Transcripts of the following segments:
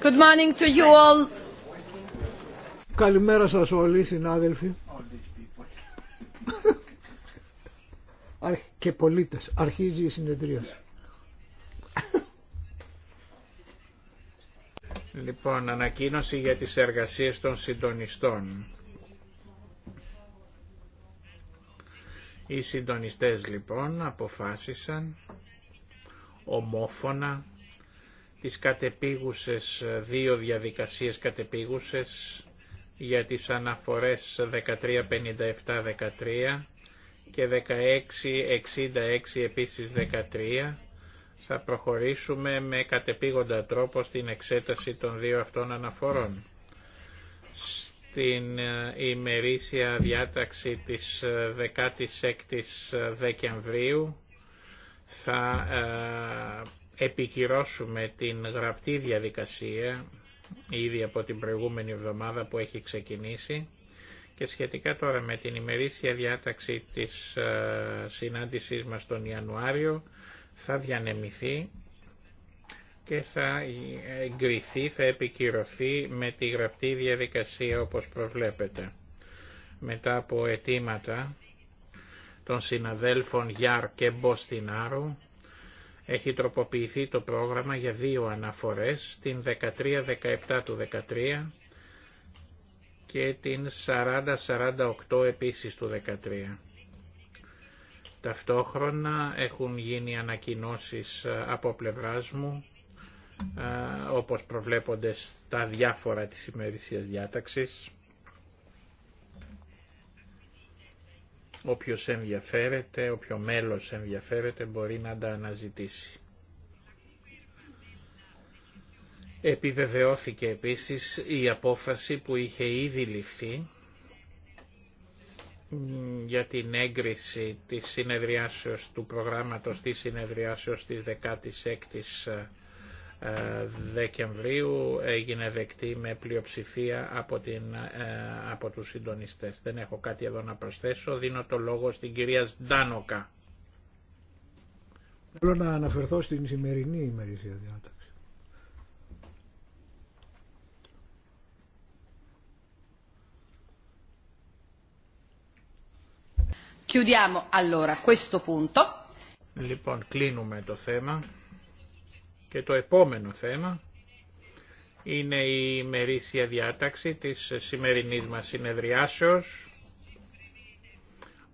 Good morning to you all. Καλημέρα σας όλοι συνάδελφοι και πολίτες. Αρχίζει η συνεδρίαση. Λοιπόν, ανακοίνωση για τις εργασίες των συντονιστών. Οι συντονιστές λοιπόν αποφάσισαν ομόφωνα τις κατεπίγουσες, δύο διαδικασίες κατεπίγουσες για τις αναφορές 1357-13 και 1666 επίσης 13 θα προχωρήσουμε με κατεπήγοντα τρόπο στην εξέταση των δύο αυτών αναφορών στην ε, ημερήσια διάταξη της 16ης ε, ε, Δεκεμβρίου θα επικυρώσουμε την γραπτή διαδικασία ήδη από την προηγούμενη εβδομάδα που έχει ξεκινήσει και σχετικά τώρα με την ημερήσια διάταξη της συνάντησής μας τον Ιανουάριο θα διανεμηθεί και θα εγκριθεί, θα επικυρωθεί με τη γραπτή διαδικασία όπως προβλέπετε. Μετά από αιτήματα των συναδέλφων Γιάρ και Μποστινάρου, έχει τροποποιηθεί το πρόγραμμα για δύο αναφορές, την 13-17 του 13 και την 40-48 επίσης του 13. Ταυτόχρονα έχουν γίνει ανακοινώσεις από πλευράς μου όπως προβλέπονται στα διάφορα της ημερησίας διάταξης. Όποιος ενδιαφέρεται, όποιο μέλος ενδιαφέρεται μπορεί να τα αναζητήσει. Επιβεβαιώθηκε επίσης η απόφαση που είχε ήδη ληφθεί για την έγκριση της συνεδριάσεως του προγράμματος της συνεδριάσεως της 16ης ε, Δεκεμβρίου έγινε δεκτή με πλειοψηφία από, την, ε, από τους συντονιστές. Δεν έχω κάτι εδώ να προσθέσω. Δίνω το λόγο στην κυρία Σντάνοκα. Θέλω να αναφερθώ στην σημερινή ημερήσια διάταξη. Chiudiamo allora Λοιπόν, κλείνουμε το θέμα. Και το επόμενο θέμα είναι η μερίσια διάταξη της σημερινής μας συνεδριάσεως.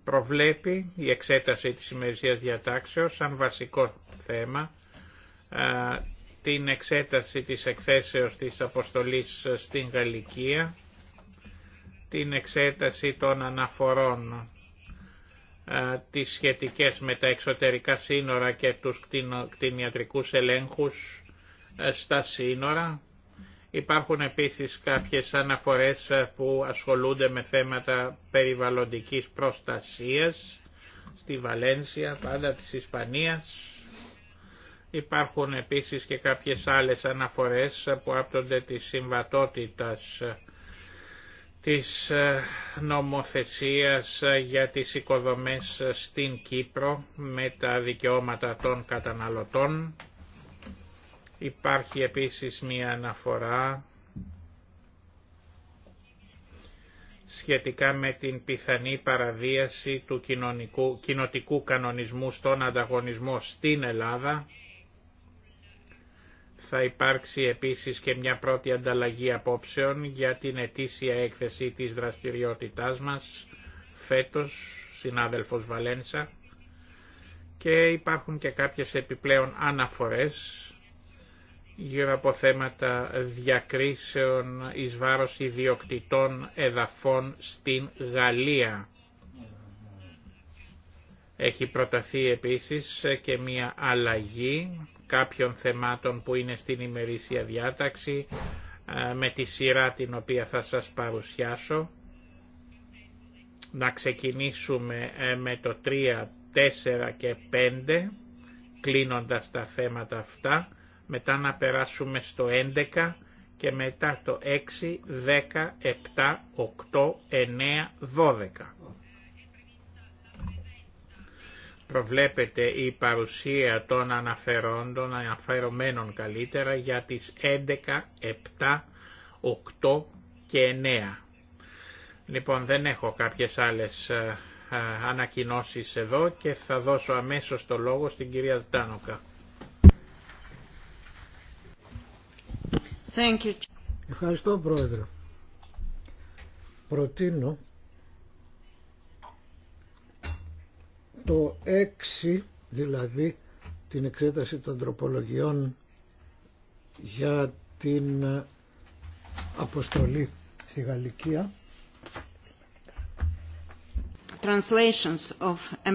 Προβλέπει η εξέταση της ημερησίας διατάξεως σαν βασικό θέμα την εξέταση της εκθέσεως της αποστολής στην Γαλλικία, την εξέταση των αναφορών ε, τις σχετικές με τα εξωτερικά σύνορα και τους κτηνιατρικούς ελέγχους ε, στα σύνορα. Υπάρχουν επίσης κάποιες αναφορές ε, που ασχολούνται με θέματα περιβαλλοντικής προστασίας στη Βαλένσια, πάντα της Ισπανίας. Υπάρχουν επίσης και κάποιες άλλες αναφορές που άπτονται της συμβατότητας της ε, νομοθεσίας ε, για τις οικοδομές ε, στην Κύπρο με τα δικαιώματα των καταναλωτών. Υπάρχει επίσης μία αναφορά σχετικά με την πιθανή παραβίαση του κοινοτικού κανονισμού στον ανταγωνισμό στην Ελλάδα θα υπάρξει επίσης και μια πρώτη ανταλλαγή απόψεων για την ετήσια έκθεση της δραστηριότητάς μας φέτος, συνάδελφος Βαλένσα, και υπάρχουν και κάποιες επιπλέον αναφορές γύρω από θέματα διακρίσεων εις βάρος ιδιοκτητών εδαφών στην Γαλλία. Έχει προταθεί επίσης και μια αλλαγή κάποιων θεμάτων που είναι στην ημερήσια διάταξη ε, με τη σειρά την οποία θα σας παρουσιάσω. Να ξεκινήσουμε ε, με το 3, 4 και 5, κλείνοντας τα θέματα αυτά, μετά να περάσουμε στο 11 και μετά το 6, 10, 7, 8, 9, 12 προβλέπεται η παρουσία των αναφερόντων, αναφερομένων καλύτερα, για τις 11, 7, 8 και 9. Λοιπόν, δεν έχω κάποιες άλλες ε, ε, ανακοινώσεις εδώ και θα δώσω αμέσως το λόγο στην κυρία Στάνοκα. Thank you. Ευχαριστώ Πρόεδρε. Προτείνω το 6 δηλαδή την εξέταση των τροπολογιών για την ε, αποστολή στη Γαλλικία. Translations of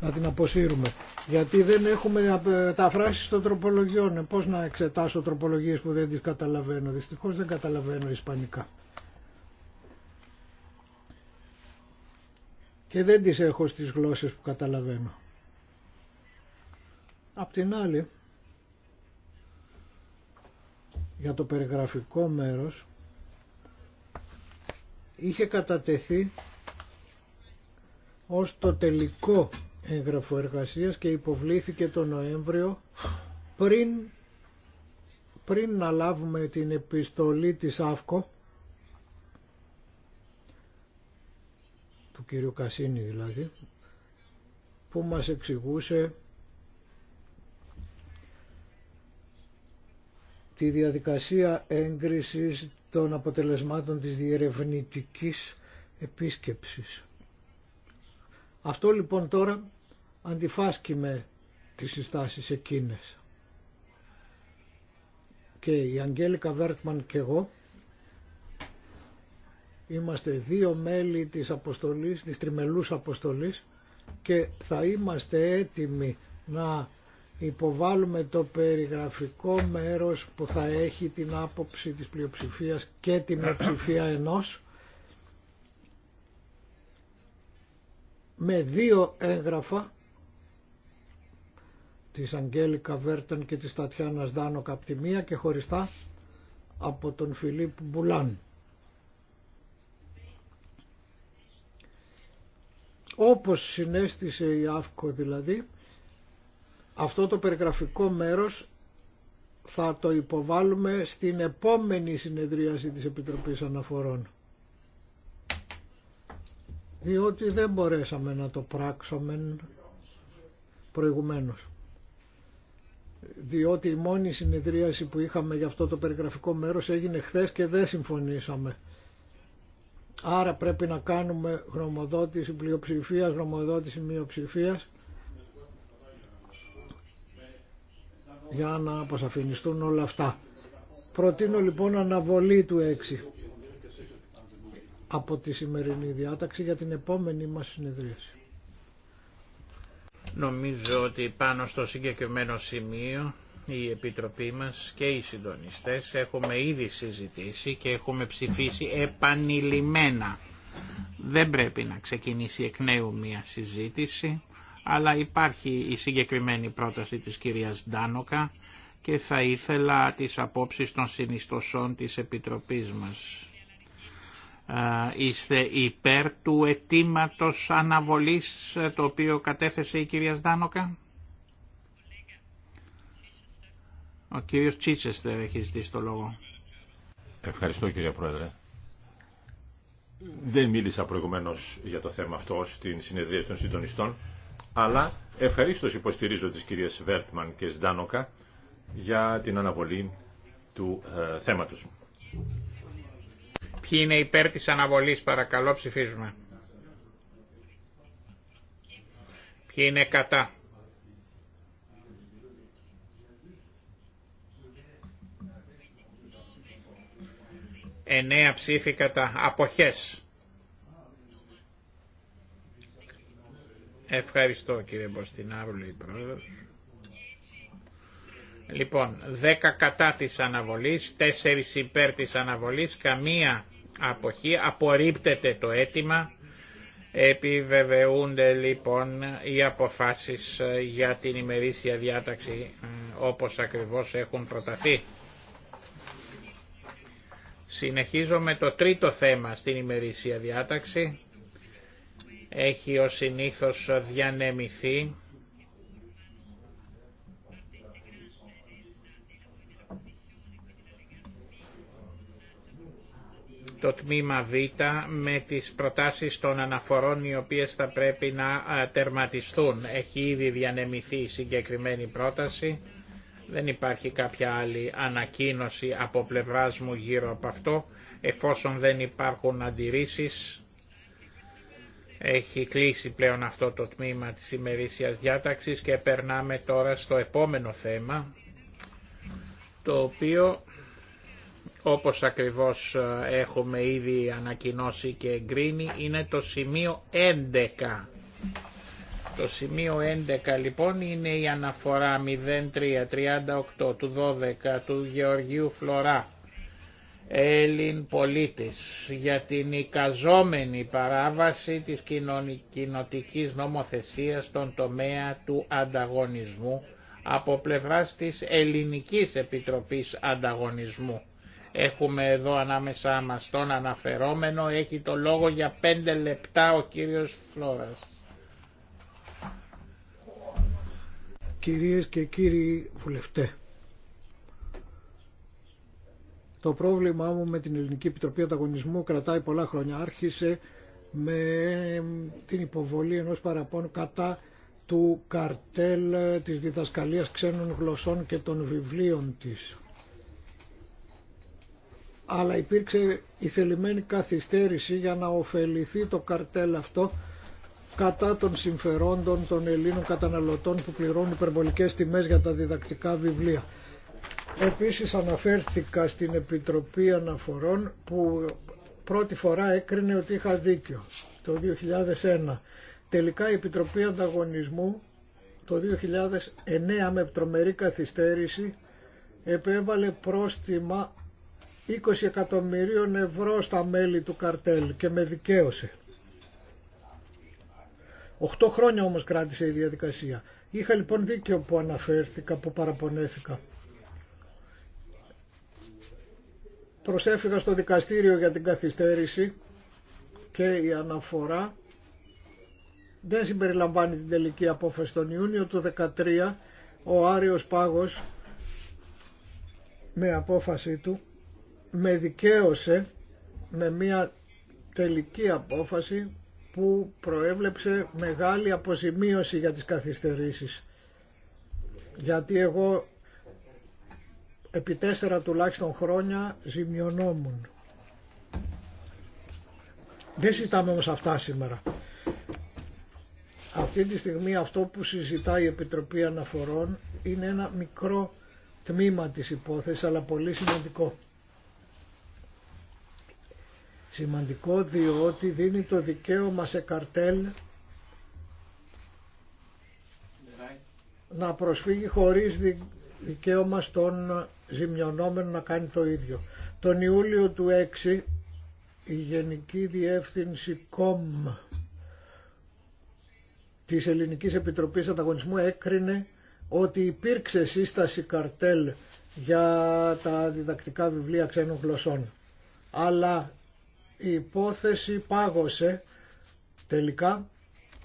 Να την αποσύρουμε. Γιατί δεν έχουμε ε, τα φράσεις των τροπολογιών. Ε, πώς να εξετάσω τροπολογίες που δεν τις καταλαβαίνω. Δυστυχώς δεν καταλαβαίνω ισπανικά. και δεν τις έχω στις γλώσσες που καταλαβαίνω. Απ' την άλλη, για το περιγραφικό μέρος, είχε κατατεθεί ως το τελικό έγγραφο εργασίας και υποβλήθηκε το Νοέμβριο πριν, πριν να λάβουμε την επιστολή της ΑΦΚΟ του κύριου Κασίνη δηλαδή, που μας εξηγούσε τη διαδικασία έγκρισης των αποτελεσμάτων της διερευνητικής επίσκεψης. Αυτό λοιπόν τώρα αντιφάσκει με τις συστάσεις εκείνες. Και η Αγγέλικα Βέρτμαν και εγώ Είμαστε δύο μέλη της, αποστολής, της τριμελούς αποστολής και θα είμαστε έτοιμοι να υποβάλουμε το περιγραφικό μέρος που θα έχει την άποψη της πλειοψηφίας και την πλειοψηφία ενός με δύο έγγραφα της Αγγέλικα Βέρταν και της Τατιάνας δάνο από και χωριστά από τον Φιλίπ Μπουλάν. όπως συνέστησε η ΑΦΚΟ δηλαδή, αυτό το περιγραφικό μέρος θα το υποβάλουμε στην επόμενη συνεδρίαση της Επιτροπής Αναφορών. Διότι δεν μπορέσαμε να το πράξουμε προηγουμένως. Διότι η μόνη συνεδρίαση που είχαμε για αυτό το περιγραφικό μέρος έγινε χθες και δεν συμφωνήσαμε. Άρα πρέπει να κάνουμε γνωμοδότηση πλειοψηφία, γνωμοδότηση μειοψηφία για να αποσαφινιστούν όλα αυτά. Προτείνω λοιπόν αναβολή του 6 από τη σημερινή διάταξη για την επόμενη μας συνεδρίαση. Νομίζω ότι πάνω στο συγκεκριμένο σημείο η Επιτροπή μας και οι συντονιστές έχουμε ήδη συζητήσει και έχουμε ψηφίσει επανειλημμένα. Δεν πρέπει να ξεκινήσει εκ νέου μια συζήτηση, αλλά υπάρχει η συγκεκριμένη πρόταση της κυρίας Ντάνοκα και θα ήθελα τις απόψεις των συνιστοσών της Επιτροπής μας. Είστε υπέρ του αιτήματο αναβολής ε, το οποίο κατέθεσε η κυρία Ντάνοκα. Ο κύριος Τσίτσεστερ έχει ζητήσει το λόγο. Ευχαριστώ κύριε Πρόεδρε. Δεν μίλησα προηγουμένως για το θέμα αυτό στην συνεδρία των συντονιστών, αλλά ευχαρίστω υποστηρίζω τις κυρίες Βέρτμαν και Σντάνοκα για την αναβολή του ε, θέματος. Ποιοι είναι υπέρ της αναβολής παρακαλώ ψηφίζουμε. Ποιοι είναι κατά. Εννέα ψήφοι κατά αποχές. Ευχαριστώ κύριε την πρόεδρος. Λοιπόν, δέκα κατά της αναβολής, 4 υπέρ της αναβολής, καμία αποχή, απορρίπτεται το αίτημα. Επιβεβαιούνται λοιπόν οι αποφάσεις ε, για την ημερήσια διάταξη ε, όπως ακριβώς έχουν προταθεί. Συνεχίζω με το τρίτο θέμα στην ημερήσια διάταξη. Έχει ο συνήθως διανεμηθεί το τμήμα Β με τις προτάσεις των αναφορών οι οποίες θα πρέπει να τερματιστούν. Έχει ήδη διανεμηθεί η συγκεκριμένη πρόταση. Δεν υπάρχει κάποια άλλη ανακοίνωση από πλευράς μου γύρω από αυτό, εφόσον δεν υπάρχουν αντιρρήσεις. Έχει κλείσει πλέον αυτό το τμήμα της ημερήσιας διάταξης και περνάμε τώρα στο επόμενο θέμα, το οποίο όπως ακριβώς ε, έχουμε ήδη ανακοινώσει και εγκρίνει είναι το σημείο 11 το σημείο 11 λοιπόν είναι η αναφορά 0338 του 12 του Γεωργίου Φλωρά, Έλλην πολίτης, για την εικαζόμενη παράβαση της κοινοτικής νομοθεσίας στον τομέα του ανταγωνισμού από πλευράς της Ελληνικής Επιτροπής Ανταγωνισμού. Έχουμε εδώ ανάμεσά μας τον αναφερόμενο, έχει το λόγο για 5 λεπτά ο κύριος Φλόρας. Κυρίες και κύριοι βουλευτέ, το πρόβλημά μου με την Ελληνική Επιτροπή Ανταγωνισμού κρατάει πολλά χρόνια. Άρχισε με την υποβολή ενός παραπώνου κατά του καρτέλ της διδασκαλίας ξένων γλωσσών και των βιβλίων της. Αλλά υπήρξε η θελημένη καθυστέρηση για να ωφεληθεί το καρτέλ αυτό κατά των συμφερόντων των Ελλήνων καταναλωτών που πληρώνουν υπερβολικές τιμές για τα διδακτικά βιβλία. Επίσης αναφέρθηκα στην Επιτροπή Αναφορών που πρώτη φορά έκρινε ότι είχα δίκιο το 2001. Τελικά η Επιτροπή Ανταγωνισμού το 2009 με τρομερή καθυστέρηση επέβαλε πρόστιμα 20 εκατομμυρίων ευρώ στα μέλη του καρτέλ και με δικαίωσε. Οχτώ χρόνια όμως κράτησε η διαδικασία. Είχα λοιπόν δίκιο που αναφέρθηκα, που παραπονέθηκα. Προσέφυγα στο δικαστήριο για την καθυστέρηση και η αναφορά δεν συμπεριλαμβάνει την τελική απόφαση. Τον Ιούνιο του 2013 ο Άριος Πάγος με απόφαση του με δικαίωσε με μια τελική απόφαση που προέβλεψε μεγάλη αποζημίωση για τις καθυστερήσεις. Γιατί εγώ επί τέσσερα τουλάχιστον χρόνια ζημιωνόμουν. Δεν συζητάμε όμως αυτά σήμερα. Αυτή τη στιγμή αυτό που συζητάει η Επιτροπή Αναφορών είναι ένα μικρό τμήμα της υπόθεσης αλλά πολύ σημαντικό. Σημαντικό διότι δίνει το δικαίωμα σε καρτέλ να προσφύγει χωρίς δικαίωμα στον ζημιονόμενο να κάνει το ίδιο. Τον Ιούλιο του 6 η Γενική Διεύθυνση ΚΟΜ της Ελληνικής Επιτροπής Ανταγωνισμού έκρινε ότι υπήρξε σύσταση καρτέλ για τα διδακτικά βιβλία ξένων γλωσσών. Αλλά η υπόθεση πάγωσε τελικά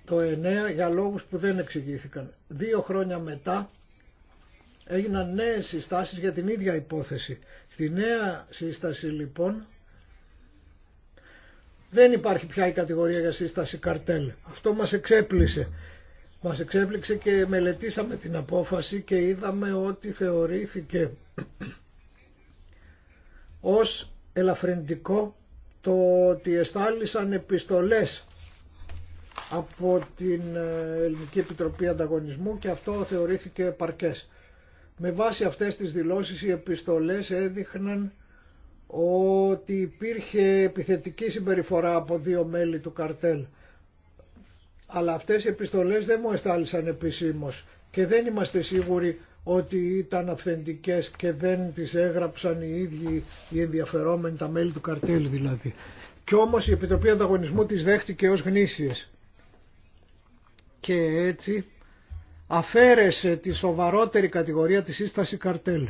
το 9 για λόγους που δεν εξηγήθηκαν. Δύο χρόνια μετά έγιναν νέες συστάσεις για την ίδια υπόθεση. Στη νέα σύσταση λοιπόν δεν υπάρχει πια η κατηγορία για σύσταση καρτέλ. Αυτό μας εξέπλησε. Μας εξέπληξε και μελετήσαμε την απόφαση και είδαμε ότι θεωρήθηκε ως ελαφρυντικό το ότι εστάλησαν επιστολές από την ε, Ελληνική Επιτροπή Ανταγωνισμού και αυτό θεωρήθηκε παρκές. Με βάση αυτές τις δηλώσεις οι επιστολές έδειχναν ότι υπήρχε επιθετική συμπεριφορά από δύο μέλη του καρτέλ. Αλλά αυτές οι επιστολές δεν μου εστάλησαν επισήμως και δεν είμαστε σίγουροι ότι ήταν αυθεντικές και δεν τις έγραψαν οι ίδιοι οι ενδιαφερόμενοι, τα μέλη του καρτέλ δηλαδή. Κι όμως η Επιτροπή Ανταγωνισμού τις δέχτηκε ως γνήσιες. Και έτσι αφαίρεσε τη σοβαρότερη κατηγορία της σύσταση καρτέλ.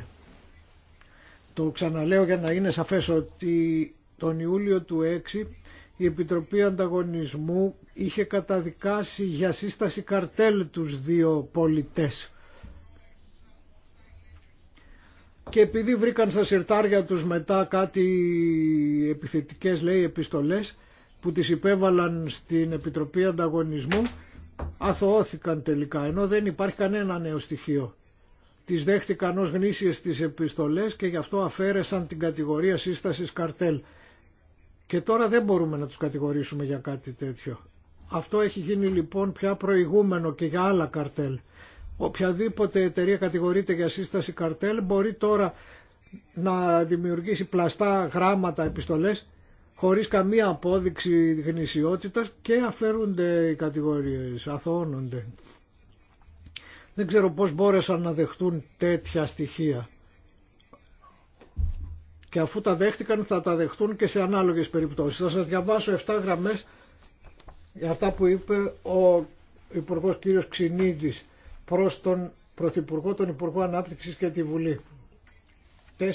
Το ξαναλέω για να είναι σαφές ότι τον Ιούλιο του 6 η Επιτροπή Ανταγωνισμού είχε καταδικάσει για σύσταση καρτέλ τους δύο πολιτές και επειδή βρήκαν στα συρτάρια τους μετά κάτι επιθετικές λέει επιστολές που τις υπέβαλαν στην Επιτροπή Ανταγωνισμού αθωώθηκαν τελικά ενώ δεν υπάρχει κανένα νέο στοιχείο. Τις δέχτηκαν ως γνήσιες τις επιστολές και γι' αυτό αφαίρεσαν την κατηγορία σύστασης καρτέλ. Και τώρα δεν μπορούμε να τους κατηγορήσουμε για κάτι τέτοιο. Αυτό έχει γίνει λοιπόν πια προηγούμενο και για άλλα καρτέλ οποιαδήποτε εταιρεία κατηγορείται για σύσταση καρτέλ μπορεί τώρα να δημιουργήσει πλαστά γράμματα, επιστολές χωρίς καμία απόδειξη γνησιότητας και αφαιρούνται οι κατηγορίες, αθωώνονται. Δεν ξέρω πώς μπόρεσαν να δεχτούν τέτοια στοιχεία. Και αφού τα δέχτηκαν θα τα δεχτούν και σε ανάλογες περιπτώσεις. Θα σας διαβάσω 7 γραμμές για αυτά που είπε ο Υπουργός κ. Ξινίδης προς τον Πρωθυπουργό, τον Υπουργό Ανάπτυξης και τη Βουλή. 4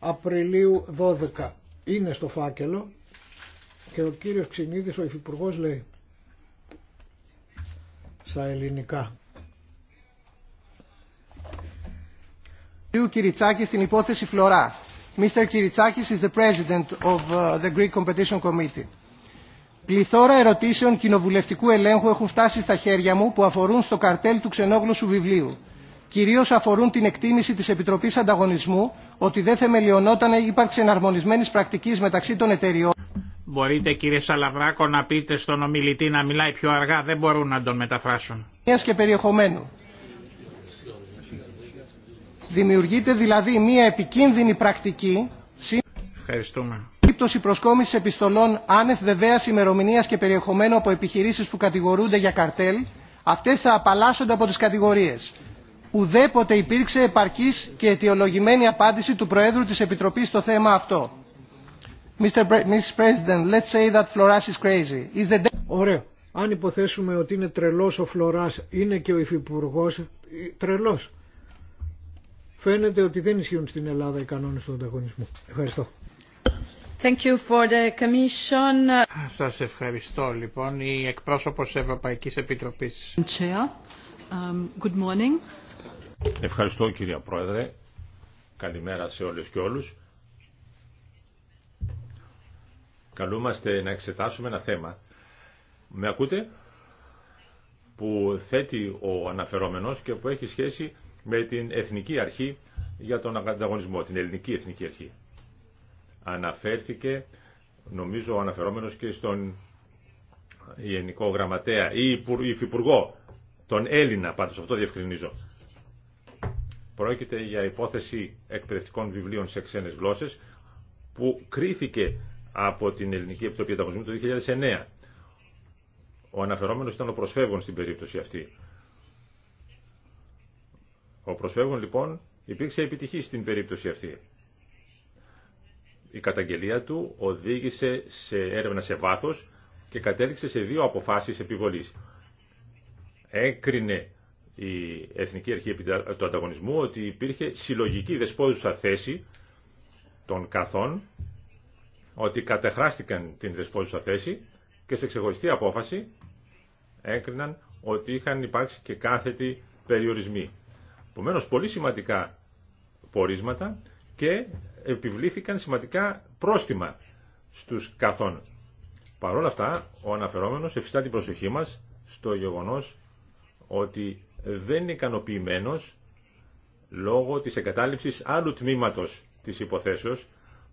Απριλίου 12 είναι στο φάκελο και ο κύριος Ξινίδης, ο Υφυπουργός, λέει στα ελληνικά. Κύριο Κυριτσάκη στην υπόθεση Φλωρά. Mr. Kiritsakis is the president of uh, the Greek Competition Committee. Πληθώρα ερωτήσεων κοινοβουλευτικού ελέγχου έχουν φτάσει στα χέρια μου που αφορούν στο καρτέλ του ξενόγλωσσου βιβλίου. Κυρίω αφορούν την εκτίμηση τη Επιτροπή Ανταγωνισμού ότι δεν θεμελιωνόταν η ύπαρξη εναρμονισμένη πρακτική μεταξύ των εταιριών. Μπορείτε κύριε Σαλαβράκο να πείτε στον ομιλητή να μιλάει πιο αργά, δεν μπορούν να τον μεταφράσουν. και περιεχομένου. Δημιουργείται δηλαδή μια επικίνδυνη πρακτική. Ευχαριστούμε περίπτωση προσκόμιση επιστολών άνευ βεβαία ημερομηνία και περιεχομένου από επιχειρήσει που κατηγορούνται για καρτέλ, αυτέ θα απαλλάσσονται από τι κατηγορίε. Ουδέποτε υπήρξε επαρκή και αιτιολογημένη απάντηση του Προέδρου τη Επιτροπή στο θέμα αυτό. Mr. President, let's say that Floras is crazy. Is the... Ωραία. Αν υποθέσουμε ότι είναι τρελό ο Φλωρά, είναι και ο υφυπουργό ε, Τρελό. Φαίνεται ότι δεν ισχύουν στην Ελλάδα οι κανόνε του ανταγωνισμού. Ευχαριστώ. Thank Σας ευχαριστώ λοιπόν η εκπρόσωπος Ευρωπαϊκής Επιτροπής. Um, ευχαριστώ κυρία Πρόεδρε. Καλημέρα σε όλες και όλους. Καλούμαστε να εξετάσουμε ένα θέμα. Με ακούτε? Που θέτει ο αναφερόμενος και που έχει σχέση με την Εθνική Αρχή για τον Ανταγωνισμό, την Ελληνική Εθνική Αρχή αναφέρθηκε νομίζω ο αναφερόμενος και στον Γενικό Γραμματέα ή Υφυπουργό, τον Έλληνα, πάντως αυτό διευκρινίζω. Πρόκειται για υπόθεση εκπαιδευτικών βιβλίων σε ξένες γλώσσες που κρίθηκε από την Ελληνική Επιτροπή Ανταγωνισμού το 2009. Ο αναφερόμενος ήταν ο προσφεύγων στην περίπτωση αυτή. Ο προσφεύγων λοιπόν υπήρξε επιτυχή στην περίπτωση αυτή. Η καταγγελία του οδήγησε σε έρευνα σε βάθος και κατέληξε σε δύο αποφάσεις επιβολής. Έκρινε η Εθνική Αρχή του Ανταγωνισμού ότι υπήρχε συλλογική δεσπόζουσα θέση των καθών, ότι κατεχράστηκαν την δεσπόζουσα θέση και σε ξεχωριστή απόφαση έκριναν ότι είχαν υπάρξει και κάθετοι περιορισμοί. Επομένω, πολύ σημαντικά πορίσματα και επιβλήθηκαν σημαντικά πρόστιμα στους καθών. Παρ' όλα αυτά, ο αναφερόμενος εφιστά την προσοχή μας στο γεγονός ότι δεν είναι ικανοποιημένο λόγω της εγκατάλειψης άλλου τμήματος της υποθέσεως,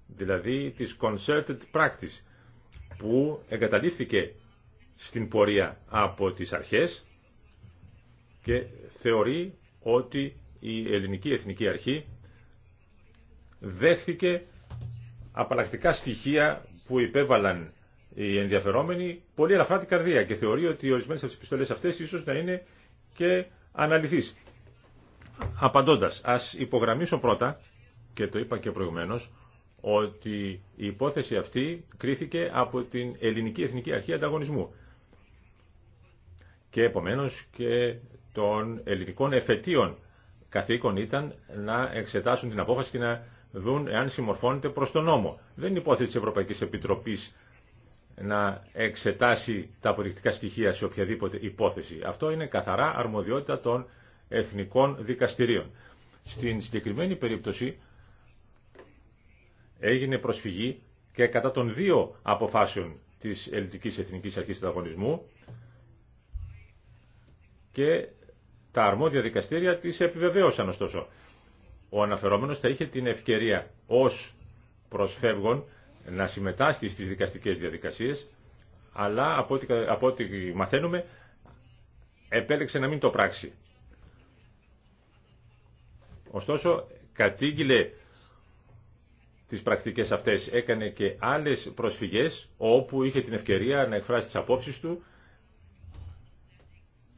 δηλαδή της concerted practice, που εγκαταλείφθηκε στην πορεία από τις αρχές και θεωρεί ότι η ελληνική εθνική αρχή δέχθηκε απαλλακτικά στοιχεία που υπέβαλαν οι ενδιαφερόμενοι πολύ ελαφρά την καρδία και θεωρεί ότι ορισμένε από τι επιστολέ αυτέ ίσω να είναι και αναλυθεί. Απαντώντα, α υπογραμμίσω πρώτα, και το είπα και προηγουμένω, ότι η υπόθεση αυτή κρίθηκε από την Ελληνική Εθνική Αρχή Ανταγωνισμού και επομένως και των ελληνικών εφετείων καθήκον ήταν να εξετάσουν την απόφαση και να δουν εάν συμμορφώνεται προς τον νόμο. Δεν είναι υπόθεση της Ευρωπαϊκής Επιτροπής να εξετάσει τα αποδεικτικά στοιχεία σε οποιαδήποτε υπόθεση. Αυτό είναι καθαρά αρμοδιότητα των εθνικών δικαστηρίων. Στην συγκεκριμένη περίπτωση έγινε προσφυγή και κατά των δύο αποφάσεων της Ελληνικής Εθνικής Αρχής Τραγωνισμού και τα αρμόδια δικαστήρια τις επιβεβαίωσαν ωστόσο ο αναφερόμενος θα είχε την ευκαιρία ως προσφεύγων να συμμετάσχει στις δικαστικές διαδικασίες, αλλά από ό,τι, μαθαίνουμε επέλεξε να μην το πράξει. Ωστόσο, κατήγγειλε τις πρακτικές αυτές, έκανε και άλλες προσφυγές όπου είχε την ευκαιρία να εκφράσει τις απόψεις του,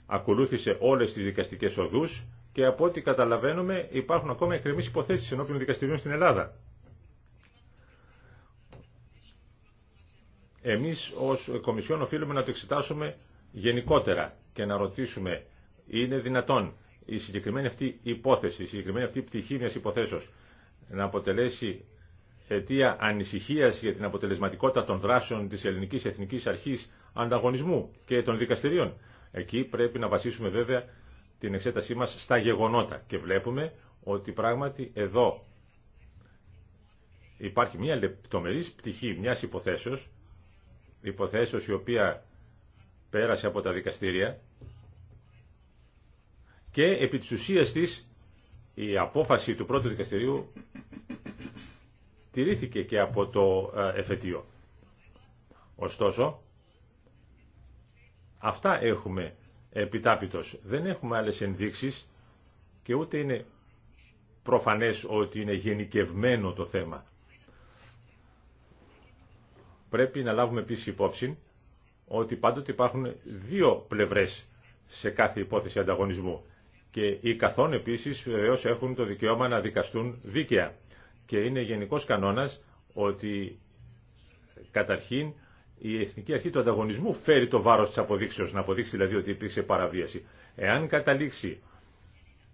ακολούθησε όλες τις δικαστικές οδούς και από ό,τι καταλαβαίνουμε υπάρχουν ακόμα εκκρεμείς υποθέσεις ενώπιον δικαστηρίων στην Ελλάδα. Εμείς ως Κομισιόν οφείλουμε να το εξετάσουμε γενικότερα και να ρωτήσουμε είναι δυνατόν η συγκεκριμένη αυτή υπόθεση, η συγκεκριμένη αυτή πτυχή μιας υποθέσεως να αποτελέσει αιτία ανησυχίας για την αποτελεσματικότητα των δράσεων της Ελληνικής Εθνικής Αρχής Ανταγωνισμού και των δικαστηρίων. Εκεί πρέπει να βασίσουμε βέβαια την εξέτασή μας στα γεγονότα και βλέπουμε ότι πράγματι εδώ υπάρχει μια λεπτομερής πτυχή μιας υποθέσεως, υποθέσεως η οποία πέρασε από τα δικαστήρια και επί της ουσίας της η απόφαση του πρώτου δικαστηρίου τηρήθηκε και από το ε, εφετείο. Ωστόσο, αυτά έχουμε επιτάπητος. Δεν έχουμε άλλες ενδείξεις και ούτε είναι προφανές ότι είναι γενικευμένο το θέμα. Πρέπει να λάβουμε επίσης υπόψη ότι πάντοτε υπάρχουν δύο πλευρές σε κάθε υπόθεση ανταγωνισμού και οι καθόν επίσης βεβαίως έχουν το δικαίωμα να δικαστούν δίκαια και είναι γενικός κανόνας ότι καταρχήν η Εθνική Αρχή του Ανταγωνισμού φέρει το βάρος της αποδείξεως, να αποδείξει δηλαδή ότι υπήρξε παραβίαση. Εάν καταλήξει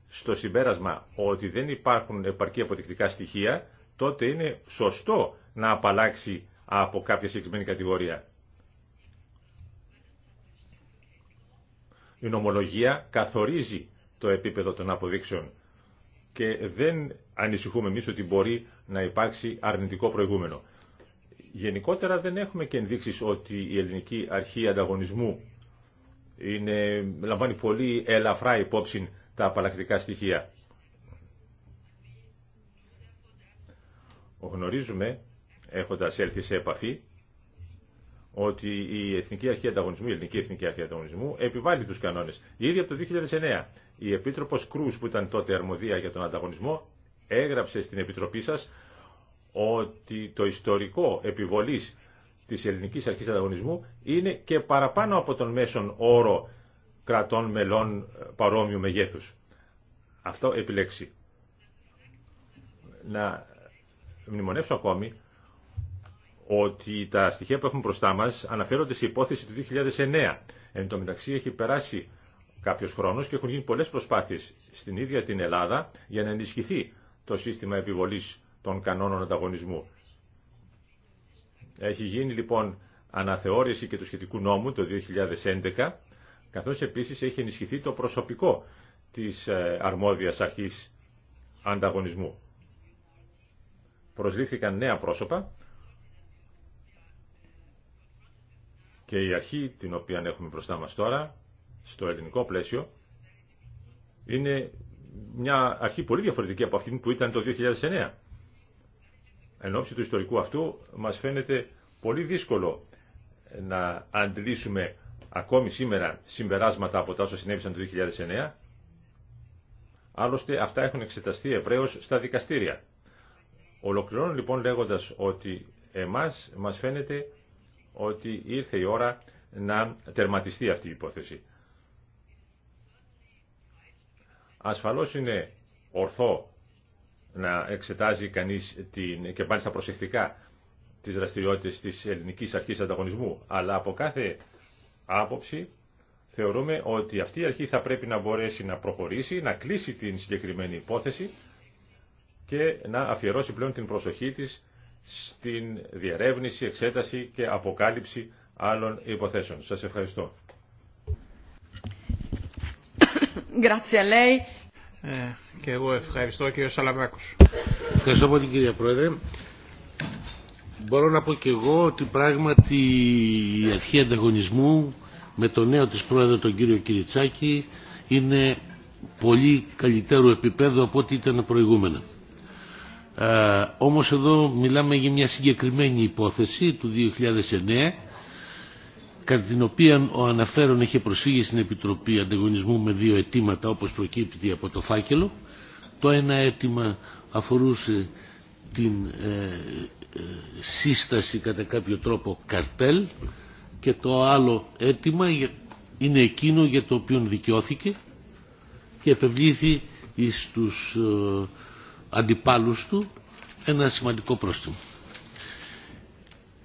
στο συμπέρασμα ότι δεν υπάρχουν επαρκή αποδεικτικά στοιχεία, τότε είναι σωστό να απαλλάξει από κάποια συγκεκριμένη κατηγορία. Η νομολογία καθορίζει το επίπεδο των αποδείξεων και δεν ανησυχούμε εμεί ότι μπορεί να υπάρξει αρνητικό προηγούμενο γενικότερα δεν έχουμε και ενδείξει ότι η ελληνική αρχή ανταγωνισμού είναι, λαμβάνει πολύ ελαφρά υπόψη τα απαλλακτικά στοιχεία. Γνωρίζουμε, έχοντας έλθει σε επαφή, ότι η Εθνική Αρχή Ανταγωνισμού, η Ελληνική Εθνική Αρχή Ανταγωνισμού, επιβάλλει τους κανόνες. Ήδη από το 2009, η Επίτροπος Κρούς, που ήταν τότε αρμοδία για τον ανταγωνισμό, έγραψε στην Επιτροπή σας ότι το ιστορικό επιβολής της Ελληνικής Αρχής Ανταγωνισμού είναι και παραπάνω από τον μέσον όρο κρατών μελών ε, παρόμοιου μεγέθους. Αυτό επιλέξει. Να μνημονεύσω ακόμη ότι τα στοιχεία που έχουμε μπροστά μας αναφέρονται σε υπόθεση του 2009. Εν τω μεταξύ έχει περάσει κάποιος χρόνος και έχουν γίνει πολλές προσπάθειες στην ίδια την Ελλάδα για να ενισχυθεί το σύστημα επιβολής των κανόνων ανταγωνισμού. Έχει γίνει λοιπόν αναθεώρηση και του σχετικού νόμου το 2011, καθώς επίσης έχει ενισχυθεί το προσωπικό της ε, αρμόδιας αρχής ανταγωνισμού. Προσλήφθηκαν νέα πρόσωπα και η αρχή την οποία έχουμε μπροστά μας τώρα, στο ελληνικό πλαίσιο, είναι μια αρχή πολύ διαφορετική από αυτήν που ήταν το 2009. Εν ώψη του ιστορικού αυτού μας φαίνεται πολύ δύσκολο να αντλήσουμε ακόμη σήμερα συμπεράσματα από τα όσα συνέβησαν το 2009. Άλλωστε αυτά έχουν εξεταστεί ευρέως στα δικαστήρια. Ολοκληρώνω λοιπόν λέγοντας ότι εμάς μας φαίνεται ότι ήρθε η ώρα να τερματιστεί αυτή η υπόθεση. Ασφαλώς είναι ορθό να εξετάζει κανείς την, και στα προσεκτικά τις δραστηριότητες της ελληνικής αρχής ανταγωνισμού. Αλλά από κάθε άποψη θεωρούμε ότι αυτή η αρχή θα πρέπει να μπορέσει να προχωρήσει, να κλείσει την συγκεκριμένη υπόθεση και να αφιερώσει πλέον την προσοχή της στην διερεύνηση, εξέταση και αποκάλυψη άλλων υποθέσεων. Σας ευχαριστώ. Ε, και εγώ ευχαριστώ κύριο Σαλαβάκος. Ευχαριστώ πολύ κύριε Πρόεδρε. Μπορώ να πω και εγώ ότι πράγματι η αρχή ανταγωνισμού με τον νέο της Πρόεδρο τον κύριο Κυριτσάκη είναι πολύ καλύτερο επίπεδο από ό,τι ήταν προηγούμενα. Ε, όμως εδώ μιλάμε για μια συγκεκριμένη υπόθεση του 2009 κατά την οποία ο αναφέρον είχε προσφύγει στην Επιτροπή Ανταγωνισμού με δύο αιτήματα όπως προκύπτει από το φάκελο. Το ένα αίτημα αφορούσε την ε, ε, σύσταση κατά κάποιο τρόπο καρτέλ και το άλλο αίτημα είναι εκείνο για το οποίο δικαιώθηκε και επευλήθη στους ε, αντιπάλους του ένα σημαντικό πρόστιμο.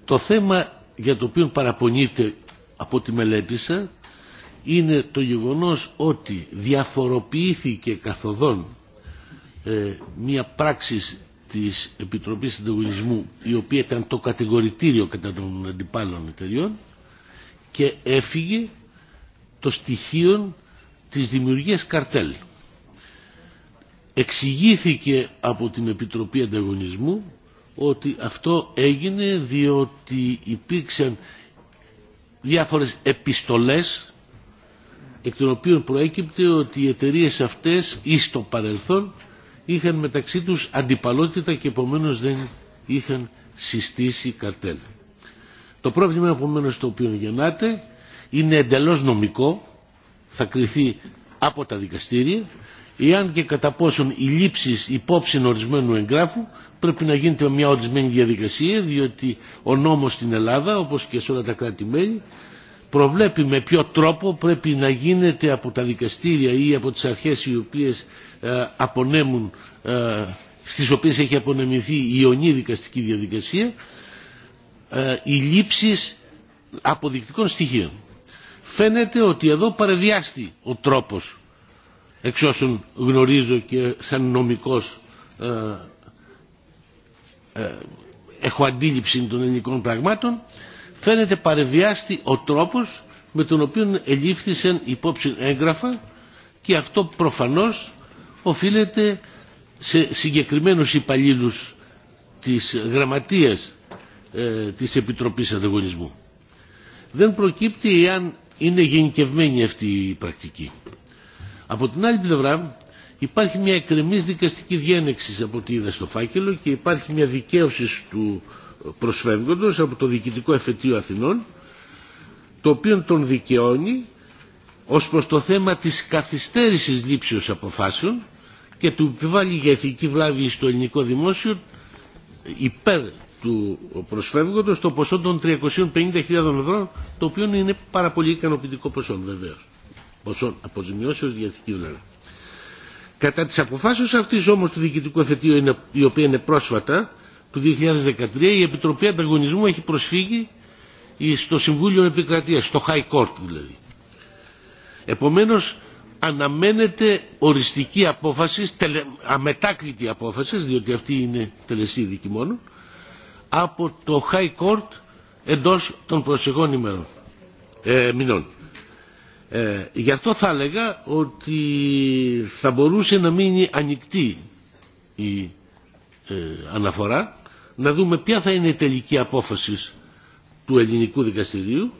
Το θέμα για το οποίο παραπονείται από ό,τι μελέτησα είναι το γεγονός ότι διαφοροποιήθηκε καθοδόν ε, μια πράξη της Επιτροπής Συνταγωνισμού η οποία ήταν το κατηγορητήριο κατά των αντιπάλων εταιριών και έφυγε το στοιχείο της δημιουργίας καρτέλ. Εξηγήθηκε από την Επιτροπή Ανταγωνισμού ότι αυτό έγινε διότι υπήρξαν διάφορες επιστολές εκ των οποίων προέκυπτε ότι οι εταιρείε αυτές ή στο παρελθόν είχαν μεταξύ τους αντιπαλότητα και επομένω δεν είχαν συστήσει καρτέλ. Το πρόβλημα επομένω το οποίο γεννάται είναι εντελώς νομικό, θα κριθεί από τα δικαστήρια εάν και κατά πόσον οι λήψεις υπόψη ορισμένου εγγράφου πρέπει να γίνεται μια ορισμένη διαδικασία διότι ο νόμος στην Ελλάδα όπως και σε όλα τα κράτη-μέλη προβλέπει με ποιο τρόπο πρέπει να γίνεται από τα δικαστήρια ή από τις αρχές οι οποίες ε, απονέμουν ε, στις οποίες έχει απονεμηθεί η ιονή δικαστική διαδικασία ε, οι λήψεις αποδεικτικών στοιχείων. Φαίνεται ότι εδώ παρεδιάστη ο τρόπος εξ όσων γνωρίζω και σαν νομικός ε, ε, έχω αντίληψη των ελληνικών πραγμάτων φαίνεται παρεβιάστη ο τρόπος με τον οποίο ελήφθησαν υπόψη έγγραφα και αυτό προφανώς οφείλεται σε συγκεκριμένους υπαλλήλου της γραμματείας ε, της Επιτροπής Ανταγωνισμού. Δεν προκύπτει εάν είναι γενικευμένη αυτή η πρακτική. Από την άλλη πλευρά υπάρχει μια εκκρεμής δικαστική διένεξη από ό,τι είδα στο φάκελο και υπάρχει μια δικαίωση του προσφεύγοντος από το Διοικητικό Εφετείο Αθηνών το οποίο τον δικαιώνει ως προς το θέμα της καθυστέρησης λήψεως αποφάσεων και του επιβάλλει για ηθική βλάβη στο ελληνικό δημόσιο υπέρ του προσφεύγοντος το ποσό των 350.000 ευρώ το οποίο είναι πάρα πολύ ικανοποιητικό ποσό βεβαίως ποσών αποζημιώσεως διαθηκιούδανα. Κατά τις αποφάσεις αυτής όμως του διοικητικού εφετείου, η οποία είναι πρόσφατα, του 2013, η Επιτροπή Ανταγωνισμού έχει προσφύγει στο Συμβούλιο Επικρατείας, στο High Court δηλαδή. Επομένως, αναμένεται οριστική απόφαση, τελε, αμετάκλητη απόφαση, διότι αυτή είναι τελεσίδικη μόνο, από το High Court εντός των προσεχών ημερών, ε, μηνών. Ε, γι' αυτό θα έλεγα ότι θα μπορούσε να μείνει ανοιχτή η ε, αναφορά, να δούμε ποια θα είναι η τελική απόφαση του ελληνικού δικαστηρίου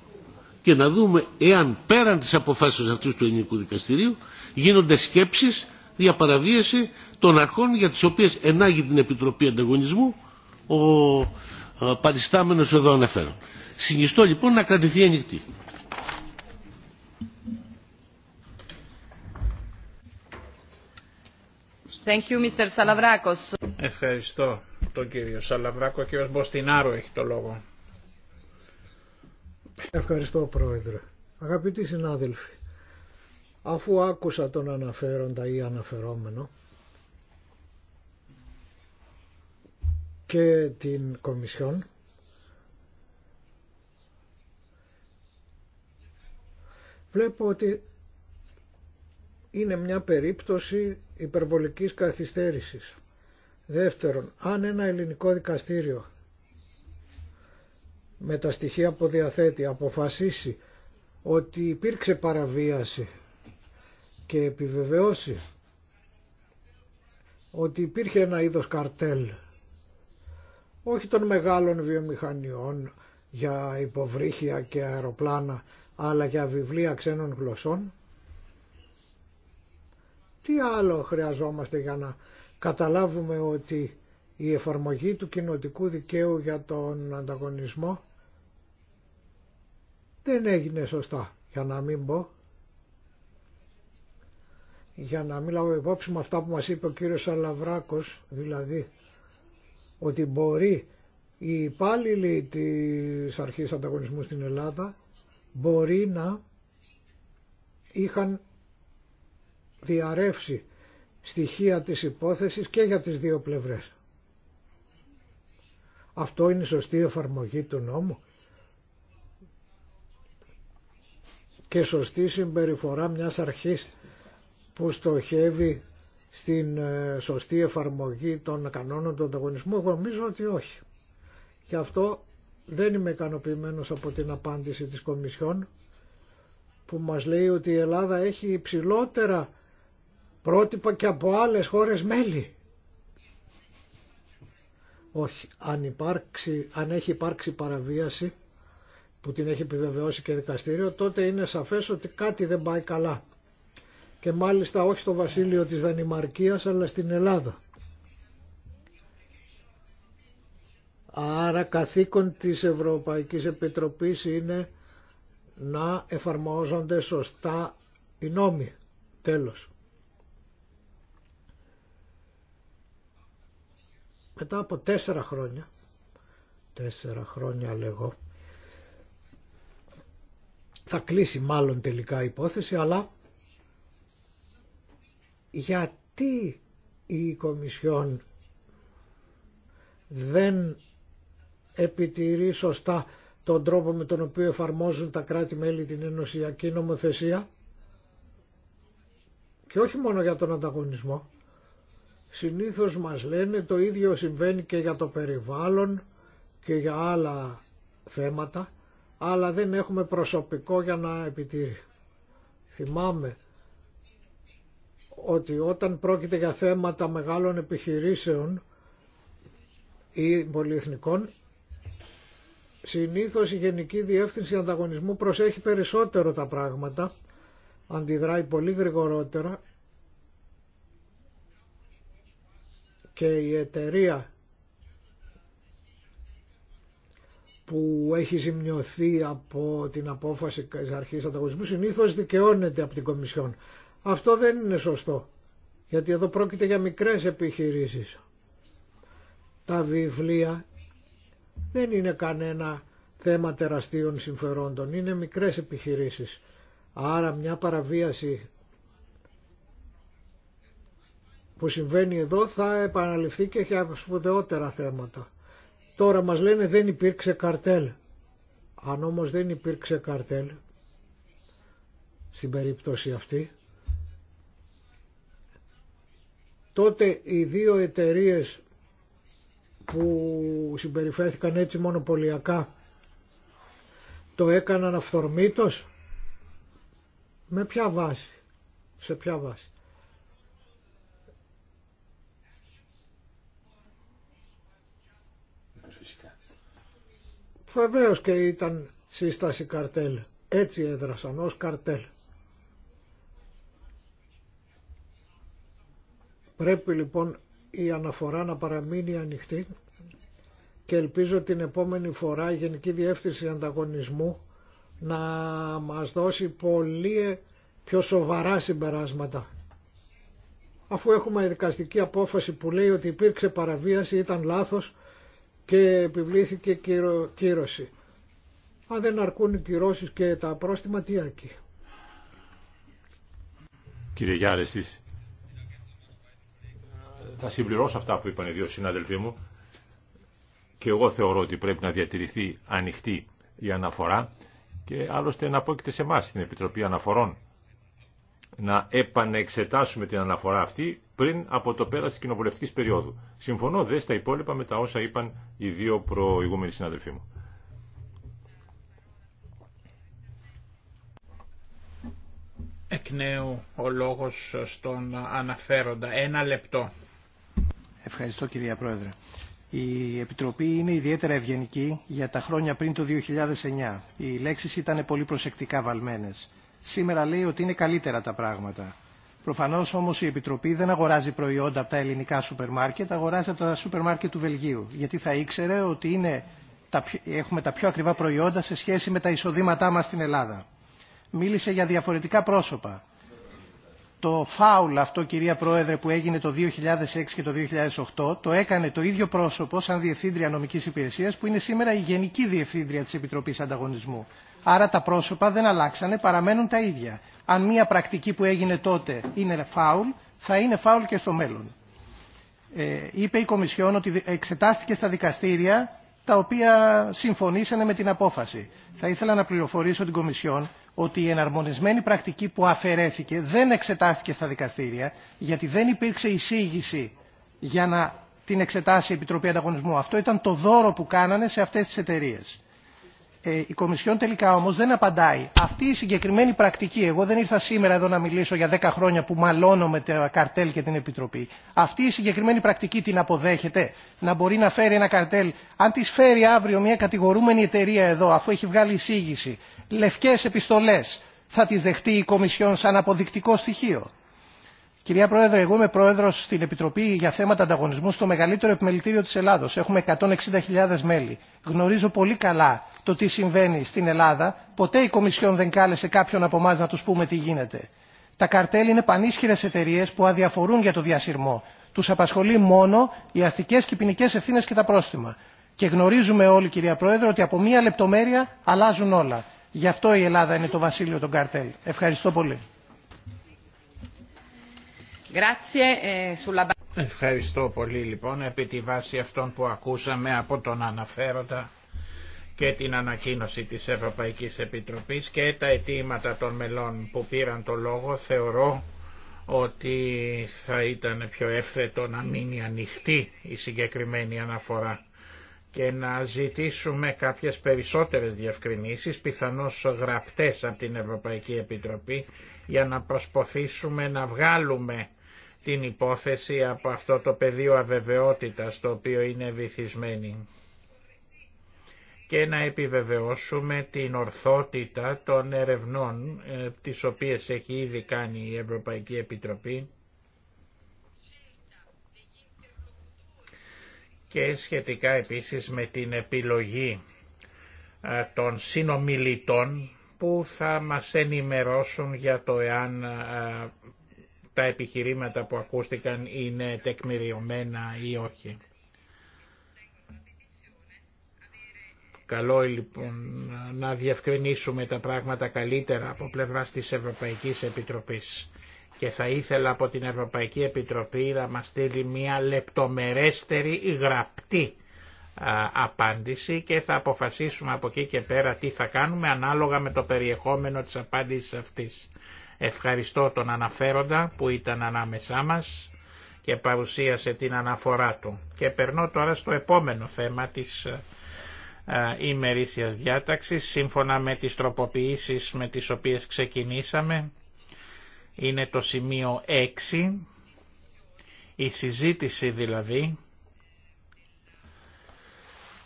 και να δούμε εάν πέραν της αποφάσεως αυτού του ελληνικού δικαστηρίου γίνονται σκέψεις για παραβίαση των αρχών για τις οποίες ενάγει την Επιτροπή Ανταγωνισμού ο ε, παριστάμενος εδώ αναφέρον. Συνιστώ λοιπόν να κρατηθεί ανοιχτή. Ευχαριστώ τον κύριο Σαλαβράκο. Ο κύριος Μποστινάρου έχει το λόγο. Ευχαριστώ πρόεδρε. Αγαπητοί συνάδελφοι, αφού άκουσα τον αναφέροντα ή αναφερόμενο και την Κομισιόν, βλέπω ότι είναι μια περίπτωση υπερβολικής καθυστέρησης. Δεύτερον, αν ένα ελληνικό δικαστήριο με τα στοιχεία που διαθέτει αποφασίσει ότι υπήρξε παραβίαση και επιβεβαιώσει ότι υπήρχε ένα είδος καρτέλ όχι των μεγάλων βιομηχανιών για υποβρύχια και αεροπλάνα αλλά για βιβλία ξένων γλωσσών τι άλλο χρειαζόμαστε για να καταλάβουμε ότι η εφαρμογή του κοινοτικού δικαίου για τον ανταγωνισμό δεν έγινε σωστά, για να μην πω. Για να μην λάβω υπόψη με αυτά που μας είπε ο κύριος Σαλαβράκος, δηλαδή ότι μπορεί οι υπάλληλοι της αρχής ανταγωνισμού στην Ελλάδα μπορεί να είχαν διαρρεύσει στοιχεία της υπόθεσης και για τις δύο πλευρές. Αυτό είναι η σωστή εφαρμογή του νόμου και σωστή συμπεριφορά μιας αρχής που στοχεύει στην ε, σωστή εφαρμογή των κανόνων του ανταγωνισμού. Εγώ νομίζω ότι όχι. Και αυτό δεν είμαι ικανοποιημένο από την απάντηση της Κομισιόν που μας λέει ότι η Ελλάδα έχει υψηλότερα πρότυπα και από άλλες χώρες μέλη. Όχι, αν, αν έχει υπάρξει παραβίαση που την έχει επιβεβαιώσει και δικαστήριο, τότε είναι σαφές ότι κάτι δεν πάει καλά. Και μάλιστα όχι στο βασίλειο της Δανημαρκίας, αλλά στην Ελλάδα. Άρα καθήκον της Ευρωπαϊκής Επιτροπής είναι να εφαρμόζονται σωστά οι νόμοι. Τέλος. Μετά από τέσσερα χρόνια, τέσσερα χρόνια λέγω, θα κλείσει μάλλον τελικά η υπόθεση, αλλά γιατί η Κομισιόν δεν επιτηρεί σωστά τον τρόπο με τον οποίο εφαρμόζουν τα κράτη-μέλη την ενωσιακή νομοθεσία και όχι μόνο για τον ανταγωνισμό συνήθως μας λένε το ίδιο συμβαίνει και για το περιβάλλον και για άλλα θέματα, αλλά δεν έχουμε προσωπικό για να επιτύχει. Θυμάμαι ότι όταν πρόκειται για θέματα μεγάλων επιχειρήσεων ή πολυεθνικών, συνήθως η Γενική Διεύθυνση Ανταγωνισμού προσέχει περισσότερο τα πράγματα, αντιδράει πολύ γρηγορότερα και η εταιρεία που έχει ζημιωθεί από την απόφαση της αρχής ανταγωνισμού συνήθως δικαιώνεται από την Κομισιόν. Αυτό δεν είναι σωστό, γιατί εδώ πρόκειται για μικρές επιχειρήσεις. Τα βιβλία δεν είναι κανένα θέμα τεραστίων συμφερόντων, είναι μικρές επιχειρήσεις. Άρα μια παραβίαση που συμβαίνει εδώ θα επαναληφθεί και για σπουδαιότερα θέματα. Τώρα μας λένε δεν υπήρξε καρτέλ. Αν όμως δεν υπήρξε καρτέλ, στην περίπτωση αυτή, τότε οι δύο εταιρείες που συμπεριφέρθηκαν έτσι μονοπωλιακά το έκαναν αυθορμήτως με ποια βάση σε ποια βάση Βεβαίω και ήταν σύσταση καρτέλ. Έτσι έδρασαν ως καρτέλ. Πρέπει λοιπόν η αναφορά να παραμείνει ανοιχτή και ελπίζω την επόμενη φορά η Γενική Διεύθυνση Ανταγωνισμού να μας δώσει πολύ πιο σοβαρά συμπεράσματα. Αφού έχουμε δικαστική απόφαση που λέει ότι υπήρξε παραβίαση, ήταν λάθος, και επιβλήθηκε κύρο, κύρωση. Αν δεν αρκούν οι κυρώσεις και τα πρόστιμα, τι αρκεί. Κύριε Γιάρη, θα συμπληρώσω αυτά που είπαν οι δύο συνάδελφοί μου και εγώ θεωρώ ότι πρέπει να διατηρηθεί ανοιχτή η αναφορά και άλλωστε να πρόκειται σε εμά την Επιτροπή Αναφορών να επανεξετάσουμε την αναφορά αυτή πριν από το πέρας τη κοινοβουλευτική περίοδου. Συμφωνώ δε στα υπόλοιπα με τα όσα είπαν οι δύο προηγούμενοι συναδελφοί μου. Εκ νέου ο λόγος στον αναφέροντα. Ένα λεπτό. Ευχαριστώ κυρία Πρόεδρε. Η Επιτροπή είναι ιδιαίτερα ευγενική για τα χρόνια πριν το 2009. Οι λέξεις ήταν πολύ προσεκτικά βαλμένες. Σήμερα λέει ότι είναι καλύτερα τα πράγματα. Προφανώ όμω η Επιτροπή δεν αγοράζει προϊόντα από τα ελληνικά σούπερ μάρκετ, αγοράζει από τα σούπερ μάρκετ του Βελγίου. Γιατί θα ήξερε ότι είναι, έχουμε τα πιο ακριβά προϊόντα σε σχέση με τα εισοδήματά μα στην Ελλάδα. Μίλησε για διαφορετικά πρόσωπα. Το φάουλ αυτό, κυρία Πρόεδρε, που έγινε το 2006 και το 2008, το έκανε το ίδιο πρόσωπο σαν Διευθύντρια Νομική Υπηρεσία, που είναι σήμερα η Γενική Διευθύντρια τη Επιτροπή Ανταγωνισμού. Άρα τα πρόσωπα δεν αλλάξανε, παραμένουν τα ίδια. Αν μια πρακτική που έγινε τότε είναι φάουλ, θα είναι φάουλ και στο μέλλον. Ε, είπε η Κομισιόν ότι εξετάστηκε στα δικαστήρια τα οποία συμφωνήσανε με την απόφαση. Θα ήθελα να πληροφορήσω την Κομισιόν ότι η εναρμονισμένη πρακτική που αφαιρέθηκε δεν εξετάστηκε στα δικαστήρια γιατί δεν υπήρξε εισήγηση για να την εξετάσει η Επιτροπή Ανταγωνισμού. Αυτό ήταν το δώρο που κάνανε σε αυτές τις εταιρείε. Ε, η Κομισιόν τελικά όμως δεν απαντάει. Αυτή η συγκεκριμένη πρακτική, εγώ δεν ήρθα σήμερα εδώ να μιλήσω για 10 χρόνια που μαλώνω με τα καρτέλ και την Επιτροπή. Αυτή η συγκεκριμένη πρακτική την αποδέχεται να μπορεί να φέρει ένα καρτέλ, αν τη φέρει αύριο μια κατηγορούμενη εταιρεία εδώ, αφού έχει βγάλει εισήγηση, λευκές επιστολές, θα τις δεχτεί η Κομισιόν σαν αποδεικτικό στοιχείο. Κυρία Πρόεδρε, εγώ είμαι πρόεδρο στην Επιτροπή για θέματα ανταγωνισμού στο μεγαλύτερο επιμελητήριο τη Ελλάδο. Έχουμε 160.000 μέλη. Γνωρίζω πολύ καλά το τι συμβαίνει στην Ελλάδα. Ποτέ η Κομισιόν δεν κάλεσε κάποιον από εμά να του πούμε τι γίνεται. Τα καρτέλ είναι πανίσχυρε εταιρείε που αδιαφορούν για το διασυρμό. Του απασχολεί μόνο οι αστικέ και ποινικέ ευθύνε και τα πρόστιμα. Και γνωρίζουμε όλοι, κυρία Πρόεδρε, ότι από μία λεπτομέρεια αλλάζουν όλα. Γι' αυτό η Ελλάδα είναι το βασίλειο των καρτέλ. Ευχαριστώ πολύ. Eh, Ευχαριστώ πολύ λοιπόν επί τη βάση αυτών που ακούσαμε από τον αναφέροντα και την ανακοίνωση της Ευρωπαϊκής Επιτροπής και τα αιτήματα των μελών που πήραν το λόγο θεωρώ ότι θα ήταν πιο εύθετο να μείνει ανοιχτή η συγκεκριμένη αναφορά και να ζητήσουμε κάποιες περισσότερες διευκρινήσεις, πιθανώς γραπτές από την Ευρωπαϊκή Επιτροπή, για να προσποθήσουμε να βγάλουμε την υπόθεση από αυτό το πεδίο αβεβαιότητας το οποίο είναι βυθισμένη και να επιβεβαιώσουμε την ορθότητα των ερευνών ε, τις οποίες έχει ήδη κάνει η Ευρωπαϊκή Επιτροπή και σχετικά επίσης με την επιλογή ε, των συνομιλητών που θα μας ενημερώσουν για το εάν ε, τα επιχειρήματα που ακούστηκαν είναι τεκμηριωμένα ή όχι. Καλό λοιπόν να διευκρινίσουμε τα πράγματα καλύτερα από πλευράς της Ευρωπαϊκής Επιτροπής και θα ήθελα από την Ευρωπαϊκή Επιτροπή να μας στείλει μια λεπτομερέστερη γραπτή απάντηση και θα αποφασίσουμε από εκεί και πέρα τι θα κάνουμε ανάλογα με το περιεχόμενο της απάντησης αυτής. Ευχαριστώ τον αναφέροντα που ήταν ανάμεσά μας και παρουσίασε την αναφορά του. Και περνώ τώρα στο επόμενο θέμα της ε, ε, ημερήσιας διάταξης, σύμφωνα με τις τροποποιήσεις με τις οποίες ξεκινήσαμε. Είναι το σημείο 6, η συζήτηση δηλαδή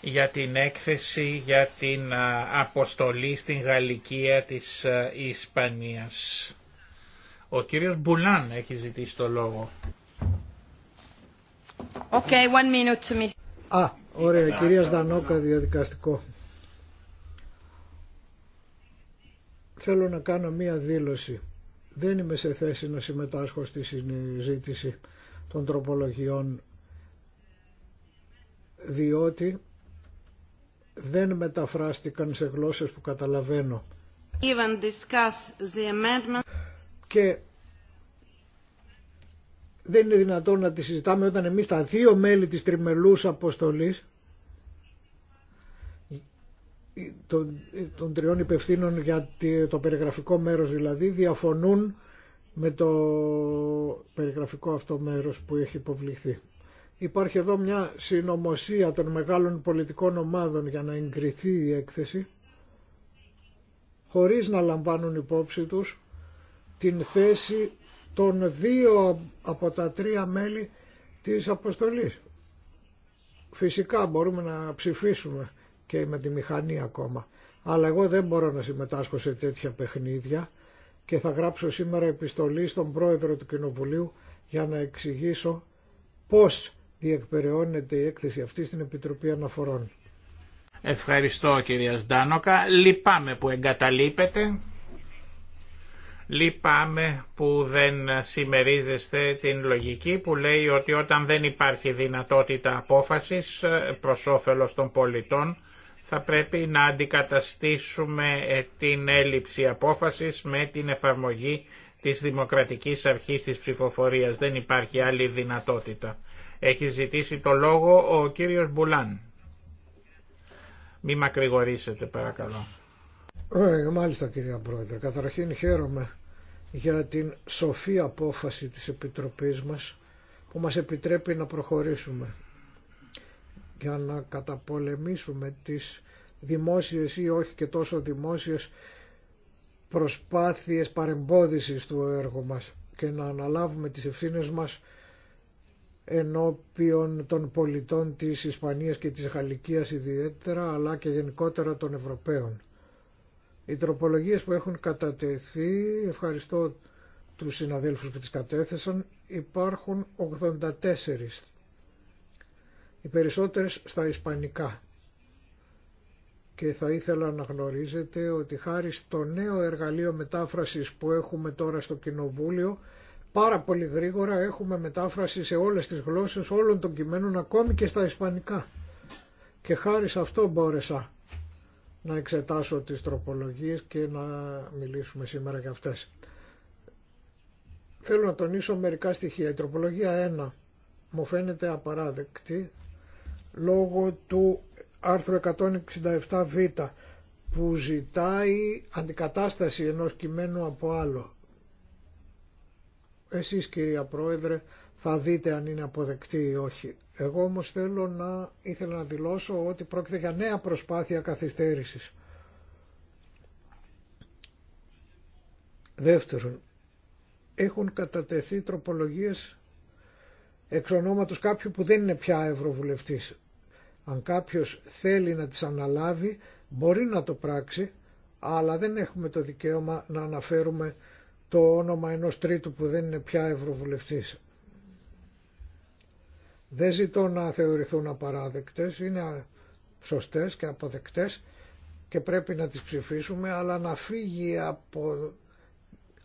για την έκθεση για την αποστολή στην Γαλλικία της Ισπανίας. Ο κύριος Μπουλάν έχει ζητήσει το λόγο. Okay, one minute to Α, ωραία, κυρία Στανόκα, διαδικαστικό. Θέλω να κάνω μία δήλωση. Δεν είμαι σε θέση να συμμετάσχω στη συζήτηση των τροπολογιών διότι δεν μεταφράστηκαν σε γλώσσες που καταλαβαίνω. discuss the amendment. Και δεν είναι δυνατόν να τη συζητάμε όταν εμείς τα δύο μέλη της τριμελούς αποστολής των, των τριών υπευθύνων για το περιγραφικό μέρος δηλαδή διαφωνούν με το περιγραφικό αυτό μέρος που έχει υποβληθεί. Υπάρχει εδώ μια συνωμοσία των μεγάλων πολιτικών ομάδων για να εγκριθεί η έκθεση χωρίς να λαμβάνουν υπόψη τους την θέση των δύο από τα τρία μέλη της αποστολής. Φυσικά μπορούμε να ψηφίσουμε και με τη μηχανή ακόμα. Αλλά εγώ δεν μπορώ να συμμετάσχω σε τέτοια παιχνίδια και θα γράψω σήμερα επιστολή στον πρόεδρο του Κοινοβουλίου για να εξηγήσω πώς διεκπεραιώνεται η έκθεση αυτή στην Επιτροπή Αναφορών. Ευχαριστώ κυρία Σντάνοκα. Λυπάμαι που εγκαταλείπετε. Λυπάμαι που δεν συμμερίζεστε την λογική που λέει ότι όταν δεν υπάρχει δυνατότητα απόφασης προς όφελος των πολιτών θα πρέπει να αντικαταστήσουμε ε, την έλλειψη απόφασης με την εφαρμογή της δημοκρατικής αρχής της ψηφοφορίας. Δεν υπάρχει άλλη δυνατότητα. Έχει ζητήσει το λόγο ο κύριος Μπουλάν. Μη μακρηγορήσετε παρακαλώ. Ε, μάλιστα κύριε Πρόεδρε. Καταρχήν χαίρομαι για την σοφή απόφαση της Επιτροπής μας που μας επιτρέπει να προχωρήσουμε για να καταπολεμήσουμε τις δημόσιες ή όχι και τόσο δημόσιες προσπάθειες παρεμπόδισης του έργου μας και να αναλάβουμε τις ευθύνες μας ενώπιον των πολιτών της Ισπανίας και της Γαλλικίας ιδιαίτερα αλλά και γενικότερα των Ευρωπαίων. Οι τροπολογίες που έχουν κατατεθεί, ευχαριστώ τους συναδέλφους που τις κατέθεσαν, υπάρχουν 84. Οι περισσότερες στα ισπανικά. Και θα ήθελα να γνωρίζετε ότι χάρη στο νέο εργαλείο μετάφρασης που έχουμε τώρα στο Κοινοβούλιο Πάρα πολύ γρήγορα έχουμε μετάφραση σε όλες τις γλώσσες όλων των κειμένων ακόμη και στα ισπανικά. Και χάρη σε αυτό μπόρεσα να εξετάσω τις τροπολογίες και να μιλήσουμε σήμερα για αυτές. Θέλω να τονίσω μερικά στοιχεία. Η τροπολογία 1 μου φαίνεται απαράδεκτη λόγω του άρθρου 167β που ζητάει αντικατάσταση ενός κειμένου από άλλο. Εσείς κυρία Πρόεδρε θα δείτε αν είναι αποδεκτή ή όχι. Εγώ όμως θέλω να ήθελα να δηλώσω ότι πρόκειται για νέα προσπάθεια καθυστέρησης. Δεύτερον, έχουν κατατεθεί τροπολογίες εξ ονόματος κάποιου που δεν είναι πια ευρωβουλευτής. Αν κάποιος θέλει να τις αναλάβει μπορεί να το πράξει αλλά δεν έχουμε το δικαίωμα να αναφέρουμε το όνομα ενός τρίτου που δεν είναι πια ευρωβουλευτής. Δεν ζητώ να θεωρηθούν απαράδεκτες, είναι σωστές και αποδεκτές και πρέπει να τις ψηφίσουμε, αλλά να φύγει από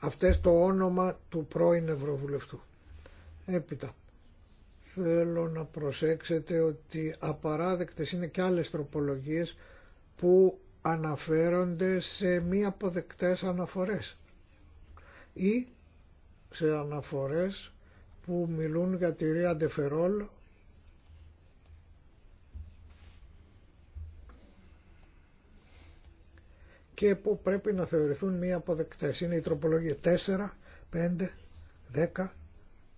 αυτές το όνομα του πρώην Ευρωβουλευτού. Έπειτα, θέλω να προσέξετε ότι απαράδεκτες είναι και άλλες τροπολογίες που αναφέρονται σε μη αποδεκτές αναφορές ή σε αναφορές που μιλούν για τη Ρία Ντεφερόλ και που πρέπει να θεωρηθούν μία αποδεκτές. Είναι η τροπολογία 4, 5, 10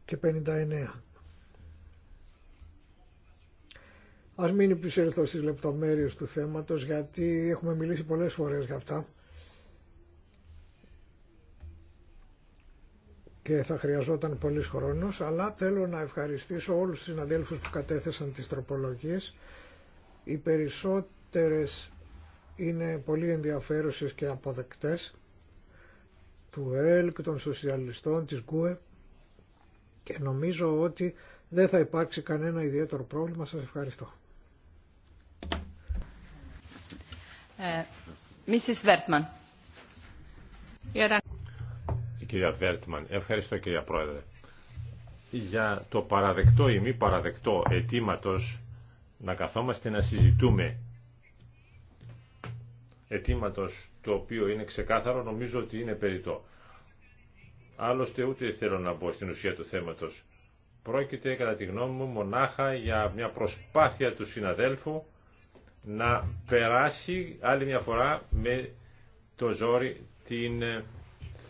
και 59. Ας μην επισέλθω στις λεπτομέρειες του θέματος γιατί έχουμε μιλήσει πολλές φορές για αυτά. και θα χρειαζόταν πολλής χρόνος, αλλά θέλω να ευχαριστήσω όλους τους συναδέλφους που κατέθεσαν τις τροπολογίες. Οι περισσότερες είναι πολύ ενδιαφέρουσες και αποδεκτές του ΕΛΚ, των σοσιαλιστών, της ΓΚΟΕ και νομίζω ότι δεν θα υπάρξει κανένα ιδιαίτερο πρόβλημα. Σας ευχαριστώ. Ε, Mrs κυρία Βέρτμαν. Ευχαριστώ κυρία Πρόεδρε. Για το παραδεκτό ή μη παραδεκτό αιτήματο να καθόμαστε να συζητούμε αιτήματο το οποίο είναι ξεκάθαρο νομίζω ότι είναι περιττό. Άλλωστε ούτε θέλω να μπω στην ουσία του θέματος. Πρόκειται κατά τη γνώμη μου μονάχα για μια προσπάθεια του συναδέλφου να περάσει άλλη μια φορά με το ζόρι την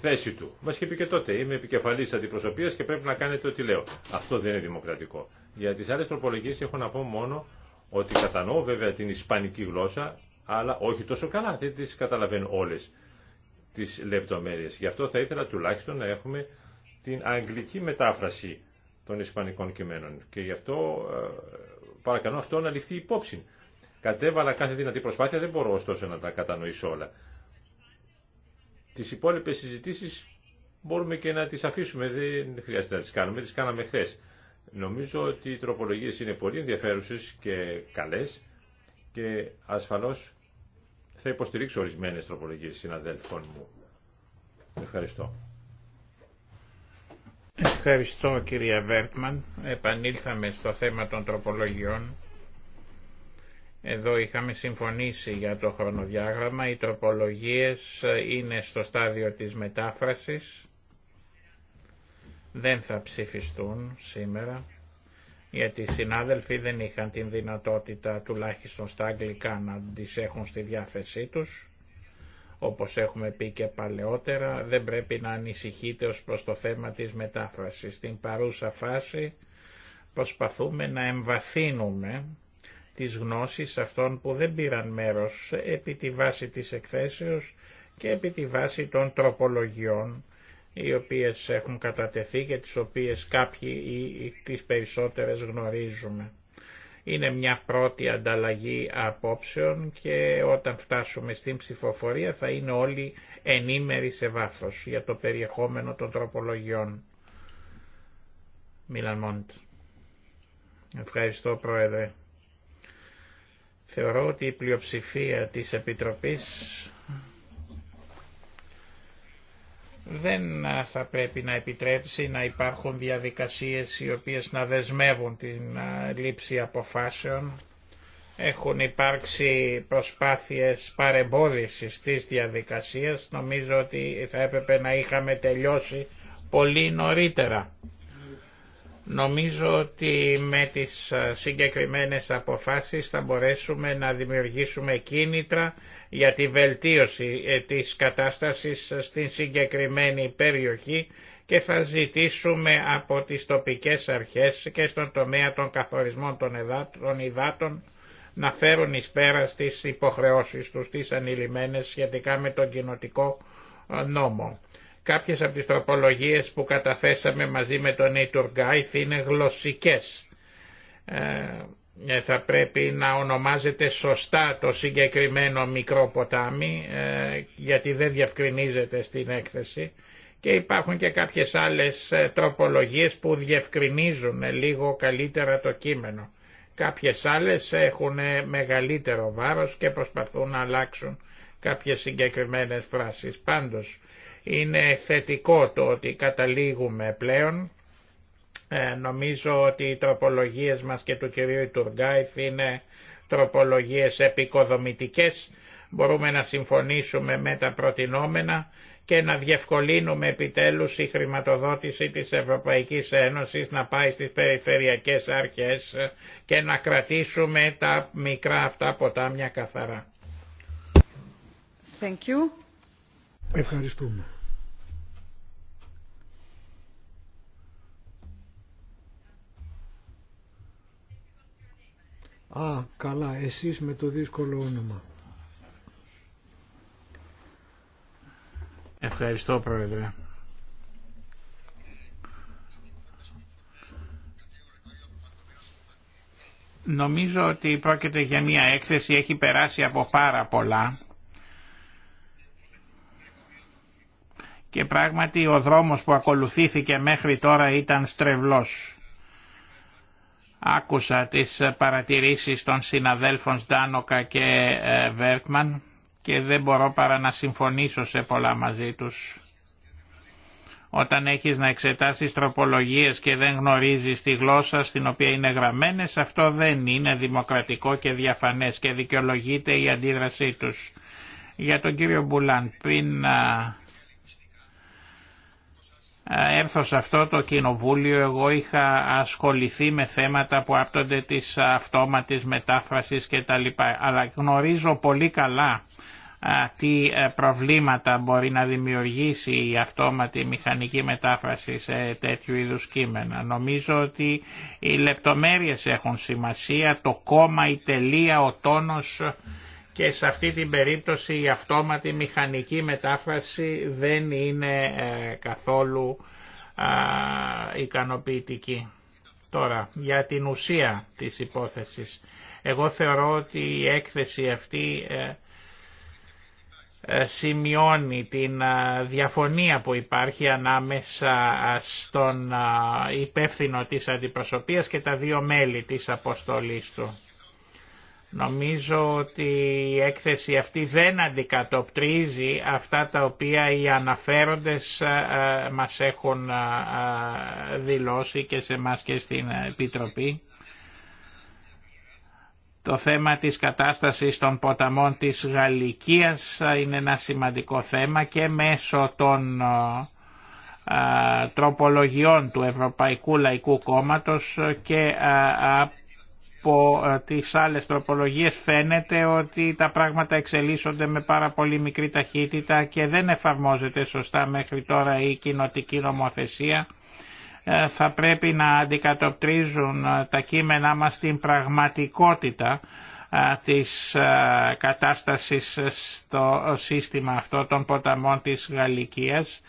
θέση του. Μα είχε πει και τότε, είμαι επικεφαλή αντιπροσωπεία και πρέπει να κάνετε ό,τι λέω. Αυτό δεν είναι δημοκρατικό. Για τι άλλε τροπολογίε έχω να πω μόνο ότι κατανοώ βέβαια την ισπανική γλώσσα, αλλά όχι τόσο καλά. Δεν τι καταλαβαίνω όλε τι λεπτομέρειε. Γι' αυτό θα ήθελα τουλάχιστον να έχουμε την αγγλική μετάφραση των ισπανικών κειμένων. Και γι' αυτό ε, παρακαλώ αυτό να ληφθεί υπόψη. Κατέβαλα κάθε δυνατή προσπάθεια, δεν μπορώ ωστόσο να τα κατανοήσω όλα. Τις υπόλοιπες συζητήσεις μπορούμε και να τις αφήσουμε, δεν χρειάζεται να τις κάνουμε, τις κάναμε χθε. Νομίζω ότι οι τροπολογίες είναι πολύ ενδιαφέρουσες και καλές και ασφαλώς θα υποστηρίξω ορισμένες τροπολογίες συναδέλφων μου. Ευχαριστώ. Ευχαριστώ κυρία Βέρτμαν. Επανήλθαμε στο θέμα των τροπολογιών. Εδώ είχαμε συμφωνήσει για το χρονοδιάγραμμα. Οι τροπολογίες ε, είναι στο στάδιο της μετάφρασης. Δεν θα ψηφιστούν σήμερα, γιατί οι συνάδελφοι δεν είχαν την δυνατότητα τουλάχιστον στα αγγλικά να τις έχουν στη διάθεσή τους. Όπως έχουμε πει και παλαιότερα, δεν πρέπει να ανησυχείτε ως προς το θέμα της μετάφρασης. Στην παρούσα φάση προσπαθούμε να εμβαθύνουμε της γνώσης αυτών που δεν πήραν μέρος επί τη βάση της εκθέσεως και επί τη βάση των τροπολογιών οι οποίες έχουν κατατεθεί και τις οποίες κάποιοι ή τις περισσότερες γνωρίζουμε. Είναι μια πρώτη ανταλλαγή απόψεων και όταν φτάσουμε στην ψηφοφορία θα είναι όλοι ενήμεροι σε βάθος για το περιεχόμενο των τροπολογιών. Μιλαν Ευχαριστώ Πρόεδρε. Θεωρώ ότι η πλειοψηφία της Επιτροπής δεν θα πρέπει να επιτρέψει να υπάρχουν διαδικασίες οι οποίες να δεσμεύουν την λήψη αποφάσεων. Έχουν υπάρξει προσπάθειες παρεμπόδισης της διαδικασίας. Νομίζω ότι θα έπρεπε να είχαμε τελειώσει πολύ νωρίτερα. Νομίζω ότι με τις ε, συγκεκριμένες αποφάσεις θα μπορέσουμε να δημιουργήσουμε κίνητρα για τη βελτίωση ε, της κατάστασης ε, στην συγκεκριμένη περιοχή και θα ζητήσουμε από τις τοπικές αρχές και στον τομέα των καθορισμών των υδάτων να φέρουν εις πέρα στις υποχρεώσεις τους τις ανηλυμένες σχετικά με τον κοινοτικό νόμο. Κάποιες από τις τροπολογίες που καταθέσαμε μαζί με τον Ιτουργκάιθ είναι γλωσσικές. Ε, ε, θα πρέπει να ονομάζεται σωστά το συγκεκριμένο μικρό ποτάμι, ε, γιατί δεν διευκρινίζεται στην έκθεση. Και υπάρχουν και κάποιες άλλες ε, τροπολογίες που διευκρινίζουν λίγο καλύτερα το κείμενο. Κάποιες άλλες έχουν μεγαλύτερο βάρος και προσπαθούν να αλλάξουν κάποιες συγκεκριμένες φράσεις. Πάντως, είναι θετικό το ότι καταλήγουμε πλέον. Ε, νομίζω ότι οι τροπολογίες μας και του κυρίου Ιτουργκάιθ είναι τροπολογίες επικοδομητικές. Μπορούμε να συμφωνήσουμε με τα προτινόμενα και να διευκολύνουμε επιτέλους η χρηματοδότηση της Ευρωπαϊκής Ένωσης να πάει στις περιφερειακές αρχές και να κρατήσουμε τα μικρά αυτά ποτάμια καθαρά. Thank you. Ευχαριστούμε. Α, καλά, εσείς με το δύσκολο όνομα. Ευχαριστώ, Πρόεδρε. Νομίζω ότι πρόκειται για μια έκθεση, έχει περάσει από πάρα πολλά και πράγματι ο δρόμος που ακολουθήθηκε μέχρι τώρα ήταν στρεβλός. Άκουσα τις παρατηρήσεις των συναδέλφων Στάνοκα και ε, Βέρκμαν και δεν μπορώ παρά να συμφωνήσω σε πολλά μαζί τους. Όταν έχεις να εξετάσεις τροπολογίες και δεν γνωρίζεις τη γλώσσα στην οποία είναι γραμμένες, αυτό δεν είναι δημοκρατικό και διαφανές και δικαιολογείται η αντίδρασή τους. Για τον κύριο Μπουλάν, πριν έρθω σε αυτό το κοινοβούλιο εγώ είχα ασχοληθεί με θέματα που άπτονται της αυτόματης μετάφρασης και τα λοιπά, αλλά γνωρίζω πολύ καλά τι ε, προβλήματα μπορεί να δημιουργήσει η αυτόματη μηχανική μετάφραση σε τέτοιου είδους κείμενα. Νομίζω ότι οι λεπτομέρειες έχουν σημασία, το κόμμα, η τελεία, ο τόνος και σε αυτή την περίπτωση η αυτόματη μηχανική μετάφραση δεν είναι ε, καθόλου ικανοποιητική. Τώρα, για την ουσία της υπόθεσης. Εγώ θεωρώ ότι η έκθεση αυτή ε, ε, σημειώνει την διαφωνία που υπάρχει ανάμεσα στον υπεύθυνο της αντιπροσωπείας και τα δύο μέλη της αποστολής του. Νομίζω ότι η έκθεση αυτή δεν αντικατοπτρίζει αυτά τα οποία οι αναφέροντες ε, ε, μας έχουν ε, δηλώσει και σε μας και στην Επιτροπή. Το θέμα της κατάστασης των ποταμών της Γαλλικίας είναι ένα σημαντικό θέμα και μέσω των τροπολογιών του Ευρωπαϊκού Λαϊκού Κόμματος και από ε, τις άλλες τροπολογίες φαίνεται ότι τα πράγματα εξελίσσονται με πάρα πολύ μικρή ταχύτητα και δεν εφαρμόζεται σωστά μέχρι τώρα η κοινοτική νομοθεσία. Ε, θα πρέπει να αντικατοπτρίζουν ε, τα κείμενά μας την πραγματικότητα της κατάστασης στο σύστημα αυτό των ποταμών της Γαλλικίας.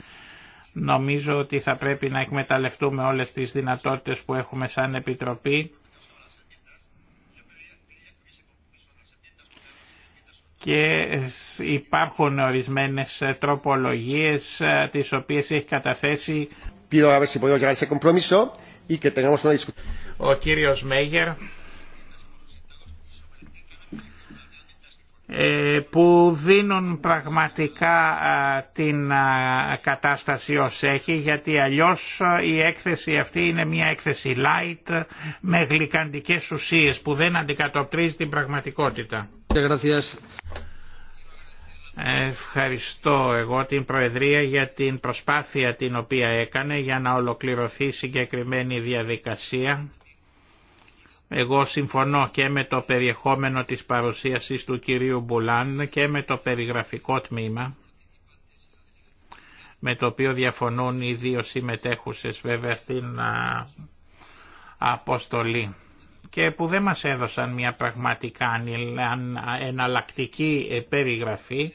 Νομίζω ότι θα πρέπει να εκμεταλλευτούμε όλες τις δυνατότητες που έχουμε σαν Επιτροπή και υπάρχουν ορισμένες τροπολογίες ε, τις οποίες έχει καταθέσει ο κύριος Μέγερ ε, που δίνουν πραγματικά ε, την κατάσταση ως έχει γιατί αλλιώς η έκθεση αυτή είναι μια έκθεση light με γλυκαντικές ουσίες που δεν αντικατοπτρίζει την πραγματικότητα. Ευχαριστώ εγώ την Προεδρία για την προσπάθεια την οποία έκανε για να ολοκληρωθεί συγκεκριμένη διαδικασία. Εγώ συμφωνώ και με το περιεχόμενο της παρουσίασης του κυρίου Μπουλάν και με το περιγραφικό τμήμα με το οποίο διαφωνούν οι δύο συμμετέχουσες βέβαια στην αποστολή και που δεν μας έδωσαν μια πραγματικά εναλλακτική ε, περιγραφή,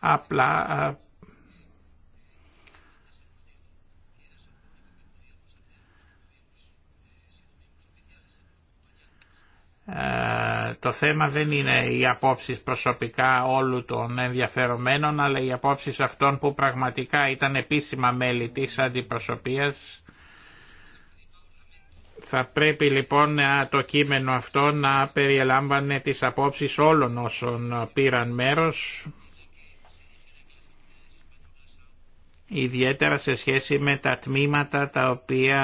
απλά ε, το θέμα δεν είναι οι απόψεις προσωπικά όλου των ενδιαφερομένων, αλλά οι απόψεις αυτών που πραγματικά ήταν επίσημα μέλη της αντιπροσωπείας θα πρέπει λοιπόν το κείμενο αυτό να περιελάμβανε τις απόψεις όλων όσων πήραν μέρος, ιδιαίτερα σε σχέση με τα τμήματα τα οποία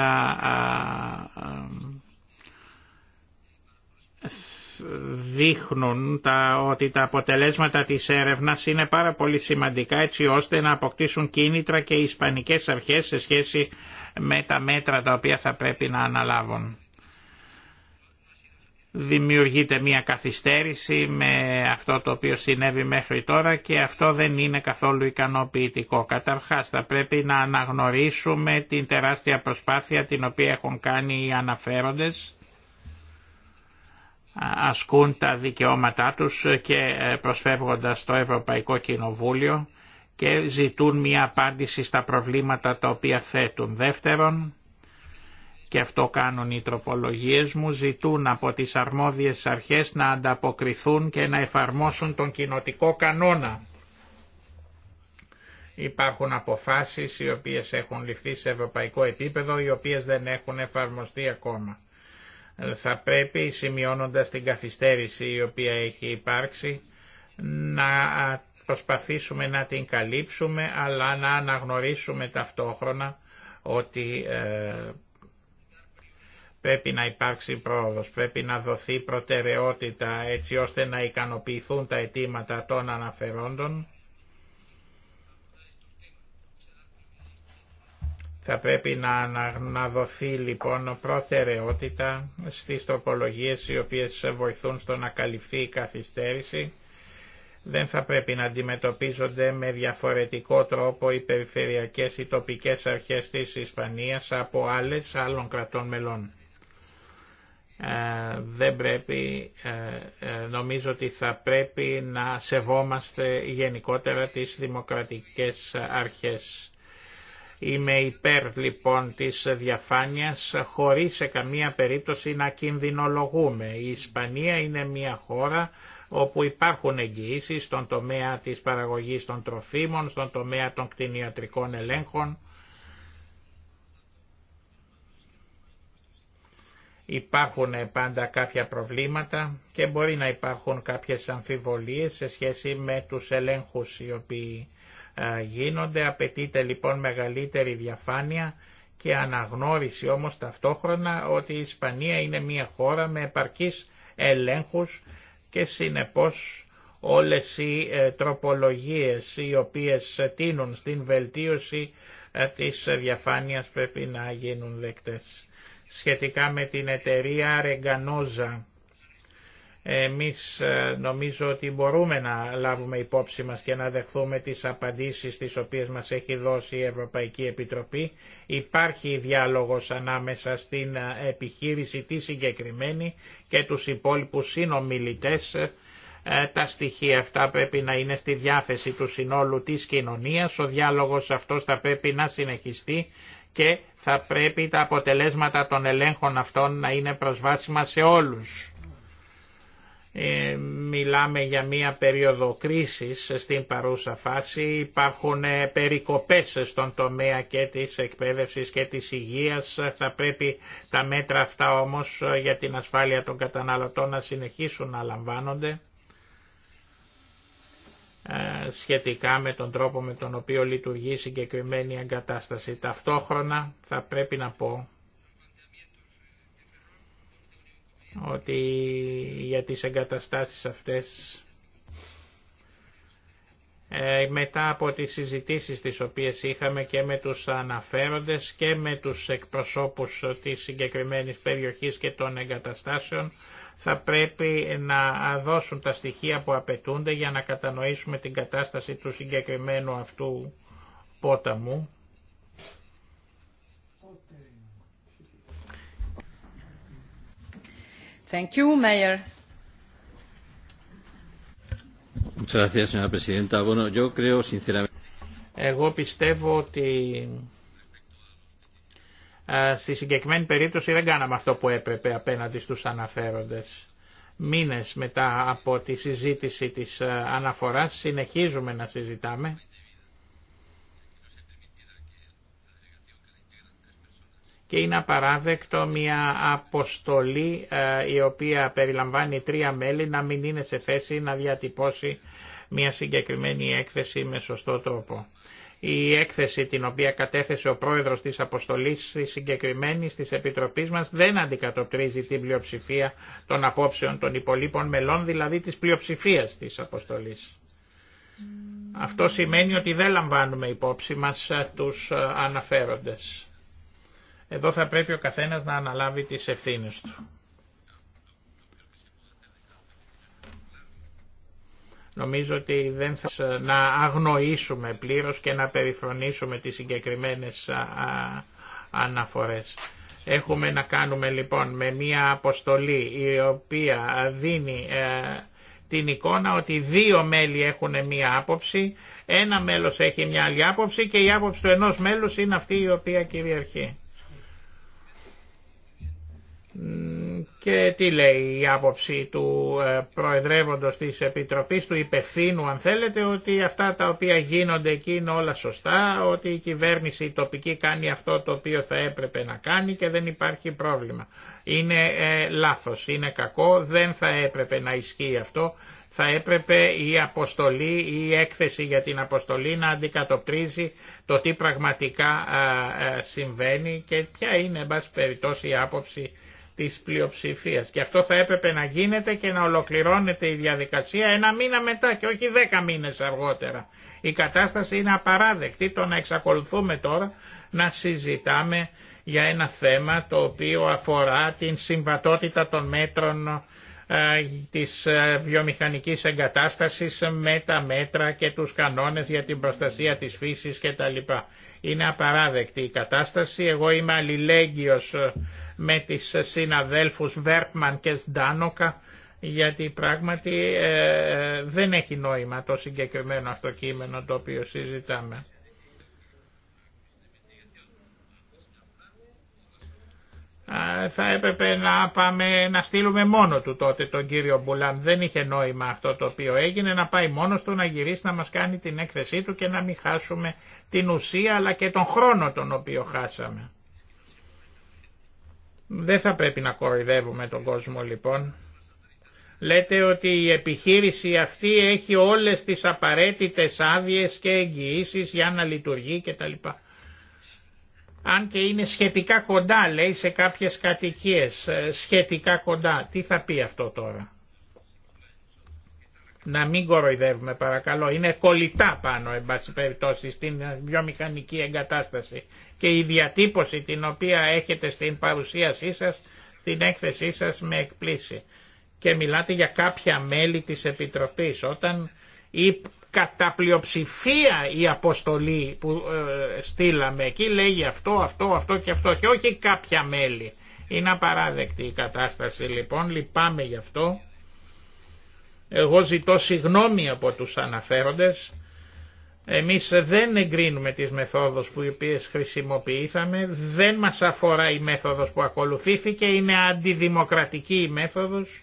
δείχνουν τα, ότι τα αποτελέσματα της έρευνας είναι πάρα πολύ σημαντικά έτσι ώστε να αποκτήσουν κίνητρα και οι ισπανικές αρχές σε σχέση με τα μέτρα τα οποία θα πρέπει να αναλάβουν. Δημιουργείται μια καθυστέρηση με αυτό το οποίο συνέβη μέχρι τώρα και αυτό δεν είναι καθόλου ικανοποιητικό. Καταρχάς θα πρέπει να αναγνωρίσουμε την τεράστια προσπάθεια την οποία έχουν κάνει οι αναφέροντες ασκούν τα δικαιώματά τους και ε, προσφεύγοντας το Ευρωπαϊκό Κοινοβούλιο και ζητούν μια απάντηση στα προβλήματα τα οποία θέτουν. Δεύτερον, και αυτό κάνουν οι τροπολογίες μου, ζητούν από τις αρμόδιες αρχές να ανταποκριθούν και να εφαρμόσουν τον κοινοτικό κανόνα. Υπάρχουν αποφάσεις οι οποίες έχουν ληφθεί σε ευρωπαϊκό επίπεδο, οι οποίες δεν έχουν εφαρμοστεί ακόμα. Θα πρέπει, σημειώνοντας την καθυστέρηση η οποία έχει υπάρξει, να προσπαθήσουμε να την καλύψουμε, αλλά να αναγνωρίσουμε ταυτόχρονα ότι ε, πρέπει να υπάρξει πρόοδος, πρέπει να δοθεί προτεραιότητα έτσι ώστε να ικανοποιηθούν τα αιτήματα των αναφερόντων Θα πρέπει να αναδοθεί λοιπόν προτεραιότητα στις τοπολογίες οι οποίες βοηθούν στο να καλυφθεί η καθυστέρηση. Δεν θα πρέπει να αντιμετωπίζονται με διαφορετικό τρόπο οι περιφερειακές ή τοπικές αρχές της Ισπανίας από άλλες άλλων κρατών μελών. Ε, δεν πρέπει, ε, ε, νομίζω ότι θα πρέπει να σεβόμαστε γενικότερα τις δημοκρατικές αρχές. Είμαι υπέρ λοιπόν της διαφάνειας χωρίς σε καμία περίπτωση να κινδυνολογούμε. Η Ισπανία είναι μια χώρα όπου υπάρχουν εγγυήσεις στον τομέα της παραγωγής των τροφίμων, στον τομέα των κτηνιατρικών ελέγχων. Υπάρχουν πάντα κάποια προβλήματα και μπορεί να υπάρχουν κάποιες αμφιβολίες σε σχέση με τους ελέγχους οι οποίοι γίνονται, απαιτείται λοιπόν μεγαλύτερη διαφάνεια και αναγνώριση όμως ταυτόχρονα ότι η Ισπανία είναι μια χώρα με επαρκείς ελέγχους και συνεπώς όλες οι ε, τροπολογίες οι οποίες τίνουν στην βελτίωση ε, της διαφάνειας πρέπει να γίνουν δεκτές. Σχετικά με την εταιρεία Ρεγκανόζα εμείς ε, νομίζω ότι μπορούμε να λάβουμε υπόψη μας και να δεχθούμε τις απαντήσεις τις οποίες μας έχει δώσει η Ευρωπαϊκή Επιτροπή. Υπάρχει διάλογος ανάμεσα στην ε, επιχείρηση τη συγκεκριμένη και τους υπόλοιπους συνομιλητές. Ε, τα στοιχεία αυτά πρέπει να είναι στη διάθεση του συνόλου της κοινωνίας. Ο διάλογος αυτός θα πρέπει να συνεχιστεί και θα πρέπει τα αποτελέσματα των ελέγχων αυτών να είναι προσβάσιμα σε όλους. Ε, μιλάμε για μία περίοδο κρίσης στην παρούσα φάση, υπάρχουν ε, περικοπές στον τομέα και της εκπαίδευσης και της υγείας, θα πρέπει τα μέτρα αυτά όμως για την ασφάλεια των καταναλωτών να συνεχίσουν να λαμβάνονται ε, σχετικά με τον τρόπο με τον οποίο λειτουργεί η συγκεκριμένη εγκατάσταση. Ταυτόχρονα θα πρέπει να πω ότι για τις εγκαταστάσεις αυτές ε, μετά από τις συζητήσεις τις οποίες είχαμε και με τους αναφέροντες και με τους εκπροσώπους της συγκεκριμένης περιοχής και των εγκαταστάσεων θα πρέπει να δώσουν τα στοιχεία που απαιτούνται για να κατανοήσουμε την κατάσταση του συγκεκριμένου αυτού πόταμου Εγώ πιστεύω ότι στη συγκεκριμένη περίπτωση δεν κάναμε αυτό που έπρεπε απέναντι στους αναφέροντες. Μήνες μετά από τη συζήτηση της αναφοράς συνεχίζουμε να συζητάμε και είναι απαράδεκτο μια αποστολή ε, η οποία περιλαμβάνει τρία μέλη να μην είναι σε θέση να διατυπώσει μια συγκεκριμένη έκθεση με σωστό τρόπο. Η έκθεση την οποία κατέθεσε ο πρόεδρος της αποστολής τη συγκεκριμένη της Επιτροπής μας δεν αντικατοπτρίζει την πλειοψηφία των απόψεων των υπολείπων μελών, δηλαδή της πλειοψηφίας της αποστολής. Αυτό σημαίνει ότι δεν λαμβάνουμε υπόψη μας ε, τους ε, αναφέροντες. Εδώ θα πρέπει ο καθένας να αναλάβει τις ευθύνες του. Νομίζω ότι δεν θα ε, να αγνοήσουμε πλήρως και να περιφρονήσουμε τις συγκεκριμένες αναφορές. Έχουμε να κάνουμε λοιπόν με μία αποστολή η οποία δίνει ε, την εικόνα ότι δύο μέλη έχουν μία άποψη, ένα μέλος έχει μία άλλη άποψη και η άποψη του ενός μέλους είναι αυτή η οποία κυριαρχεί και τι λέει η άποψη του ε, προεδρεύοντος της Επιτροπής, του υπευθύνου αν θέλετε, ότι αυτά τα οποία γίνονται εκεί είναι όλα σωστά, ότι η κυβέρνηση η τοπική κάνει αυτό το οποίο θα έπρεπε να κάνει και δεν υπάρχει πρόβλημα. Είναι ε, λάθος, είναι κακό, δεν θα έπρεπε να ισχύει αυτό, θα έπρεπε η αποστολή ή η εκθεση για την αποστολή να αντικατοπτρίζει το τι πραγματικά ε, ε, συμβαίνει και ποια είναι εν πάση περιπτώσει η άποψη της πλειοψηφίας. Και αυτό θα έπρεπε να γίνεται και να ολοκληρώνεται η διαδικασία ένα μήνα μετά και όχι δέκα μήνες αργότερα. Η κατάσταση είναι απαράδεκτη το να εξακολουθούμε τώρα να συζητάμε για ένα θέμα το οποίο αφορά την συμβατότητα των μέτρων ε, της ε, βιομηχανικής εγκατάστασης με τα μέτρα και τους κανόνες για την προστασία της φύσης κτλ. Είναι απαράδεκτη η κατάσταση. Εγώ είμαι αλληλέγγυος ε, με τις συναδέλφους Βέρτμαν και Σντάνοκα γιατί πράγματι ε, δεν έχει νόημα το συγκεκριμένο αυτό κείμενο το οποίο συζητάμε. θα έπρεπε να, πάμε, να στείλουμε μόνο του τότε τον κύριο Μπουλάν. Δεν είχε νόημα αυτό το οποίο έγινε, να πάει μόνος του να γυρίσει να μας κάνει την έκθεσή του και να μην χάσουμε την ουσία αλλά και τον χρόνο τον οποίο χάσαμε. Δεν θα πρέπει να κοροϊδεύουμε τον κόσμο λοιπόν. Λέτε ότι η επιχείρηση αυτή έχει όλες τις απαραίτητες άδειες και εγγυήσει για να λειτουργεί κτλ. Αν και είναι σχετικά κοντά λέει σε κάποιες κατοικίες, ε, σχετικά κοντά. Τι θα πει αυτό τώρα να μην κοροϊδεύουμε παρακαλώ. Είναι κολλητά πάνω, εν πάση περιπτώσει, στην βιομηχανική εγκατάσταση. Και η διατύπωση την οποία έχετε στην παρουσίασή σας, στην έκθεσή σας με εκπλήσει. Και μιλάτε για κάποια μέλη της Επιτροπής, όταν η κατά πλειοψηφία η αποστολή που ε, στείλαμε εκεί λέει αυτό, αυτό, αυτό και αυτό και όχι κάποια μέλη. Είναι απαράδεκτη η κατάσταση λοιπόν, λυπάμαι γι' αυτό εγώ ζητώ συγνώμη από τους αναφέροντες. Εμείς δεν εγκρίνουμε τις μεθόδους που οι οποίες χρησιμοποιήσαμε, δεν μας αφορά η μέθοδος που ακολουθήθηκε, είναι αντιδημοκρατική η μέθοδος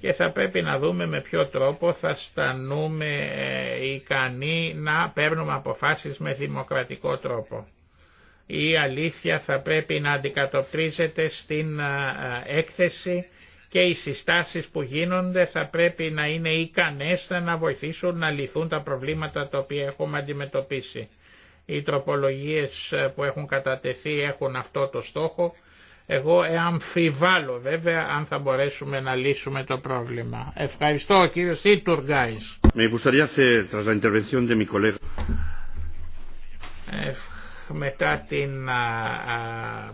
και θα πρέπει να δούμε με ποιο τρόπο θα στανούμε ε, ικανοί να παίρνουμε αποφάσεις με δημοκρατικό τρόπο. Η αλήθεια θα πρέπει να αντικατοπτρίζεται στην ε, ε, έκθεση και οι συστάσεις που γίνονται θα πρέπει να είναι ικανές να βοηθήσουν να λυθούν τα προβλήματα τα οποία έχουμε αντιμετωπίσει. Οι τροπολογίες που έχουν κατατεθεί έχουν αυτό το στόχο. Εγώ αμφιβάλλω βέβαια αν θα μπορέσουμε να λύσουμε το πρόβλημα. Ευχαριστώ κύριε Σίτουργκάης. Ευχαριστώ μετά την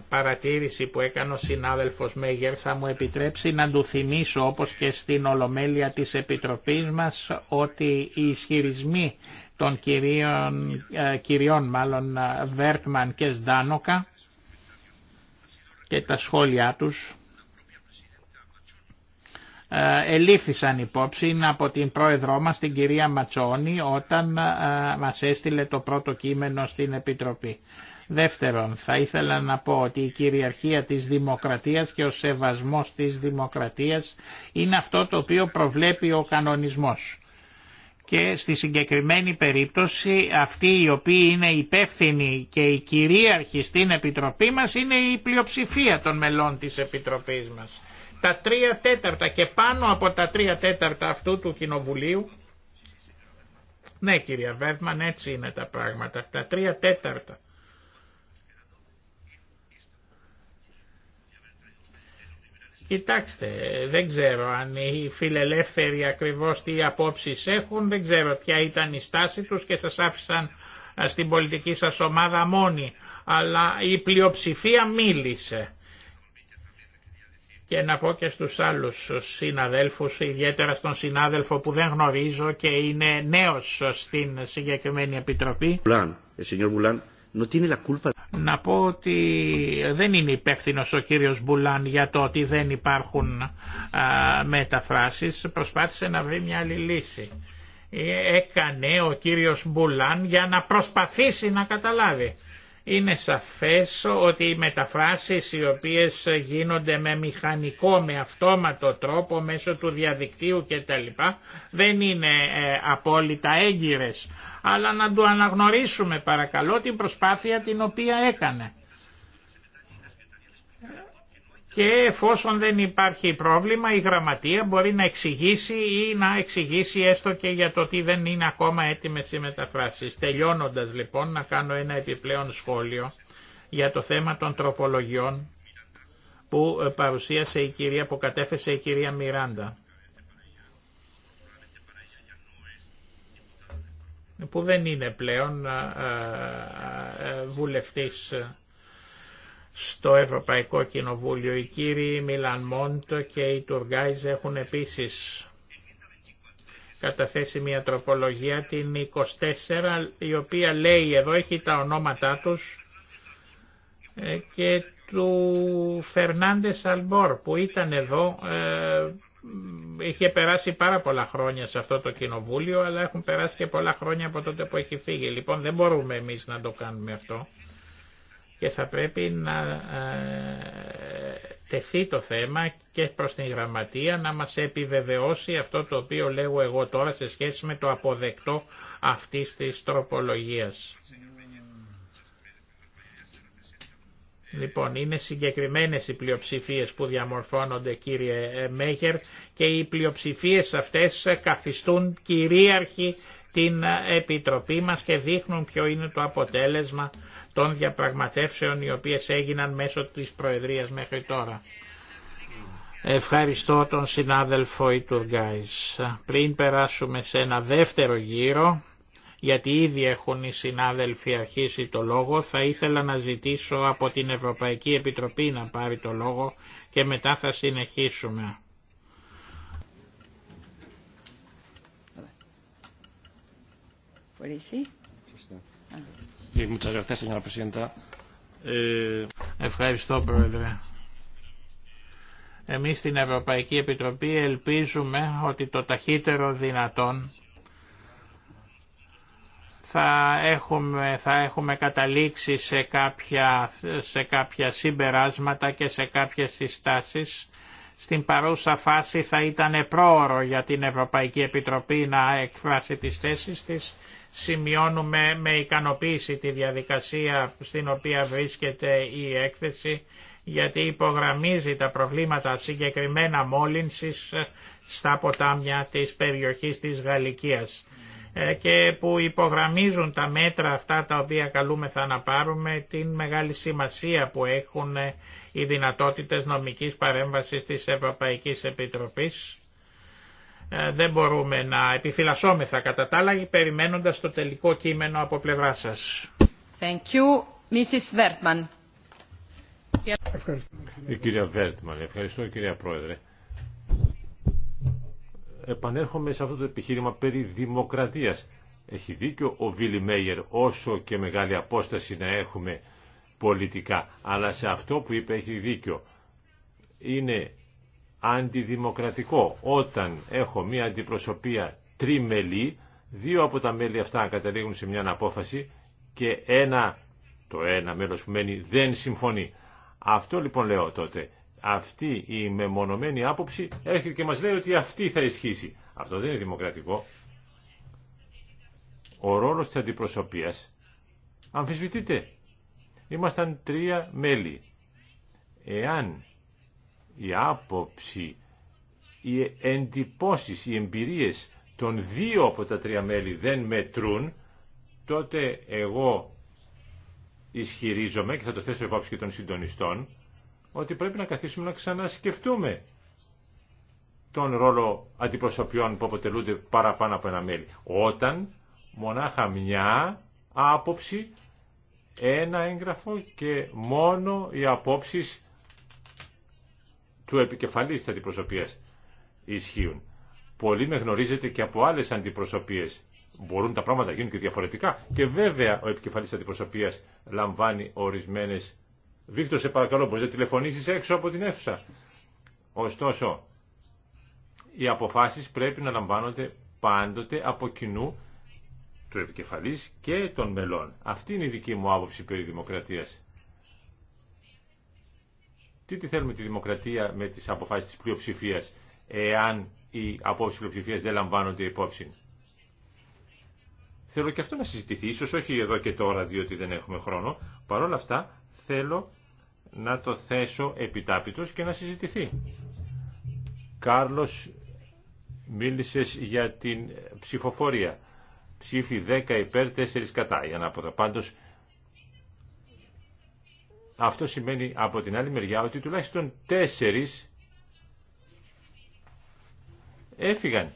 παρατήρηση που έκανε ο συνάδελφος Μέγερ θα μου επιτρέψει να του θυμίσω όπως και στην Ολομέλεια της Επιτροπής μας ότι οι ισχυρισμοί των κυρίων, κυριών μάλλον Βέρτμαν και Σδάνοκα και τα σχόλιά τους ε, ελήφθησαν υπόψη από την πρόεδρό μας την κυρία Ματσόνη όταν ε, μας έστειλε το πρώτο κείμενο στην Επιτροπή. Δεύτερον, θα ήθελα να πω ότι η κυριαρχία της δημοκρατίας και ο σεβασμός της δημοκρατίας είναι αυτό το οποίο προβλέπει ο κανονισμός. Και στη συγκεκριμένη περίπτωση αυτή οι οποίοι είναι υπεύθυνοι και η κυρίαρχη στην Επιτροπή μας είναι η πλειοψηφία των μελών της Επιτροπής μας τα τρία τέταρτα και πάνω από τα τρία τέταρτα αυτού του κοινοβουλίου. Ναι κυρία Βέρμαν έτσι είναι τα πράγματα, τα τρία τέταρτα. Κοιτάξτε, δεν ξέρω αν οι φιλελεύθεροι ακριβώς τι απόψεις έχουν, δεν ξέρω ποια ήταν η στάση τους και σας άφησαν στην πολιτική σας ομάδα μόνοι, αλλά η πλειοψηφία μίλησε και να πω και στους άλλους συναδέλφους, ιδιαίτερα στον συνάδελφο που δεν γνωρίζω και είναι νέος στην συγκεκριμένη επιτροπή. Ε, να πω ότι δεν είναι υπεύθυνο ο κύριος Μπουλάν για το ότι δεν υπάρχουν α, μεταφράσεις, προσπάθησε να βρει μια άλλη λύση. Ε, έκανε ο κύριος Μπουλάν για να προσπαθήσει να καταλάβει. Είναι σαφές ότι οι μεταφράσεις οι οποίες γίνονται με μηχανικό, με αυτόματο τρόπο μέσω του διαδικτύου κτλ δεν είναι ε, απόλυτα έγκυρες. Αλλά να του αναγνωρίσουμε παρακαλώ την προσπάθεια την οποία έκανε και εφόσον δεν υπάρχει πρόβλημα η γραμματεία μπορεί να εξηγήσει ή να εξηγήσει έστω και για το ότι δεν είναι ακόμα έτοιμες οι μεταφράσεις. Τελειώνοντας λοιπόν να κάνω ένα επιπλέον σχόλιο για το θέμα των τροπολογιών που ε, παρουσίασε η κυρία, που κατέθεσε η κυρία Μιράντα. που δεν είναι πλέον ε, ε, βουλευτής στο Ευρωπαϊκό Κοινοβούλιο. Οι κύριοι Μιλαν Μόντο και οι Τουργάιζ έχουν επίσης καταθέσει μια τροπολογία την 24 η οποία λέει εδώ έχει τα ονόματά τους ε, και του Φερνάντες Αλμπόρ που ήταν εδώ ε, είχε περάσει πάρα πολλά χρόνια σε αυτό το κοινοβούλιο αλλά έχουν περάσει και πολλά χρόνια από τότε που έχει φύγει λοιπόν δεν μπορούμε εμείς να το κάνουμε αυτό και θα πρέπει να ε, τεθεί το θέμα και προς την γραμματεία να μας επιβεβαιώσει αυτό το οποίο λέγω εγώ τώρα σε σχέση με το αποδεκτό αυτής της τροπολογίας. Λοιπόν, είναι συγκεκριμένες οι πλειοψηφίες που διαμορφώνονται κύριε Μέγερ και οι πλειοψηφίες αυτές καθιστούν κυρίαρχη την Επιτροπή μας και δείχνουν ποιο είναι το αποτέλεσμα των διαπραγματεύσεων οι οποίες έγιναν μέσω της Προεδρίας μέχρι τώρα. Ευχαριστώ τον συνάδελφο Ιτουργκάης. Πριν περάσουμε σε ένα δεύτερο γύρο, γιατί ήδη έχουν οι συνάδελφοι αρχίσει το λόγο, θα ήθελα να ζητήσω από την Ευρωπαϊκή Επιτροπή να πάρει το λόγο και μετά θα συνεχίσουμε. What Eh, Ευχαριστώ Πρόεδρε. Εμείς στην Ευρωπαϊκή Επιτροπή ελπίζουμε ότι το ταχύτερο δυνατόν θα έχουμε, θα έχουμε καταλήξει σε κάποια, σε συμπεράσματα και σε κάποιες συστάσεις. Στην παρούσα φάση θα ήταν πρόωρο για την Ευρωπαϊκή Επιτροπή να εκφράσει τις θέσεις της Σημειώνουμε με ικανοποίηση τη διαδικασία στην οποία βρίσκεται η έκθεση γιατί υπογραμμίζει τα προβλήματα συγκεκριμένα μόλυνσης στα ποτάμια της περιοχής της Γαλλικίας ε, και που υπογραμμίζουν τα μέτρα αυτά τα οποία καλούμεθα να πάρουμε την μεγάλη σημασία που έχουν οι δυνατότητες νομικής παρέμβασης της Ευρωπαϊκής Επιτροπής ε, δεν μπορούμε να επιφυλασσόμεθα κατά τα άλλα περιμένοντας το τελικό κείμενο από πλευρά σας. Thank you. Mrs. κυρία Βέρτμαν, ευχαριστώ κυρία Πρόεδρε. Επανέρχομαι σε αυτό το επιχείρημα περί δημοκρατίας. Έχει δίκιο ο Βίλι Μέγερ όσο και μεγάλη απόσταση να έχουμε πολιτικά, αλλά σε αυτό που είπε έχει δίκιο. Είναι αντιδημοκρατικό όταν έχω μια αντιπροσωπεία τριμελή, δύο από τα μέλη αυτά καταλήγουν σε μια απόφαση και ένα, το ένα μέλος που μένει δεν συμφωνεί. Αυτό λοιπόν λέω τότε, αυτή η μεμονωμένη άποψη έρχεται και μας λέει ότι αυτή θα ισχύσει. Αυτό δεν είναι δημοκρατικό. Ο ρόλος της αντιπροσωπείας αμφισβητείται. Ήμασταν τρία μέλη. Εάν η άποψη, οι εντυπώσεις, οι εμπειρίες των δύο από τα τρία μέλη δεν μετρούν, τότε εγώ ισχυρίζομαι και θα το θέσω υπόψη και των συντονιστών, ότι πρέπει να καθίσουμε να ξανασκεφτούμε τον ρόλο αντιπροσωπιών που αποτελούνται παραπάνω από ένα μέλη. Όταν μονάχα μια άποψη, ένα έγγραφο και μόνο οι απόψεις του επικεφαλής της αντιπροσωπείας ισχύουν. Πολλοί με γνωρίζετε και από άλλες αντιπροσωπείες. Μπορούν τα πράγματα να γίνουν και διαφορετικά. Και βέβαια ο επικεφαλής της αντιπροσωπείας λαμβάνει ορισμένες... Βίκτορ, σε παρακαλώ, μπορείς να τηλεφωνήσεις έξω από την αίθουσα. Ωστόσο, οι αποφάσεις πρέπει να λαμβάνονται πάντοτε από κοινού του επικεφαλής και των μελών. Αυτή είναι η δική μου άποψη περί δημοκρατίας. Τι θέλουμε τη δημοκρατία με τις αποφάσεις της πλειοψηφία, εάν οι απόψεις πλειοψηφία δεν λαμβάνονται υπόψη. Θέλω και αυτό να συζητηθεί, ίσως όχι εδώ και τώρα διότι δεν έχουμε χρόνο, όλα αυτά θέλω να το θέσω επιτάπητος και να συζητηθεί. Κάρλος, μίλησες για την ψηφοφορία. Ψήφι 10 υπέρ, 4 κατά. Η ανάποδα. Πάντως, αυτό σημαίνει από την άλλη μεριά ότι τουλάχιστον τέσσερις έφυγαν.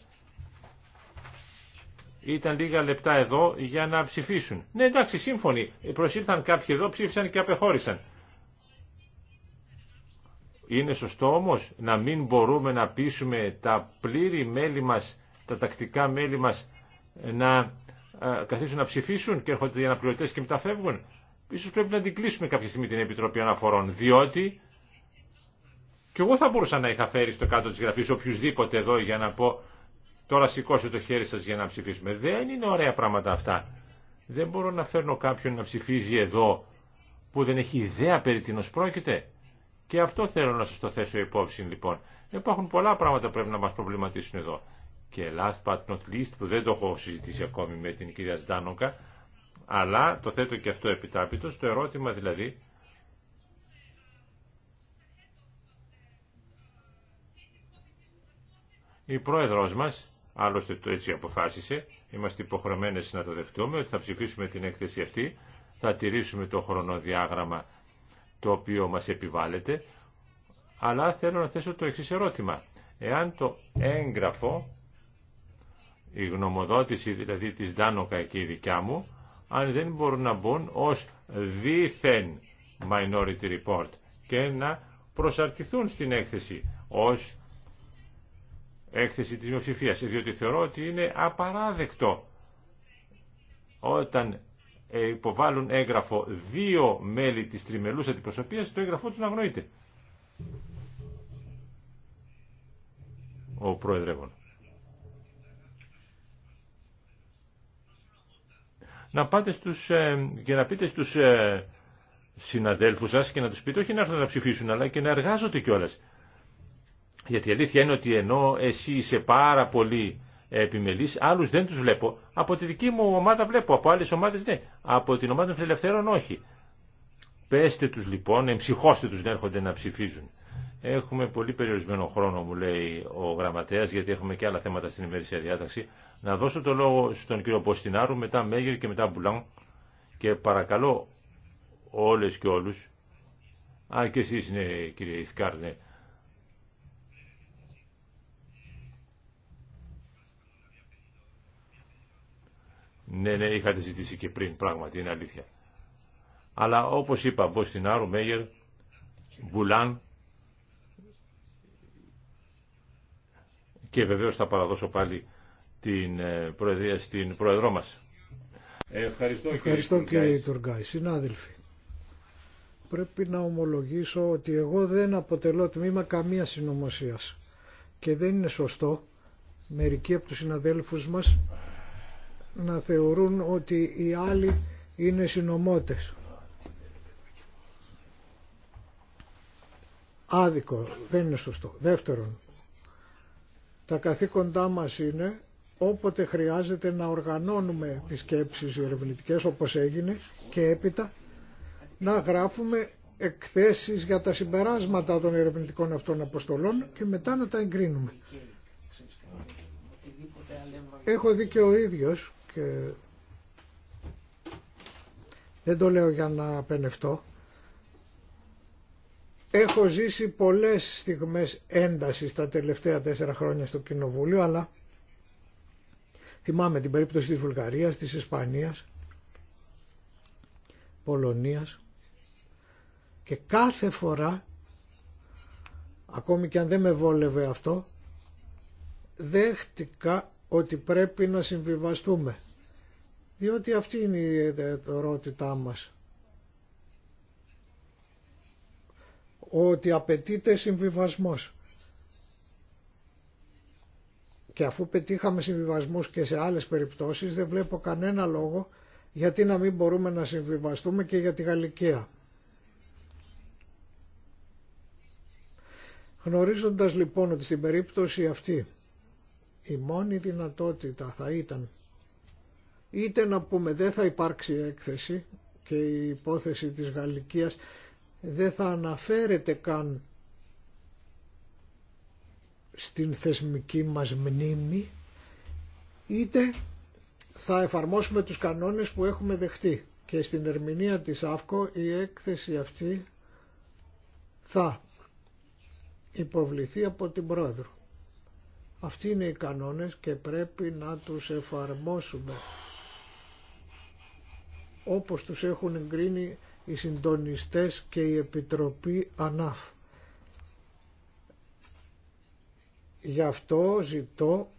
Ήταν λίγα λεπτά εδώ για να ψηφίσουν. Ναι εντάξει σύμφωνοι, προσήλθαν κάποιοι εδώ, ψήφισαν και απεχώρησαν. Είναι σωστό όμως να μην μπορούμε να πείσουμε τα πλήρη μέλη μας, τα τακτικά μέλη μας να ε, καθίσουν να ψηφίσουν και έρχονται οι αναπληρωτές και μετά φεύγουν ίσως πρέπει να την κλείσουμε κάποια στιγμή την Επιτροπή Αναφορών, διότι και εγώ θα μπορούσα να είχα φέρει στο κάτω της γραφής οποιουσδήποτε εδώ για να πω τώρα σηκώστε το χέρι σας για να ψηφίσουμε. Δεν είναι ωραία πράγματα αυτά. Δεν μπορώ να φέρνω κάποιον να ψηφίζει εδώ που δεν έχει ιδέα περί τίνος πρόκειται. Και αυτό θέλω να σας το θέσω υπόψη λοιπόν. Υπάρχουν πολλά πράγματα που πρέπει να μας προβληματίσουν εδώ. Και last but not least που δεν το έχω συζητήσει ακόμη με την κυρία Σντάνοκα αλλά το θέτω και αυτό επιτάπητο το ερώτημα δηλαδή η πρόεδρος μας, άλλωστε το έτσι αποφάσισε, είμαστε υποχρεωμένες να το δεχτούμε, ότι θα ψηφίσουμε την έκθεση αυτή, θα τηρήσουμε το χρονοδιάγραμμα το οποίο μας επιβάλλεται, αλλά θέλω να θέσω το εξή ερώτημα. Εάν το έγγραφο, η γνωμοδότηση δηλαδή της Ντάνοκα και η δικιά μου, αν δεν μπορούν να μπουν ως δίθεν minority report και να προσαρτηθούν στην έκθεση ως έκθεση της μειοψηφίας, διότι θεωρώ ότι είναι απαράδεκτο όταν ε, υποβάλλουν έγγραφο δύο μέλη της τριμελούς αντιπροσωπείας, το έγγραφό τους να γνωρείται. Ο Πρόεδρεύων. να πάτε στους, ε, και να πείτε στους ε, συναδέλφους σας και να τους πείτε όχι να έρθουν να ψηφίσουν αλλά και να εργάζονται κιόλας. Γιατί η αλήθεια είναι ότι ενώ εσύ είσαι πάρα πολύ επιμελής, άλλους δεν τους βλέπω. Από τη δική μου ομάδα βλέπω, από άλλες ομάδες ναι. Από την ομάδα των φιλελευθέρων όχι. Πέστε τους λοιπόν, εμψυχώστε τους να έρχονται να ψηφίζουν. Έχουμε πολύ περιορισμένο χρόνο, μου λέει ο γραμματέας, γιατί έχουμε και άλλα θέματα στην ημερησία διάταξη. Να δώσω το λόγο στον κύριο Ποστινάρου, μετά Μέγερ και μετά Μπουλάν. Και παρακαλώ όλες και όλους, α και εσείς ναι, κύριε Ιθκάρ, ναι. Ναι, ναι, είχατε ζητήσει και πριν, πράγματι, είναι αλήθεια αλλά όπως είπα Μποστινάρου, Μέγερ, Μπουλάν και βεβαίως θα παραδώσω πάλι την ε, Προεδρία στην Προεδρό μας. Ευχαριστώ, Ευχαριστώ κύριε, κύριε Τουργκάη. Συνάδελφοι, πρέπει να ομολογήσω ότι εγώ δεν αποτελώ τμήμα καμία συνωμοσία και δεν είναι σωστό μερικοί από τους συναδέλφους μας να θεωρούν ότι οι άλλοι είναι συνωμότες. άδικο, δεν είναι σωστό. Δεύτερον, τα καθήκοντά μας είναι όποτε χρειάζεται να οργανώνουμε επισκέψεις ερευνητικές όπως έγινε και έπειτα να γράφουμε εκθέσεις για τα συμπεράσματα των ερευνητικών αυτών αποστολών και μετά να τα εγκρίνουμε. Έχω δει και ο ίδιος και δεν το λέω για να απενευτώ Έχω ζήσει πολλές στιγμές έντασης τα τελευταία τέσσερα χρόνια στο Κοινοβούλιο, αλλά θυμάμαι την περίπτωση της Βουλγαρίας, της Ισπανίας, Πολωνίας και κάθε φορά, ακόμη και αν δεν με βόλευε αυτό, δέχτηκα ότι πρέπει να συμβιβαστούμε. Διότι αυτή είναι η ιδιαιτερότητά μας. ότι απαιτείται συμβιβασμός. Και αφού πετύχαμε συμβιβασμούς και σε άλλες περιπτώσεις δεν βλέπω κανένα λόγο γιατί να μην μπορούμε να συμβιβαστούμε και για τη Γαλλικία. Γνωρίζοντας λοιπόν ότι στην περίπτωση αυτή η μόνη δυνατότητα θα ήταν είτε να πούμε δεν θα υπάρξει έκθεση και η υπόθεση της Γαλλικίας δεν θα αναφέρεται καν στην θεσμική μας μνήμη είτε θα εφαρμόσουμε τους κανόνες που έχουμε δεχτεί και στην ερμηνεία της ΑΦΚΟ η έκθεση αυτή θα υποβληθεί από την Πρόεδρο. Αυτοί είναι οι κανόνες και πρέπει να τους εφαρμόσουμε όπως τους έχουν εγκρίνει οι συντονιστές και η Επιτροπή ΑΝΑΦ. Γι' αυτό ζητώ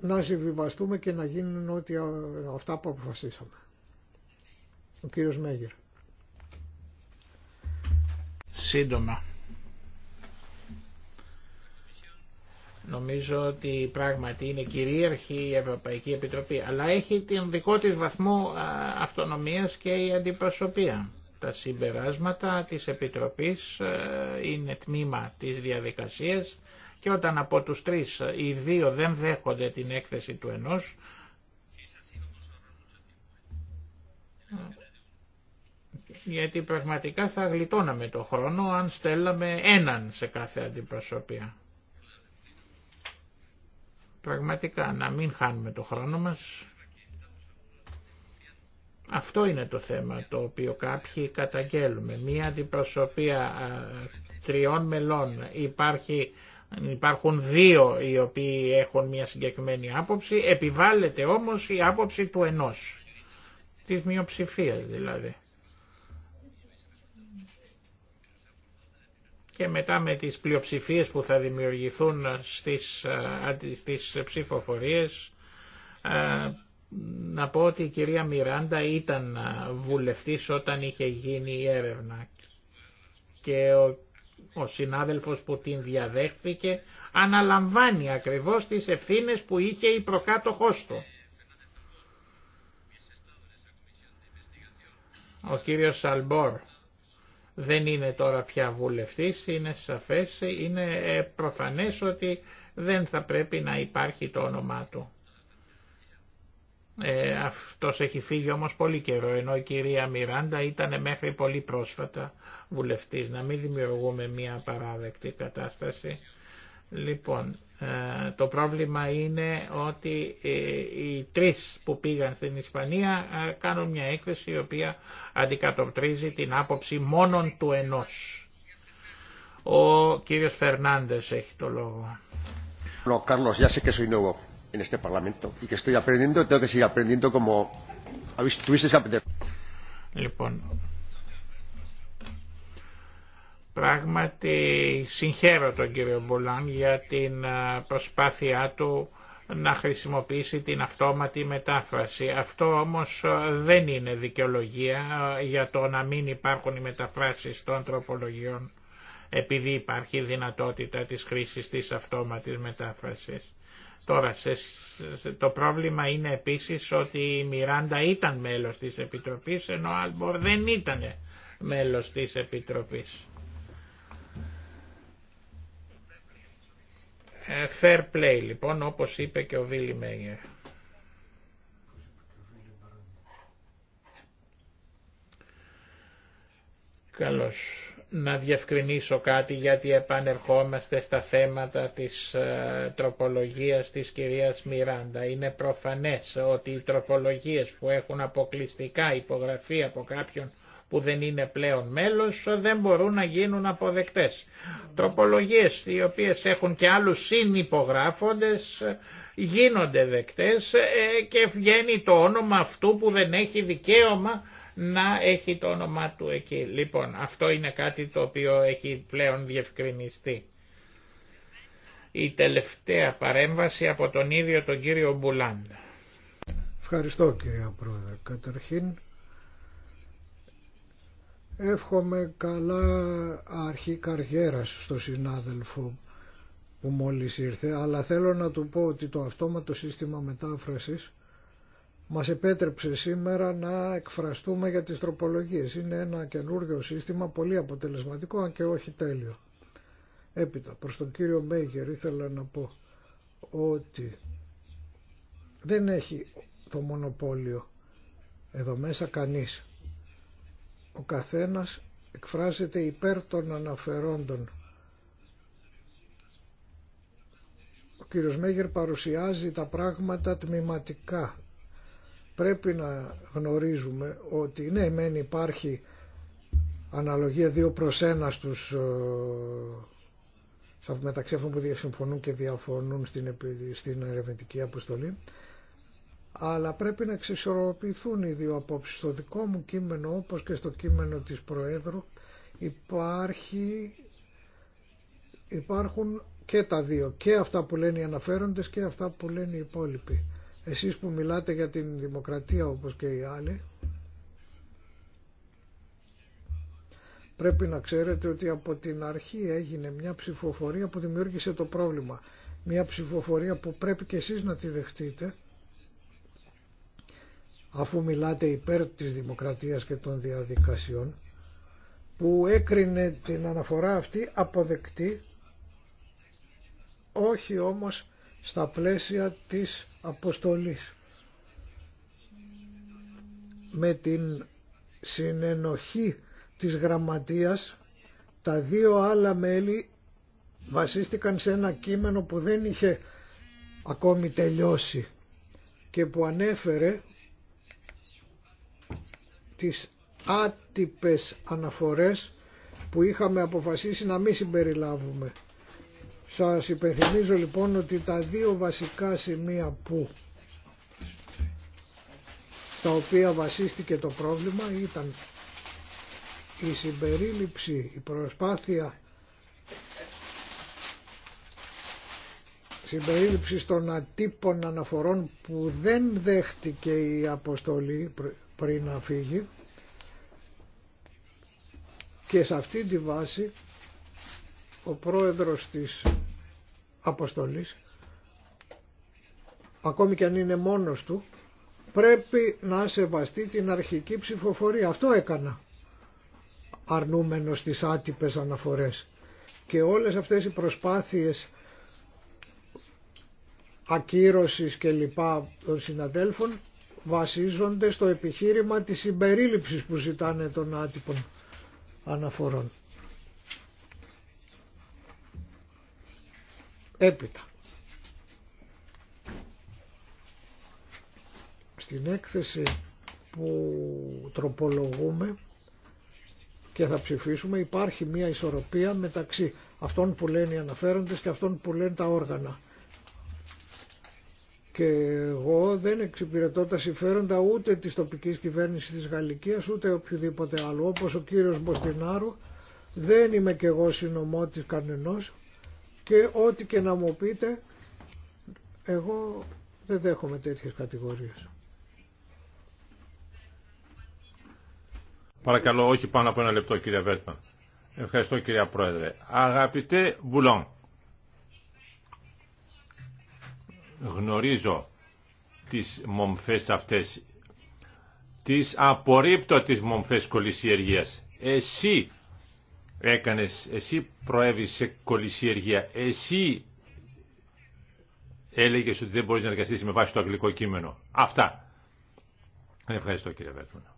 να συμβιβαστούμε και να γίνουν ό,τι αυτά που αποφασίσαμε. Ο κύριος Μέγερ. Σύντομα. Νομίζω ότι πράγματι είναι κυρίαρχη η Ευρωπαϊκή Επιτροπή, αλλά έχει τον δικό της βαθμό αυτονομίας και η αντιπροσωπεία. Τα συμπεράσματα της Επιτροπής είναι τμήμα της διαδικασίας και όταν από τους τρεις οι δύο δεν δέχονται την έκθεση του ενός, γιατί πραγματικά θα γλιτώναμε το χρόνο αν στέλναμε έναν σε κάθε αντιπροσωπεία. Πραγματικά να μην χάνουμε το χρόνο μας. Αυτό είναι το θέμα το οποίο κάποιοι καταγγέλουμε. Μία αντιπροσωπεία τριών μελών υπάρχει, υπάρχουν δύο οι οποίοι έχουν μια συγκεκριμένη άποψη, επιβάλλεται όμως η άποψη του ενός, της μειοψηφίας δηλαδή. και μετά με τις πλειοψηφίες που θα δημιουργηθούν στις, ε, στις ψηφοφορίες ε, να πω ότι η κυρία Μιράντα ήταν βουλευτής όταν είχε γίνει η έρευνα και ο, ο συνάδελφος που την διαδέχθηκε αναλαμβάνει ακριβώς τις ευθύνες που είχε η προκάτοχός του. Ο κύριος Σαλμπόρ δεν είναι τώρα πια βουλευτής, είναι σαφές, είναι ε, προφανές ότι δεν θα πρέπει να υπάρχει το όνομά του. Ε, αυτός έχει φύγει όμως πολύ καιρό, ενώ η κυρία Μιράντα ήταν μέχρι πολύ πρόσφατα βουλευτής. Να μην δημιουργούμε μια παράδεκτη κατάσταση. Λοιπόν, ε, το πρόβλημα είναι ότι ε, οι τρεις που πήγαν στην Ισπανία ε, κάνουν μια έκθεση η οποία αντικατοπτρίζει την άποψη μόνον του ενός. Ο κύριος Φερνάντες έχει το λόγο. Λο, Κάρλος, για σε και σου νέο en este Parlamento y que estoy aprendiendo, tengo que seguir aprendiendo como tuviste que aprender. Λοιπόν, Πράγματι συγχαίρω τον κύριο Μπολάν για την προσπάθειά του να χρησιμοποιήσει την αυτόματη μετάφραση. Αυτό όμως δεν είναι δικαιολογία για το να μην υπάρχουν οι μεταφράσεις των τροπολογιών επειδή υπάρχει δυνατότητα της χρήσης της αυτόματης μετάφρασης. Τώρα, το πρόβλημα είναι επίσης ότι η Μιράντα ήταν μέλος της Επιτροπής, ενώ Άλμπορ δεν ήταν μέλος της Επιτροπής. Ε, fair play λοιπόν όπως είπε και ο Βίλι Μέγερ. Καλώς. Να διευκρινίσω κάτι γιατί επανερχόμαστε στα θέματα της ε, τροπολογίας της κυρίας Μιράντα. Είναι προφανές ότι οι τροπολογίες που έχουν αποκλειστικά υπογραφεί από κάποιον που δεν είναι πλέον μέλος δεν μπορούν να γίνουν αποδεκτές. Τροπολογίες οι οποίες έχουν και άλλους συνυπογράφοντες γίνονται δεκτές ε, και βγαίνει το όνομα αυτού που δεν έχει δικαίωμα να έχει το όνομά του εκεί. Λοιπόν, αυτό είναι κάτι το οποίο έχει πλέον διευκρινιστεί. Η τελευταία παρέμβαση από τον ίδιο τον κύριο Μπουλάντα. Ευχαριστώ κύριε Πρόεδρε. Καταρχήν Εύχομαι καλά αρχή καριέρας στο συνάδελφο που μόλις ήρθε, αλλά θέλω να του πω ότι το αυτόματο σύστημα μετάφρασης μας επέτρεψε σήμερα να εκφραστούμε για τις τροπολογίες. Είναι ένα καινούργιο σύστημα, πολύ αποτελεσματικό, αν και όχι τέλειο. Έπειτα, προς τον κύριο Μέγερ ήθελα να πω ότι δεν έχει το μονοπόλιο εδώ μέσα κανείς. Ο καθένας εκφράζεται υπέρ των αναφερόντων. Ο κύριος Μέγερ παρουσιάζει τα πράγματα τμηματικά. Πρέπει να γνωρίζουμε ότι ναι μεν υπάρχει αναλογία δύο προς ένα στους ε, μεταξύ αυτών που συμφωνούν και διαφωνούν στην, στην ερευνητική αποστολή αλλά πρέπει να εξισορροπηθούν οι δύο απόψεις. Στο δικό μου κείμενο, όπως και στο κείμενο της Προέδρου, υπάρχει, υπάρχουν και τα δύο, και αυτά που λένε οι αναφέροντες και αυτά που λένε οι υπόλοιποι. Εσείς που μιλάτε για την δημοκρατία όπως και οι άλλοι, πρέπει να ξέρετε ότι από την αρχή έγινε μια ψηφοφορία που δημιούργησε το πρόβλημα. Μια ψηφοφορία που πρέπει και εσείς να τη δεχτείτε, αφού μιλάτε υπέρ της δημοκρατίας και των διαδικασιών που έκρινε την αναφορά αυτή αποδεκτή όχι όμως στα πλαίσια της αποστολής. Με την συνενοχή της γραμματείας τα δύο άλλα μέλη βασίστηκαν σε ένα κείμενο που δεν είχε ακόμη τελειώσει και που ανέφερε τις άτυπες αναφορές που είχαμε αποφασίσει να μην συμπεριλάβουμε. Σας υπενθυμίζω λοιπόν ότι τα δύο βασικά σημεία που στα οποία βασίστηκε το πρόβλημα ήταν η συμπερίληψη, η προσπάθεια συμπερίληψη των ατύπων αναφορών που δεν δέχτηκε η αποστολή πριν να φύγει και σε αυτή τη βάση ο πρόεδρος της αποστολής ακόμη και αν είναι μόνος του πρέπει να σεβαστεί την αρχική ψηφοφορία. Αυτό έκανα αρνούμενος στις άτυπες αναφορές και όλες αυτές οι προσπάθειες ακύρωσης και λοιπά των συναδέλφων βασίζονται στο επιχείρημα της συμπερίληψης που ζητάνε των άτυπων αναφορών. Έπειτα. Στην έκθεση που τροπολογούμε και θα ψηφίσουμε υπάρχει μια ισορροπία μεταξύ αυτών που λένε οι αναφέροντες και αυτών που λένε τα όργανα και εγώ δεν εξυπηρετώ τα συμφέροντα ούτε της τοπικής κυβέρνησης της Γαλλικίας ούτε οποιοδήποτε άλλο. Όπως ο κύριος Μποστινάρου δεν είμαι και εγώ συνομότης κανενός και ό,τι και να μου πείτε εγώ δεν δέχομαι τέτοιες κατηγορίες. Παρακαλώ όχι πάνω από ένα λεπτό κύριε Βέρτμαν. Ευχαριστώ κυρία Πρόεδρε. Αγαπητέ Μπουλόν, γνωρίζω τις μομφές αυτές, τις απορρίπτω τις μομφές κολυσιεργίας. Εσύ έκανες, εσύ προέβησε σε κολυσιεργία, εσύ έλεγες ότι δεν μπορείς να εργαστείς με βάση το αγγλικό κείμενο. Αυτά. Ευχαριστώ κύριε Βέρτμουνα.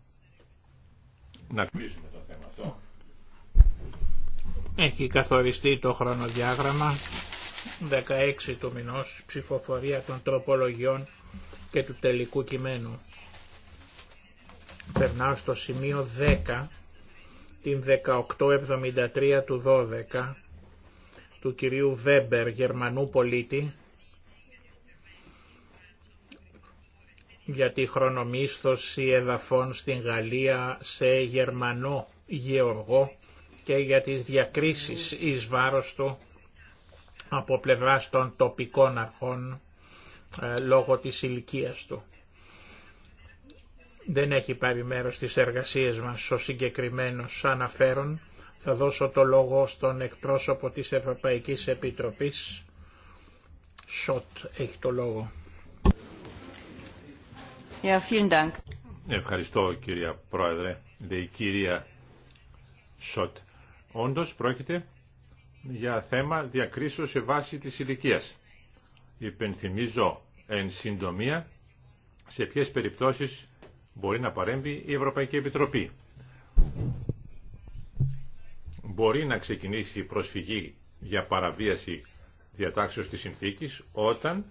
Να κλείσουμε το θέμα αυτό. Έχει καθοριστεί το χρονοδιάγραμμα. 16 του μηνός ψηφοφορία των τροπολογιών και του τελικού κειμένου. Περνάω στο σημείο 10, την 1873 του 12, του κυρίου Βέμπερ, Γερμανού πολίτη, για τη χρονομίσθωση εδαφών στην Γαλλία σε Γερμανό γεωργό και για τις διακρίσεις εις βάρος του από πλευράς των τοπικών αρχών ε, λόγω της ηλικία του. Δεν έχει πάρει μέρος στις εργασίες μας ο συγκεκριμένος αναφέρον. Θα δώσω το λόγο στον εκπρόσωπο της Ευρωπαϊκής Επιτροπής. Σοτ έχει το λόγο. Ευχαριστώ κυρία Πρόεδρε, δε η κυρία Σοτ. Όντως πρόκειται για θέμα διακρίσεως σε βάση της ηλικίας. Υπενθυμίζω εν συντομία σε ποιες περιπτώσεις μπορεί να παρέμβει η Ευρωπαϊκή Επιτροπή. Μπορεί να ξεκινήσει η προσφυγή για παραβίαση διατάξεως της συνθήκης όταν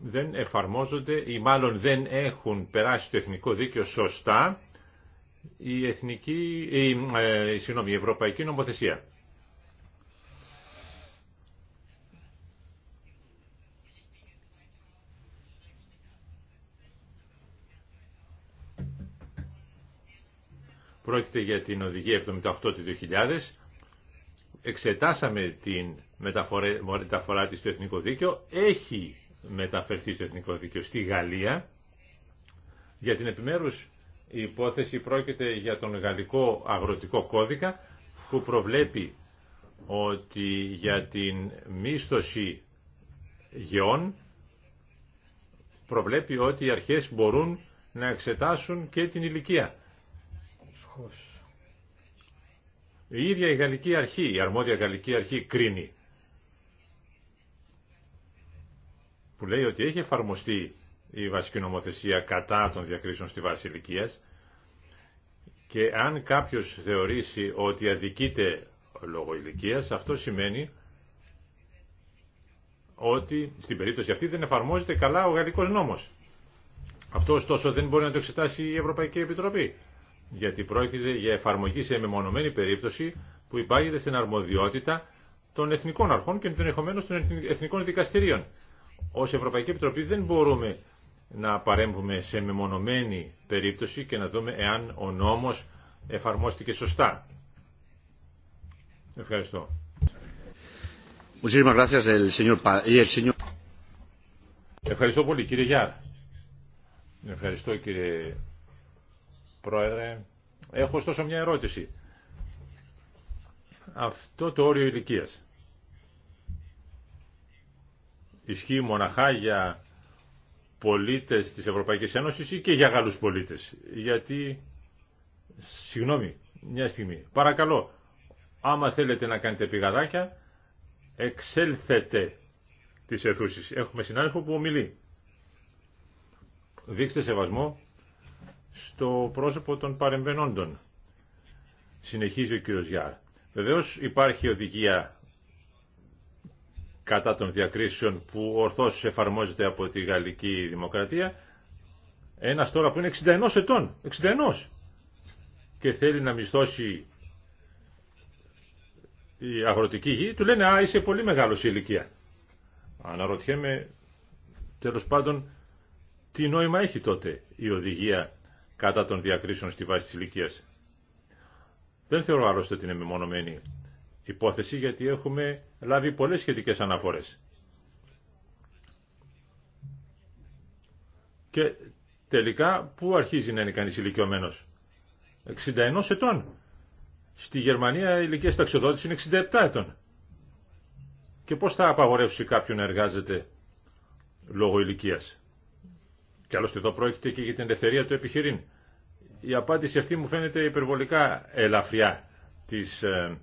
δεν εφαρμόζονται ή μάλλον δεν έχουν περάσει το εθνικό δίκαιο σωστά η, εθνική, η, ε, η ευρωπαϊκή νομοθεσία. Πρόκειται για την οδηγία 78 του 2000. Εξετάσαμε την μεταφορά της στο εθνικό δίκαιο. Έχει μεταφερθεί στο εθνικό δίκαιο στη Γαλλία για την επιμέρους η υπόθεση πρόκειται για τον Γαλλικό Αγροτικό Κώδικα που προβλέπει ότι για την μίσθωση γεών προβλέπει ότι οι αρχές μπορούν να εξετάσουν και την ηλικία. Η ίδια η Γαλλική Αρχή, η αρμόδια Γαλλική Αρχή κρίνει που λέει ότι έχει εφαρμοστεί η βασική νομοθεσία κατά των διακρίσεων στη βάση ηλικία. Και αν κάποιος θεωρήσει ότι αδικείται λόγω ηλικία, αυτό σημαίνει ότι στην περίπτωση αυτή δεν εφαρμόζεται καλά ο γαλλικός νόμος. Αυτό ωστόσο δεν μπορεί να το εξετάσει η Ευρωπαϊκή Επιτροπή, γιατί πρόκειται για εφαρμογή σε μεμονωμένη περίπτωση που υπάγεται στην αρμοδιότητα των εθνικών αρχών και ενδεχομένω των εθνικών δικαστηρίων. Ω Ευρωπαϊκή Επιτροπή δεν μπορούμε να παρέμβουμε σε μεμονωμένη περίπτωση και να δούμε εάν ο νόμος εφαρμόστηκε σωστά. Ευχαριστώ. Ευχαριστώ πολύ κύριε Γιάρ. Ευχαριστώ κύριε Πρόεδρε. Έχω ωστόσο μια ερώτηση. Αυτό το όριο ηλικίας ισχύει μοναχά για πολίτες της Ευρωπαϊκής Ένωσης ή και για Γάλλους πολίτες. Γιατί, συγγνώμη, μια στιγμή, παρακαλώ, άμα θέλετε να κάνετε πηγαδάκια, εξέλθετε της αιθούσεις. Έχουμε συνάδελφο που ομιλεί. Δείξτε σεβασμό στο πρόσωπο των παρεμβενόντων. Συνεχίζει ο κύριος Γιάρ. Βεβαίως υπάρχει οδηγία κατά των διακρίσεων που ορθώς εφαρμόζεται από τη Γαλλική Δημοκρατία, ένας τώρα που είναι 61 ετών, 61, και θέλει να μισθώσει η αγροτική γη, του λένε «Α, είσαι πολύ μεγάλος η ηλικία». Αναρωτιέμαι, τέλος πάντων, τι νόημα έχει τότε η οδηγία κατά των διακρίσεων στη βάση της ηλικίας. Δεν θεωρώ άλλωστε ότι είναι μεμονωμένη υπόθεση γιατί έχουμε λάβει πολλές σχετικές αναφορές. Και τελικά πού αρχίζει να είναι κανείς ηλικιωμένος. 61 ετών. Στη Γερμανία η ηλικία ταξιοδότηση είναι 67 ετών. Και πώς θα απαγορεύσει κάποιον να εργάζεται λόγω ηλικίας. Και άλλωστε εδώ πρόκειται και για την ελευθερία του επιχειρήν. Η απάντηση αυτή μου φαίνεται υπερβολικά ελαφριά της ε,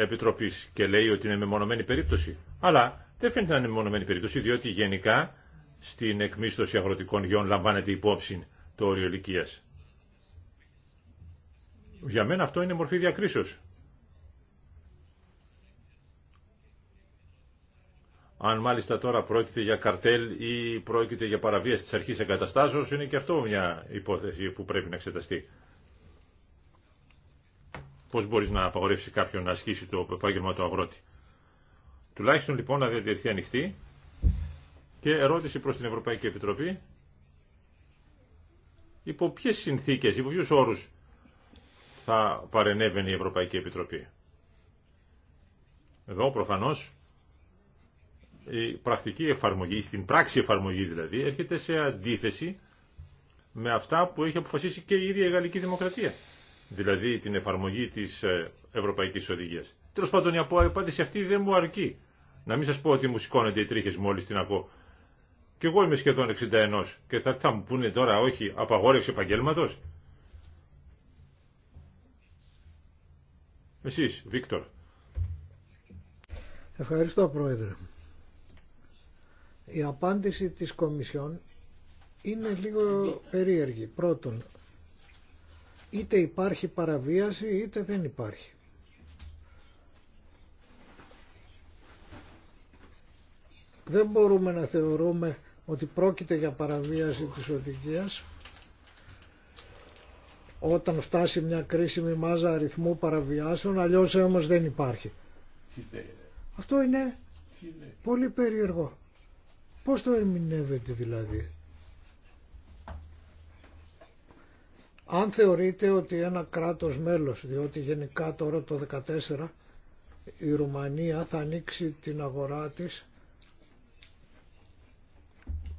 Επιτροπής και λέει ότι είναι μεμονωμένη περίπτωση. Αλλά δεν φαίνεται να είναι μεμονωμένη περίπτωση, διότι γενικά στην εκμίσθωση αγροτικών γιών λαμβάνεται υπόψη το όριο ηλικία. Για μένα αυτό είναι μορφή διακρίσεως. Αν μάλιστα τώρα πρόκειται για καρτέλ ή πρόκειται για παραβίαση της αρχής εγκαταστάσεως, είναι και αυτό μια υπόθεση που πρέπει να εξεταστεί. Πώς μπορείς να απαγορεύσει κάποιον να ασκήσει το επάγγελμα του αγρότη. Τουλάχιστον λοιπόν να διατηρηθεί ανοιχτή και ερώτηση προς την Ευρωπαϊκή Επιτροπή υπό ποιες συνθήκες, υπό ποιους όρους θα παρενέβαινε η Ευρωπαϊκή Επιτροπή. Εδώ προφανώς η πρακτική εφαρμογή, στην πράξη εφαρμογή δηλαδή, έρχεται σε αντίθεση με αυτά που έχει αποφασίσει και η ίδια η Γαλλική Δημοκρατία δηλαδή την εφαρμογή της ε, Ευρωπαϊκής Οδηγίας. Τέλο πάντων η απάντηση αυτή δεν μου αρκεί. Να μην σας πω ότι μου σηκώνονται οι τρίχε μόλις την ακούω. Και εγώ είμαι σχεδόν 61 και θα, θα μου πούνε τώρα όχι απαγόρευση επαγγέλματο. Εσείς, Βίκτορ. Ευχαριστώ Πρόεδρε. Η απάντηση της Κομισιόν είναι λίγο περίεργη. Πρώτον, είτε υπάρχει παραβίαση είτε δεν υπάρχει. Δεν μπορούμε να θεωρούμε ότι πρόκειται για παραβίαση της οδηγίας όταν φτάσει μια κρίσιμη μάζα αριθμού παραβιάσεων, αλλιώς όμως δεν υπάρχει. Αυτό είναι πολύ περίεργο. Πώς το ερμηνεύεται δηλαδή. Αν θεωρείτε ότι ένα κράτος μέλος, διότι γενικά τώρα το 2014 η Ρουμανία θα ανοίξει την αγορά της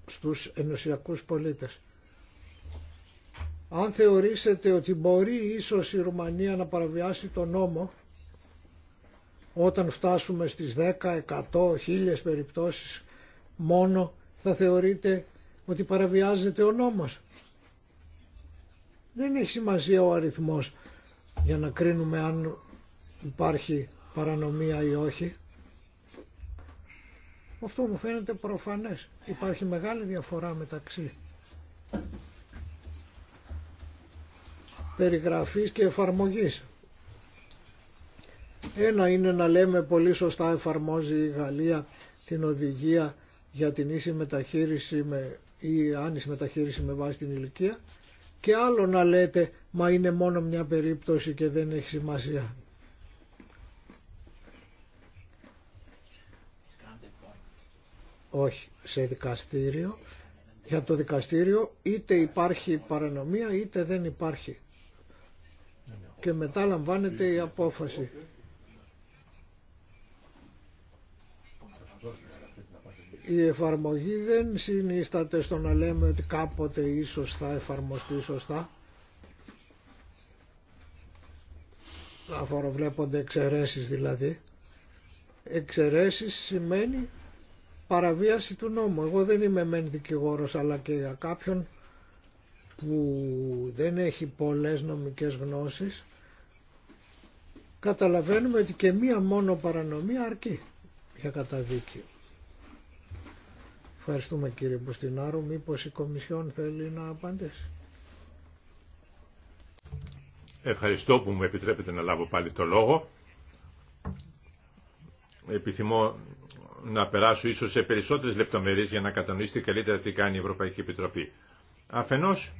στους ενωσιακούς πολίτες. Αν θεωρήσετε ότι μπορεί ίσως η Ρουμανία να παραβιάσει τον νόμο όταν φτάσουμε στις 10, 100, 1000 περιπτώσεις μόνο θα θεωρείτε ότι παραβιάζεται ο νόμος. Δεν έχει σημασία ο αριθμός για να κρίνουμε αν υπάρχει παρανομία ή όχι. Αυτό μου φαίνεται προφανές. Υπάρχει μεγάλη διαφορά μεταξύ περιγραφής και εφαρμογής. Ένα είναι να λέμε πολύ σωστά εφαρμόζει η Γαλλία την οδηγία για την ίση μεταχείριση με, ή άνηση μεταχείριση με βάση την ηλικία και άλλο να λέτε μα είναι μόνο μια περίπτωση και δεν έχει σημασία. Όχι, σε δικαστήριο. Για το δικαστήριο είτε υπάρχει παρανομία είτε δεν υπάρχει. Και μετά λαμβάνεται η απόφαση. Η εφαρμογή δεν συνίσταται στο να λέμε ότι κάποτε ίσως θα εφαρμοστεί σωστά. Αφοροβλέπονται εξαιρέσεις δηλαδή. Εξαιρέσεις σημαίνει παραβίαση του νόμου. Εγώ δεν είμαι μεν δικηγόρος αλλά και για κάποιον που δεν έχει πολλές νομικές γνώσεις καταλαβαίνουμε ότι και μία μόνο παρανομία αρκεί για καταδίκη. Ευχαριστούμε κύριε Μποστινάρου. Μήπως η Κομισιόν θέλει να απαντήσει. Ευχαριστώ που μου επιτρέπετε να λάβω πάλι το λόγο. Επιθυμώ να περάσω ίσως σε περισσότερες λεπτομέρειες για να κατανοήσετε καλύτερα τι κάνει η Ευρωπαϊκή Επιτροπή. Αφενός,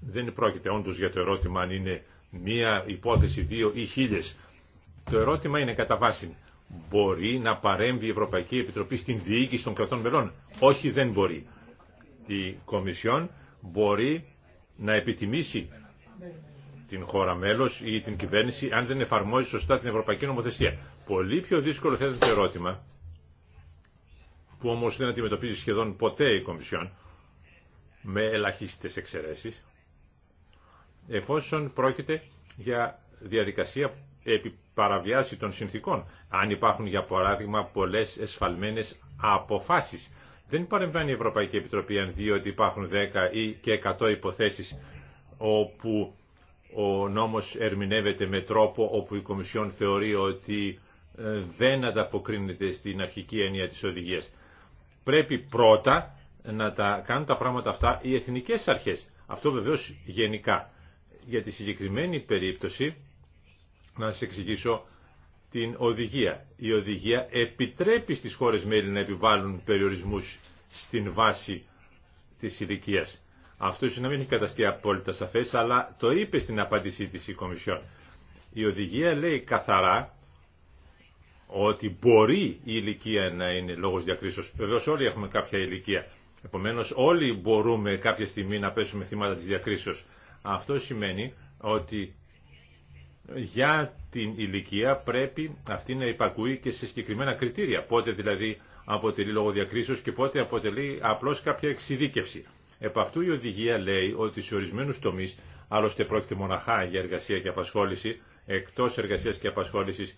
δεν πρόκειται όντως για το ερώτημα αν είναι μία υπόθεση, δύο ή χίλιες. Το ερώτημα είναι κατά βάση μπορεί να παρέμβει η Ευρωπαϊκή Επιτροπή στην διοίκηση των κρατών μελών. Όχι, δεν μπορεί. Η Κομισιόν μπορεί να επιτιμήσει την χώρα μέλος ή την κυβέρνηση αν δεν εφαρμόζει σωστά την Ευρωπαϊκή Νομοθεσία. Πολύ πιο δύσκολο θα το ερώτημα που όμως δεν αντιμετωπίζει σχεδόν ποτέ η Κομισιόν με ελαχίστες εξαιρέσεις εφόσον πρόκειται για διαδικασία επί παραβιάση των συνθήκων. Αν υπάρχουν για παράδειγμα πολλές εσφαλμένες αποφάσεις. Δεν παρεμβάνει η Ευρωπαϊκή Επιτροπή αν δει ότι υπάρχουν 10 ή και 100 υποθέσεις όπου ο νόμος ερμηνεύεται με τρόπο όπου η Κομισιόν θεωρεί ότι ε, δεν ανταποκρίνεται στην αρχική έννοια της οδηγίας. Πρέπει πρώτα να τα κάνουν τα πράγματα αυτά οι εθνικές αρχές. Αυτό βεβαίως γενικά. Για τη συγκεκριμένη περίπτωση να σας εξηγήσω την οδηγία. Η οδηγία επιτρέπει στις χώρες μέλη να επιβάλλουν περιορισμούς στην βάση της ηλικία. Αυτό ίσως να μην έχει καταστεί απόλυτα σαφές, αλλά το είπε στην απάντησή της η Κομισιόν. Η οδηγία λέει καθαρά ότι μπορεί η ηλικία να είναι λόγος διακρίσεως. Βεβαίως όλοι έχουμε κάποια ηλικία. Επομένως όλοι μπορούμε κάποια στιγμή να πέσουμε θύματα της διακρίσεως. Αυτό σημαίνει ότι για την ηλικία πρέπει αυτή να υπακούει και σε συγκεκριμένα κριτήρια. Πότε δηλαδή αποτελεί λόγο διακρίσεως και πότε αποτελεί απλώς κάποια εξειδίκευση. Επ' αυτού η οδηγία λέει ότι σε ορισμένου τομεί, άλλωστε πρόκειται μοναχά για εργασία και απασχόληση, εκτό εργασία και απασχόληση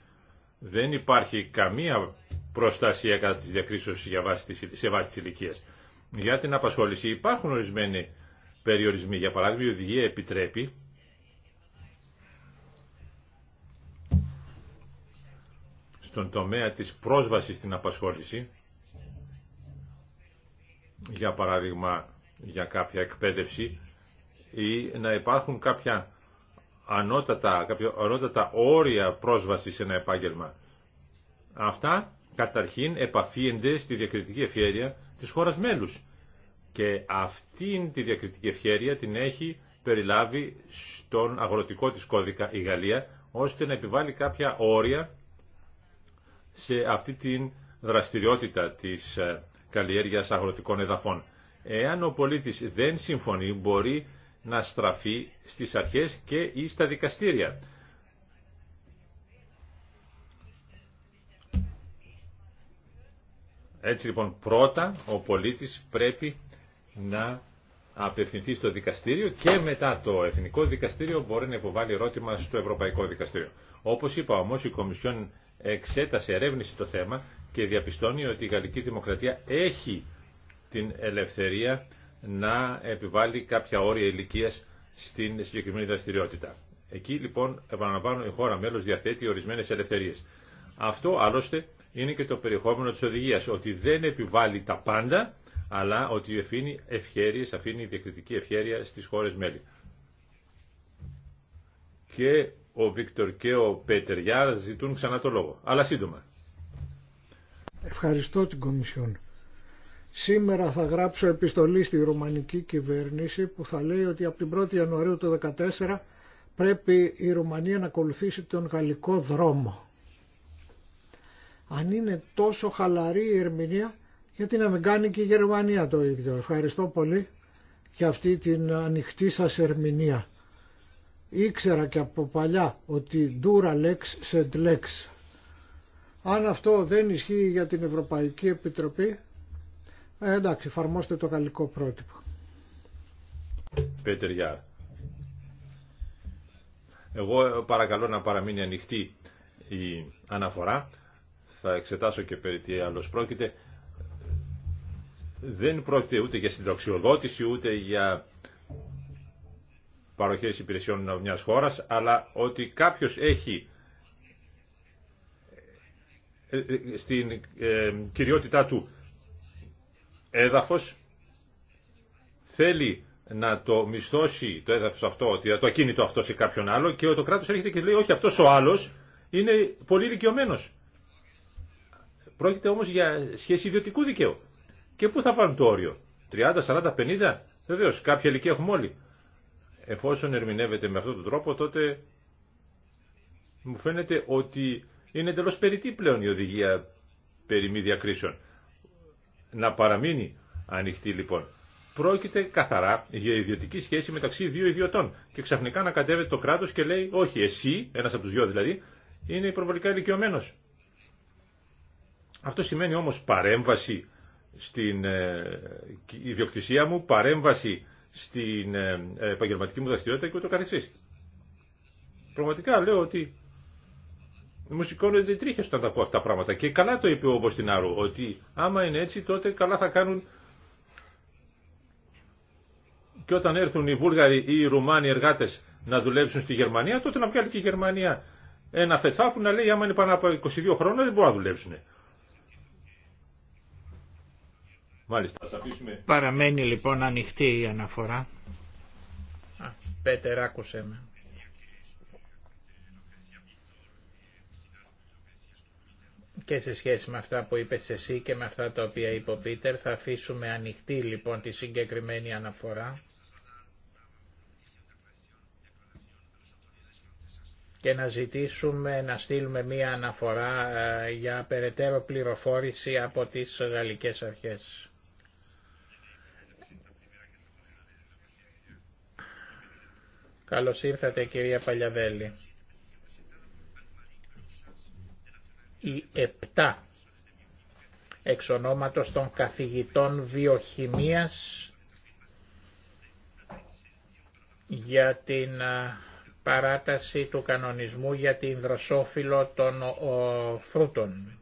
δεν υπάρχει καμία προστασία κατά τη διακρίσεω σε βάση τη ηλικία. Για την απασχόληση υπάρχουν ορισμένοι περιορισμοί. Για παράδειγμα, η οδηγία επιτρέπει στον τομέα της πρόσβασης στην απασχόληση, για παράδειγμα για κάποια εκπαίδευση ή να υπάρχουν κάποια ανώτατα, κάποια ανώτατα όρια πρόσβασης σε ένα επάγγελμα. Αυτά καταρχήν επαφίενται στη διακριτική ευχέρεια της χώρας μέλους και αυτήν τη διακριτική ευχέρεια την έχει περιλάβει στον αγροτικό της κώδικα η Γαλλία ώστε να επιβάλλει κάποια όρια σε αυτή την δραστηριότητα της ε, καλλιέργειας αγροτικών εδαφών. Εάν ο πολίτης δεν συμφωνεί, μπορεί να στραφεί στις αρχές και ή στα δικαστήρια. Έτσι λοιπόν πρώτα ο πολίτης πρέπει να απευθυνθεί στο δικαστήριο και μετά το Εθνικό Δικαστήριο μπορεί να υποβάλει ερώτημα στο Ευρωπαϊκό Δικαστήριο. Όπως είπα όμως η Κομισιόν εξέτασε, ερεύνησε το θέμα και διαπιστώνει ότι η Γαλλική Δημοκρατία έχει την ελευθερία να επιβάλλει κάποια όρια ηλικία στην συγκεκριμένη δραστηριότητα. Εκεί λοιπόν, επαναλαμβάνω, η χώρα μέλο διαθέτει ορισμένε ελευθερίε. Αυτό άλλωστε είναι και το περιεχόμενο τη οδηγία, ότι δεν επιβάλλει τα πάντα, αλλά ότι αφήνει ευχέρειε, αφήνει διακριτική ευχέρεια στι χώρε μέλη. Και ο Βίκτορ και ο Πέτεριά ζητούν ξανά το λόγο. Αλλά σύντομα. Ευχαριστώ την Κομισιόν. Σήμερα θα γράψω επιστολή στη ρουμανική κυβέρνηση που θα λέει ότι από την 1η Ιανουαρίου του 2014 πρέπει η Ρουμανία να ακολουθήσει τον γαλλικό δρόμο. Αν είναι τόσο χαλαρή η ερμηνεία, γιατί να μην κάνει και η Γερμανία το ίδιο. Ευχαριστώ πολύ για αυτή την ανοιχτή σας ερμηνεία ήξερα και από παλιά ότι ντούρα λέξ σεντ Αν αυτό δεν ισχύει για την Ευρωπαϊκή Επιτροπή, ε, εντάξει, εφαρμόστε το γαλλικό πρότυπο. Πέτερ Γιάρ. Εγώ παρακαλώ να παραμείνει ανοιχτή η αναφορά. Θα εξετάσω και περί τι άλλος πρόκειται. Δεν πρόκειται ούτε για συντροξιοδότηση, ούτε για παροχές υπηρεσιών μια χώρας, αλλά ότι κάποιο έχει ε, ε, στην ε, κυριότητά του έδαφος, θέλει να το μισθώσει το έδαφος αυτό, το ακίνητο αυτό σε κάποιον άλλο και το κράτος έρχεται και λέει όχι αυτός ο άλλος είναι πολύ δικαιωμένο. Πρόκειται όμως για σχέση ιδιωτικού δικαίου. Και πού θα βάλουν το όριο. 30, 40, 50. Βεβαίως κάποια ηλικία έχουμε όλοι. Εφόσον ερμηνεύεται με αυτόν τον τρόπο, τότε μου φαίνεται ότι είναι εντελώ περιττή πλέον η οδηγία περί μη διακρίσεων. Να παραμείνει ανοιχτή λοιπόν. Πρόκειται καθαρά για ιδιωτική σχέση μεταξύ δύο ιδιωτών. Και ξαφνικά κατέβεται το κράτο και λέει: Όχι, εσύ, ένα από του δυο δηλαδή, είναι υπερβολικά ηλικιωμένο. Αυτό σημαίνει όμω παρέμβαση στην ε, ιδιοκτησία μου, παρέμβαση στην ε, επαγγελματική μου δραστηριότητα και ούτω καθεξής. Πραγματικά λέω ότι μου σηκώνονται τρίχες όταν τα πω αυτά τα πράγματα. Και καλά το είπε ο Μποστινάρου, ότι άμα είναι έτσι τότε καλά θα κάνουν και όταν έρθουν οι Βούλγαροι ή οι Ρουμάνοι εργάτες να δουλέψουν στη Γερμανία, τότε να βγάλει και η Γερμανία ένα φετφά που να λέει άμα είναι πάνω από 22 χρόνια δεν μπορούν να δουλέψουν. Μάλιστα, Παραμένει λοιπόν ανοιχτή η αναφορά. Α, Πέτερ, άκουσέ με. Και σε σχέση με αυτά που είπες εσύ και με αυτά τα οποία είπε ο Πίτερ, θα αφήσουμε ανοιχτή λοιπόν τη συγκεκριμένη αναφορά. και να ζητήσουμε να στείλουμε μία αναφορά ε, για περαιτέρω πληροφόρηση από τις γαλλικές αρχές. Καλώς ήρθατε κυρία Παλιαδέλη. Οι επτά εξ ονόματος των καθηγητών βιοχημίας για την παράταση του κανονισμού για την δροσόφυλλο των φρούτων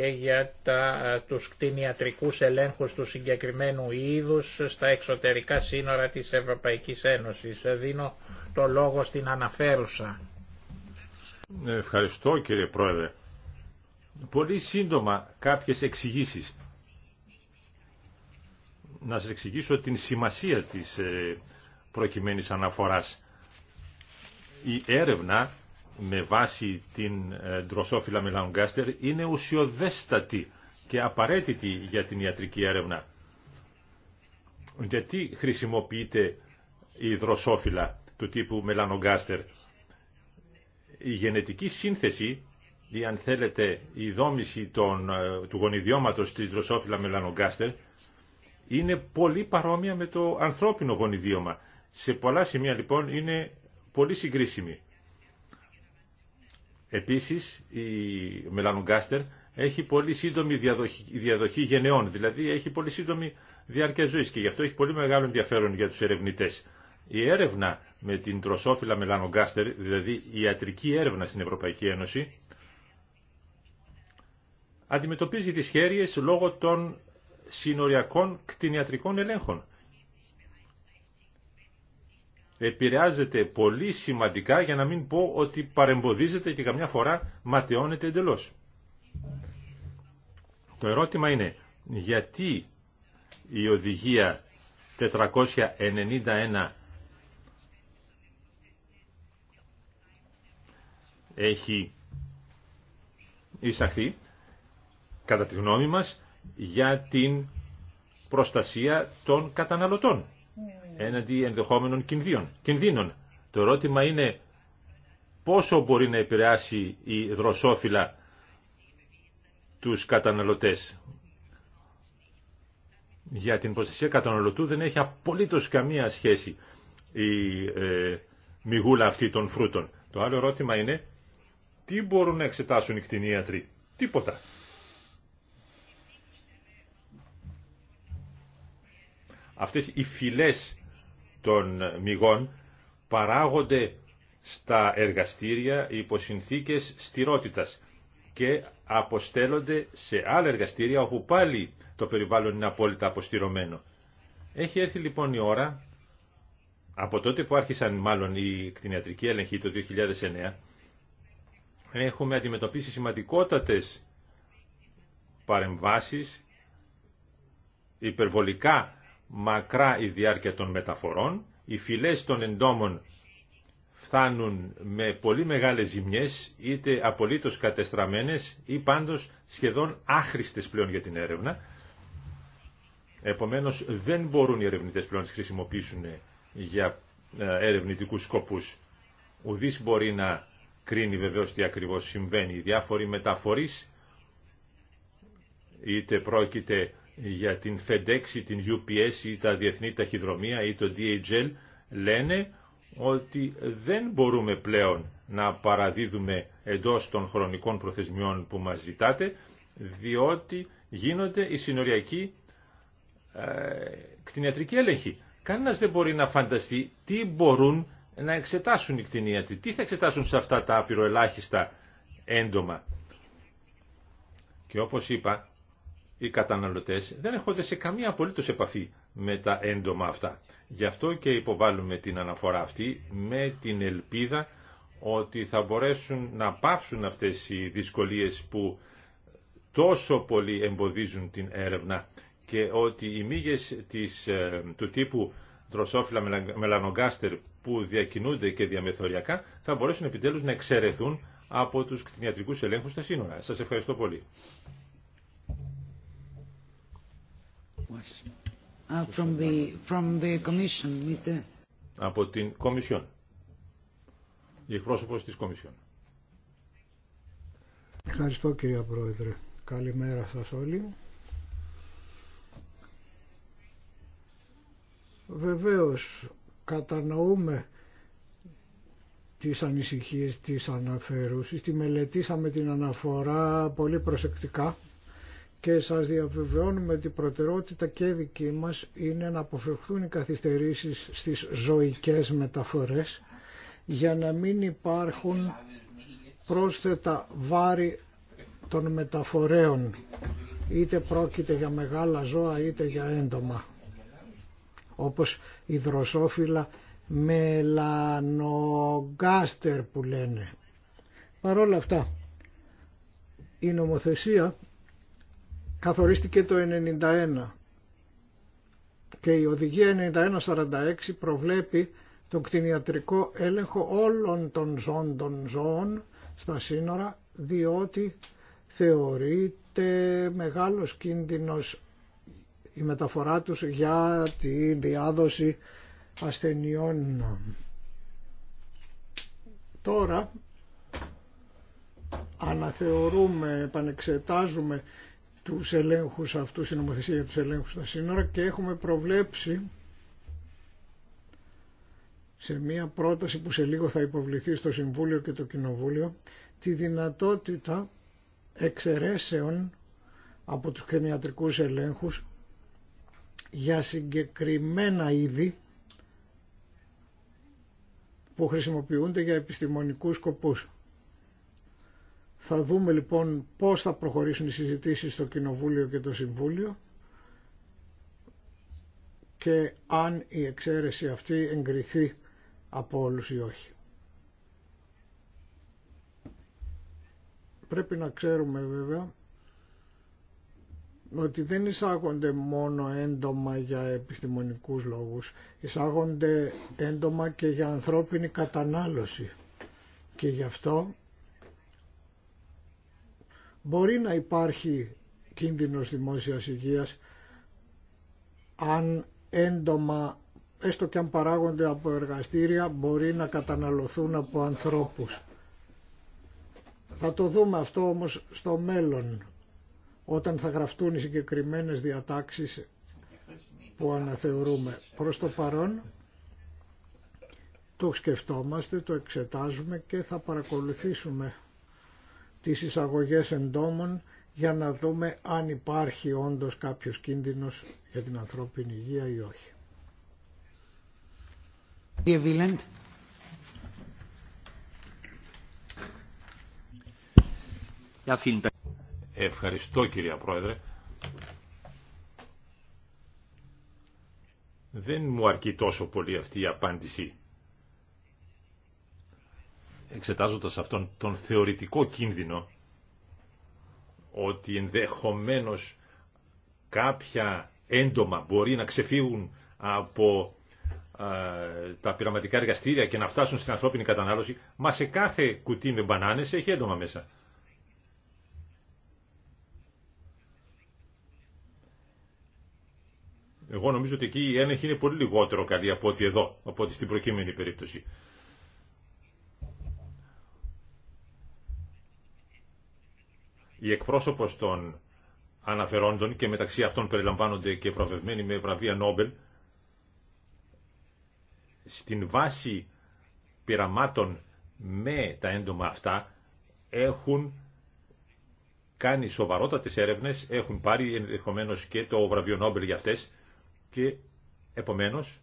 και για τα, τους κτηνιατρικούς ελέγχους του συγκεκριμένου είδους στα εξωτερικά σύνορα της Ευρωπαϊκής Ένωσης. Δίνω το λόγο στην αναφέρουσα. Ευχαριστώ κύριε Πρόεδρε. Πολύ σύντομα κάποιες εξηγήσει. Να σας εξηγήσω την σημασία της ε, προκειμένης αναφοράς. Η έρευνα με βάση την ε, ντροσόφυλλα μελαγκάστερ είναι ουσιοδέστατη και απαραίτητη για την ιατρική έρευνα. Γιατί χρησιμοποιείται η δροσόφυλλα του τύπου μελανογκάστερ. Η γενετική σύνθεση ή αν θέλετε η δόμηση των, ε, του γονιδιώματος της δροσόφυλλα μελανογκάστερ είναι πολύ παρόμοια με το ανθρώπινο γονιδίωμα. Σε πολλά σημεία λοιπόν είναι πολύ συγκρίσιμη. Επίσης, η μελανογκάστερ έχει πολύ σύντομη διαδοχή, γενεών, δηλαδή έχει πολύ σύντομη διάρκεια ζωής και γι' αυτό έχει πολύ μεγάλο ενδιαφέρον για τους ερευνητές. Η έρευνα με την τροσόφυλλα μελανογκάστερ, δηλαδή η ιατρική έρευνα στην Ευρωπαϊκή Ένωση, αντιμετωπίζει τις χέρειες λόγω των συνοριακών κτηνιατρικών ελέγχων επηρεάζεται πολύ σημαντικά για να μην πω ότι παρεμποδίζεται και καμιά φορά ματαιώνεται εντελώς. Το ερώτημα είναι γιατί η οδηγία 491 έχει εισαχθεί κατά τη γνώμη μας για την προστασία των καταναλωτών έναντι ενδεχόμενων κινδύνων. Το ερώτημα είναι πόσο μπορεί να επηρεάσει η δροσόφυλλα τους καταναλωτές. Για την προστασία καταναλωτού δεν έχει απολύτως καμία σχέση η ε, μιγούλα αυτή των φρούτων. Το άλλο ερώτημα είναι τι μπορούν να εξετάσουν οι κτηνίατροι. Τίποτα. Αυτές οι φυλές των μηγών παράγονται στα εργαστήρια υπό συνθήκες στηρότητας και αποστέλλονται σε άλλα εργαστήρια όπου πάλι το περιβάλλον είναι απόλυτα αποστηρωμένο. Έχει έρθει λοιπόν η ώρα, από τότε που άρχισαν μάλλον οι κτηνιατρικοί έλεγχοι το 2009, έχουμε αντιμετωπίσει σημαντικότατες παρεμβάσεις, υπερβολικά μακρά η διάρκεια των μεταφορών, οι φυλές των εντόμων φτάνουν με πολύ μεγάλες ζημιές, είτε απολύτως κατεστραμμένες ή πάντως σχεδόν άχρηστες πλέον για την έρευνα. Επομένως δεν μπορούν οι ερευνητές πλέον να τις χρησιμοποιήσουν για ε, ερευνητικούς σκοπούς. Ουδής μπορεί να κρίνει βεβαίως τι ακριβώς συμβαίνει. Οι διάφοροι μεταφορείς, είτε πρόκειται για την FedEx ή την UPS ή τα διεθνή ταχυδρομεία ή το DHL λένε ότι δεν μπορούμε πλέον να παραδίδουμε εντός των χρονικών προθεσμιών που μας ζητάτε διότι γίνονται οι συνοριακοί ε, κτηνιατρικοί έλεγχοι. Κανένας δεν μπορεί να φανταστεί τι μπορούν να εξετάσουν οι κτηνίατροι, τι θα εξετάσουν σε αυτά τα απειροελάχιστα έντομα. Και όπως είπα, οι καταναλωτές δεν έχονται σε καμία απολύτως επαφή με τα έντομα αυτά. Γι' αυτό και υποβάλλουμε την αναφορά αυτή με την ελπίδα ότι θα μπορέσουν να πάψουν αυτές οι δυσκολίες που τόσο πολύ εμποδίζουν την έρευνα και ότι οι μύγες της, ε, του τύπου δροσόφυλλα μελανογκάστερ που διακινούνται και διαμεθοριακά θα μπορέσουν επιτέλους να εξαιρεθούν από τους κτηνιατρικούς ελέγχους στα σύνορα. Σας ευχαριστώ πολύ. Uh, Από την Κομισιόν. Η εκπρόσωπος της Κομισιόν. Ευχαριστώ κύριε Πρόεδρε. Καλημέρα σας όλοι. Βεβαίως κατανοούμε τις ανησυχίες της αναφέρουσης. Τη μελετήσαμε την αναφορά πολύ προσεκτικά και σας διαβεβαιώνουμε ότι η προτεραιότητα και δική μας είναι να αποφευχθούν οι καθυστερήσεις στις ζωικές μεταφορές για να μην υπάρχουν πρόσθετα βάρη των μεταφορέων είτε πρόκειται για μεγάλα ζώα είτε για έντομα όπως δροσόφυλλα μελανογκάστερ που λένε. Παρόλα αυτά η νομοθεσία καθορίστηκε το 1991 και η οδηγία 9146 προβλέπει τον κτηνιατρικό έλεγχο όλων των ζών των ζώων στα σύνορα διότι θεωρείται μεγάλος κίνδυνος η μεταφορά τους για τη διάδοση ασθενειών. Τώρα αναθεωρούμε, επανεξετάζουμε τους ελέγχους αυτούς, η νομοθεσία για τους ελέγχους στα σύνορα και έχουμε προβλέψει σε μία πρόταση που σε λίγο θα υποβληθεί στο Συμβούλιο και το Κοινοβούλιο τη δυνατότητα εξαιρέσεων από τους κτηνιατρικούς ελέγχους για συγκεκριμένα είδη που χρησιμοποιούνται για επιστημονικούς σκοπούς. Θα δούμε λοιπόν πώς θα προχωρήσουν οι συζητήσεις στο Κοινοβούλιο και το Συμβούλιο και αν η εξαίρεση αυτή εγκριθεί από όλους ή όχι. Πρέπει να ξέρουμε βέβαια ότι δεν εισάγονται μόνο έντομα για επιστημονικούς λόγους, εισάγονται έντομα και για ανθρώπινη κατανάλωση και γι' αυτό Μπορεί να υπάρχει κίνδυνος δημόσιας υγείας αν έντομα, έστω και αν παράγονται από εργαστήρια, μπορεί να καταναλωθούν από ανθρώπους. Θα το δούμε αυτό όμως στο μέλλον, όταν θα γραφτούν οι συγκεκριμένες διατάξεις που αναθεωρούμε. Προς το παρόν το σκεφτόμαστε, το εξετάζουμε και θα παρακολουθήσουμε τις εισαγωγές εντόμων για να δούμε αν υπάρχει όντως κάποιος κίνδυνος για την ανθρώπινη υγεία ή όχι. Ευχαριστώ κυρία Πρόεδρε. Δεν μου αρκεί τόσο πολύ αυτή η απάντηση εξετάζοντας αυτόν τον θεωρητικό κίνδυνο ότι ενδεχομένως κάποια έντομα μπορεί να ξεφύγουν από ε, τα πειραματικά εργαστήρια και να φτάσουν στην ανθρώπινη κατανάλωση, μα σε κάθε κουτί με μπανάνες έχει έντομα μέσα. Εγώ νομίζω ότι εκεί η έλεγχη είναι πολύ λιγότερο καλή από ό,τι εδώ, από ό,τι στην προκείμενη περίπτωση. Οι εκπρόσωπος των αναφερόντων και μεταξύ αυτών περιλαμβάνονται και βραβευμένοι με βραβεία Νόμπελ στην βάση πειραμάτων με τα έντομα αυτά έχουν κάνει σοβαρότατες έρευνες, έχουν πάρει ενδεχομένω και το βραβείο Νόμπελ για αυτές και επομένως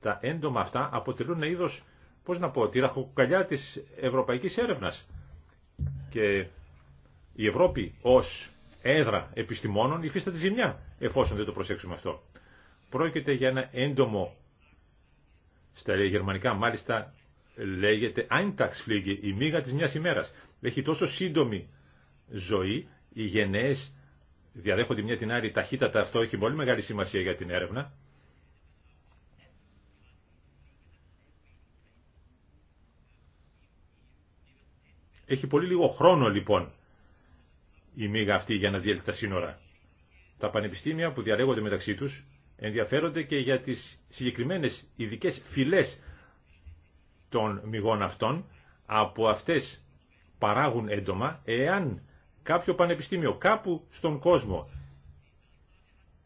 τα έντομα αυτά αποτελούν ένα είδος, πώς να πω, τη ραχοκοκαλιά της ευρωπαϊκής έρευνας. Και η Ευρώπη ως έδρα επιστημόνων υφίσταται ζημιά, εφόσον δεν το προσέξουμε αυτό. Πρόκειται για ένα έντομο, στα γερμανικά μάλιστα λέγεται Eintagsfliege, η μήγα της μιας ημέρας. Έχει τόσο σύντομη ζωή, οι γενναίες διαδέχονται μια την άλλη ταχύτατα, αυτό έχει πολύ μεγάλη σημασία για την έρευνα. Έχει πολύ λίγο χρόνο λοιπόν η μίγα αυτή για να διέλθει τα σύνορα. Τα πανεπιστήμια που διαλέγονται μεταξύ τους ενδιαφέρονται και για τις συγκεκριμένες ειδικέ φυλές των μυγών αυτών, από αυτές παράγουν έντομα, εάν κάποιο πανεπιστήμιο κάπου στον κόσμο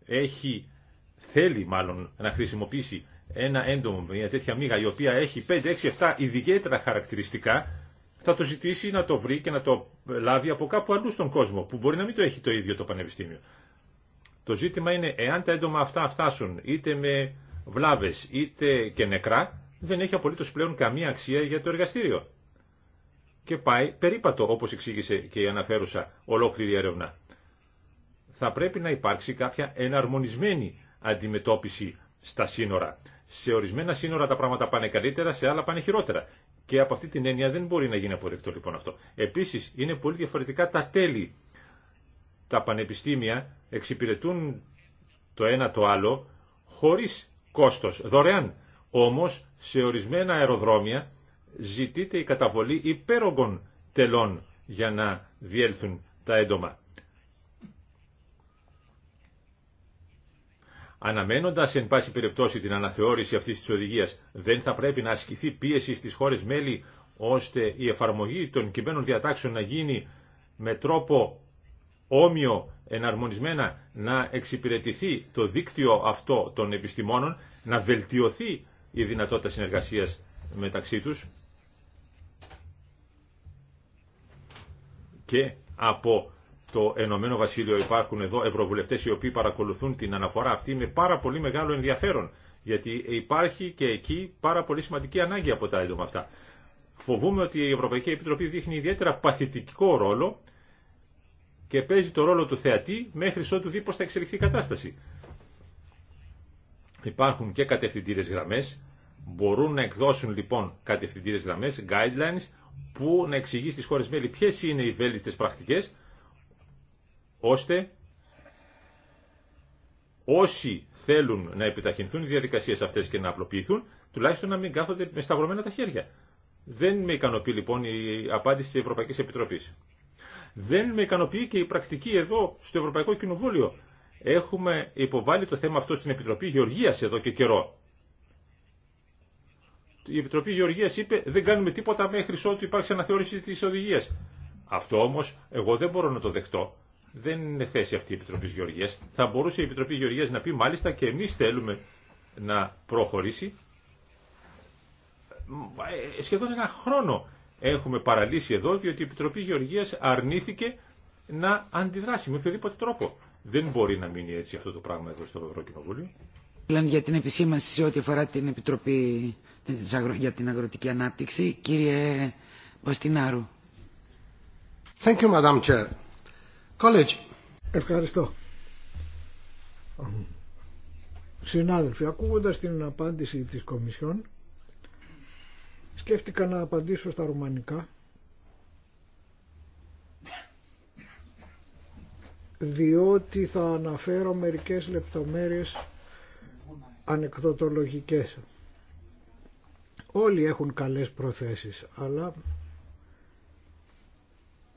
έχει, θέλει μάλλον να χρησιμοποιήσει ένα έντομο, μια τέτοια μύγα η οποία έχει 5, 6, 7 ιδιαίτερα χαρακτηριστικά, θα το ζητήσει να το βρει και να το λάβει από κάπου αλλού στον κόσμο, που μπορεί να μην το έχει το ίδιο το πανεπιστήμιο. Το ζήτημα είναι εάν τα έντομα αυτά φτάσουν είτε με βλάβες είτε και νεκρά, δεν έχει απολύτως πλέον καμία αξία για το εργαστήριο. Και πάει περίπατο, όπως εξήγησε και η αναφέρουσα ολόκληρη έρευνα. Θα πρέπει να υπάρξει κάποια εναρμονισμένη αντιμετώπιση στα σύνορα. Σε ορισμένα σύνορα τα πράγματα πάνε καλύτερα, σε άλλα πάνε χειρότερα. Και από αυτή την έννοια δεν μπορεί να γίνει αποδεκτό λοιπόν αυτό. Επίσης είναι πολύ διαφορετικά τα τέλη. Τα πανεπιστήμια εξυπηρετούν το ένα το άλλο χωρίς κόστος, δωρεάν. Όμως σε ορισμένα αεροδρόμια ζητείται η καταβολή υπέρογκων τελών για να διέλθουν τα έντομα. Αναμένοντα εν πάση περιπτώσει την αναθεώρηση αυτή τη οδηγία, δεν θα πρέπει να ασκηθεί πίεση στι χώρε μέλη ώστε η εφαρμογή των κειμένων διατάξεων να γίνει με τρόπο όμοιο εναρμονισμένα να εξυπηρετηθεί το δίκτυο αυτό των επιστημόνων, να βελτιωθεί η δυνατότητα συνεργασίας μεταξύ τους και από το Ενωμένο Βασίλειο υπάρχουν εδώ ευρωβουλευτές οι οποίοι παρακολουθούν την αναφορά αυτή με πάρα πολύ μεγάλο ενδιαφέρον. Γιατί υπάρχει και εκεί πάρα πολύ σημαντική ανάγκη από τα έντομα αυτά. Φοβούμε ότι η Ευρωπαϊκή Επιτροπή δείχνει ιδιαίτερα παθητικό ρόλο και παίζει το ρόλο του θεατή μέχρι ότου δει πώς θα εξελιχθεί η κατάσταση. Υπάρχουν και κατευθυντήρες γραμμές, μπορούν να εκδώσουν λοιπόν κατευθυντήρες γραμμές, guidelines, που να εξηγεί στι χώρε μέλη ποιε είναι οι βέλτιστες πρακτικές ώστε όσοι θέλουν να επιταχυνθούν οι διαδικασίες αυτές και να απλοποιηθούν, τουλάχιστον να μην κάθονται με σταυρωμένα τα χέρια. Δεν με ικανοποιεί λοιπόν η απάντηση της Ευρωπαϊκής Επιτροπής. Δεν με ικανοποιεί και η πρακτική εδώ στο Ευρωπαϊκό Κοινοβούλιο. Έχουμε υποβάλει το θέμα αυτό στην Επιτροπή Γεωργίας εδώ και καιρό. Η Επιτροπή Γεωργίας είπε δεν κάνουμε τίποτα μέχρι ότου υπάρξει αναθεώρηση της οδηγίας. Αυτό όμως εγώ δεν μπορώ να το δεχτώ. Δεν είναι θέση αυτή η Επιτροπή Γεωργία. Θα μπορούσε η Επιτροπή Γεωργία να πει μάλιστα και εμεί θέλουμε να προχωρήσει. Ε, σχεδόν ένα χρόνο έχουμε παραλύσει εδώ διότι η Επιτροπή Γεωργίας αρνήθηκε να αντιδράσει με οποιοδήποτε τρόπο. Δεν μπορεί να μείνει έτσι αυτό το πράγμα εδώ στο Ευρωκοινοβούλιο. για την επισήμανση ό,τι αφορά την Επιτροπή για την Αγροτική Ανάπτυξη. Κύριε Ποστινάρου. Thank Ευχαριστώ. Συνάδελφοι, ακούγοντας την απάντηση της Κομισιόν, σκέφτηκα να απαντήσω στα ρουμανικά, διότι θα αναφέρω μερικές λεπτομέρειες ανεκδοτολογικές. Όλοι έχουν καλές προθέσεις, αλλά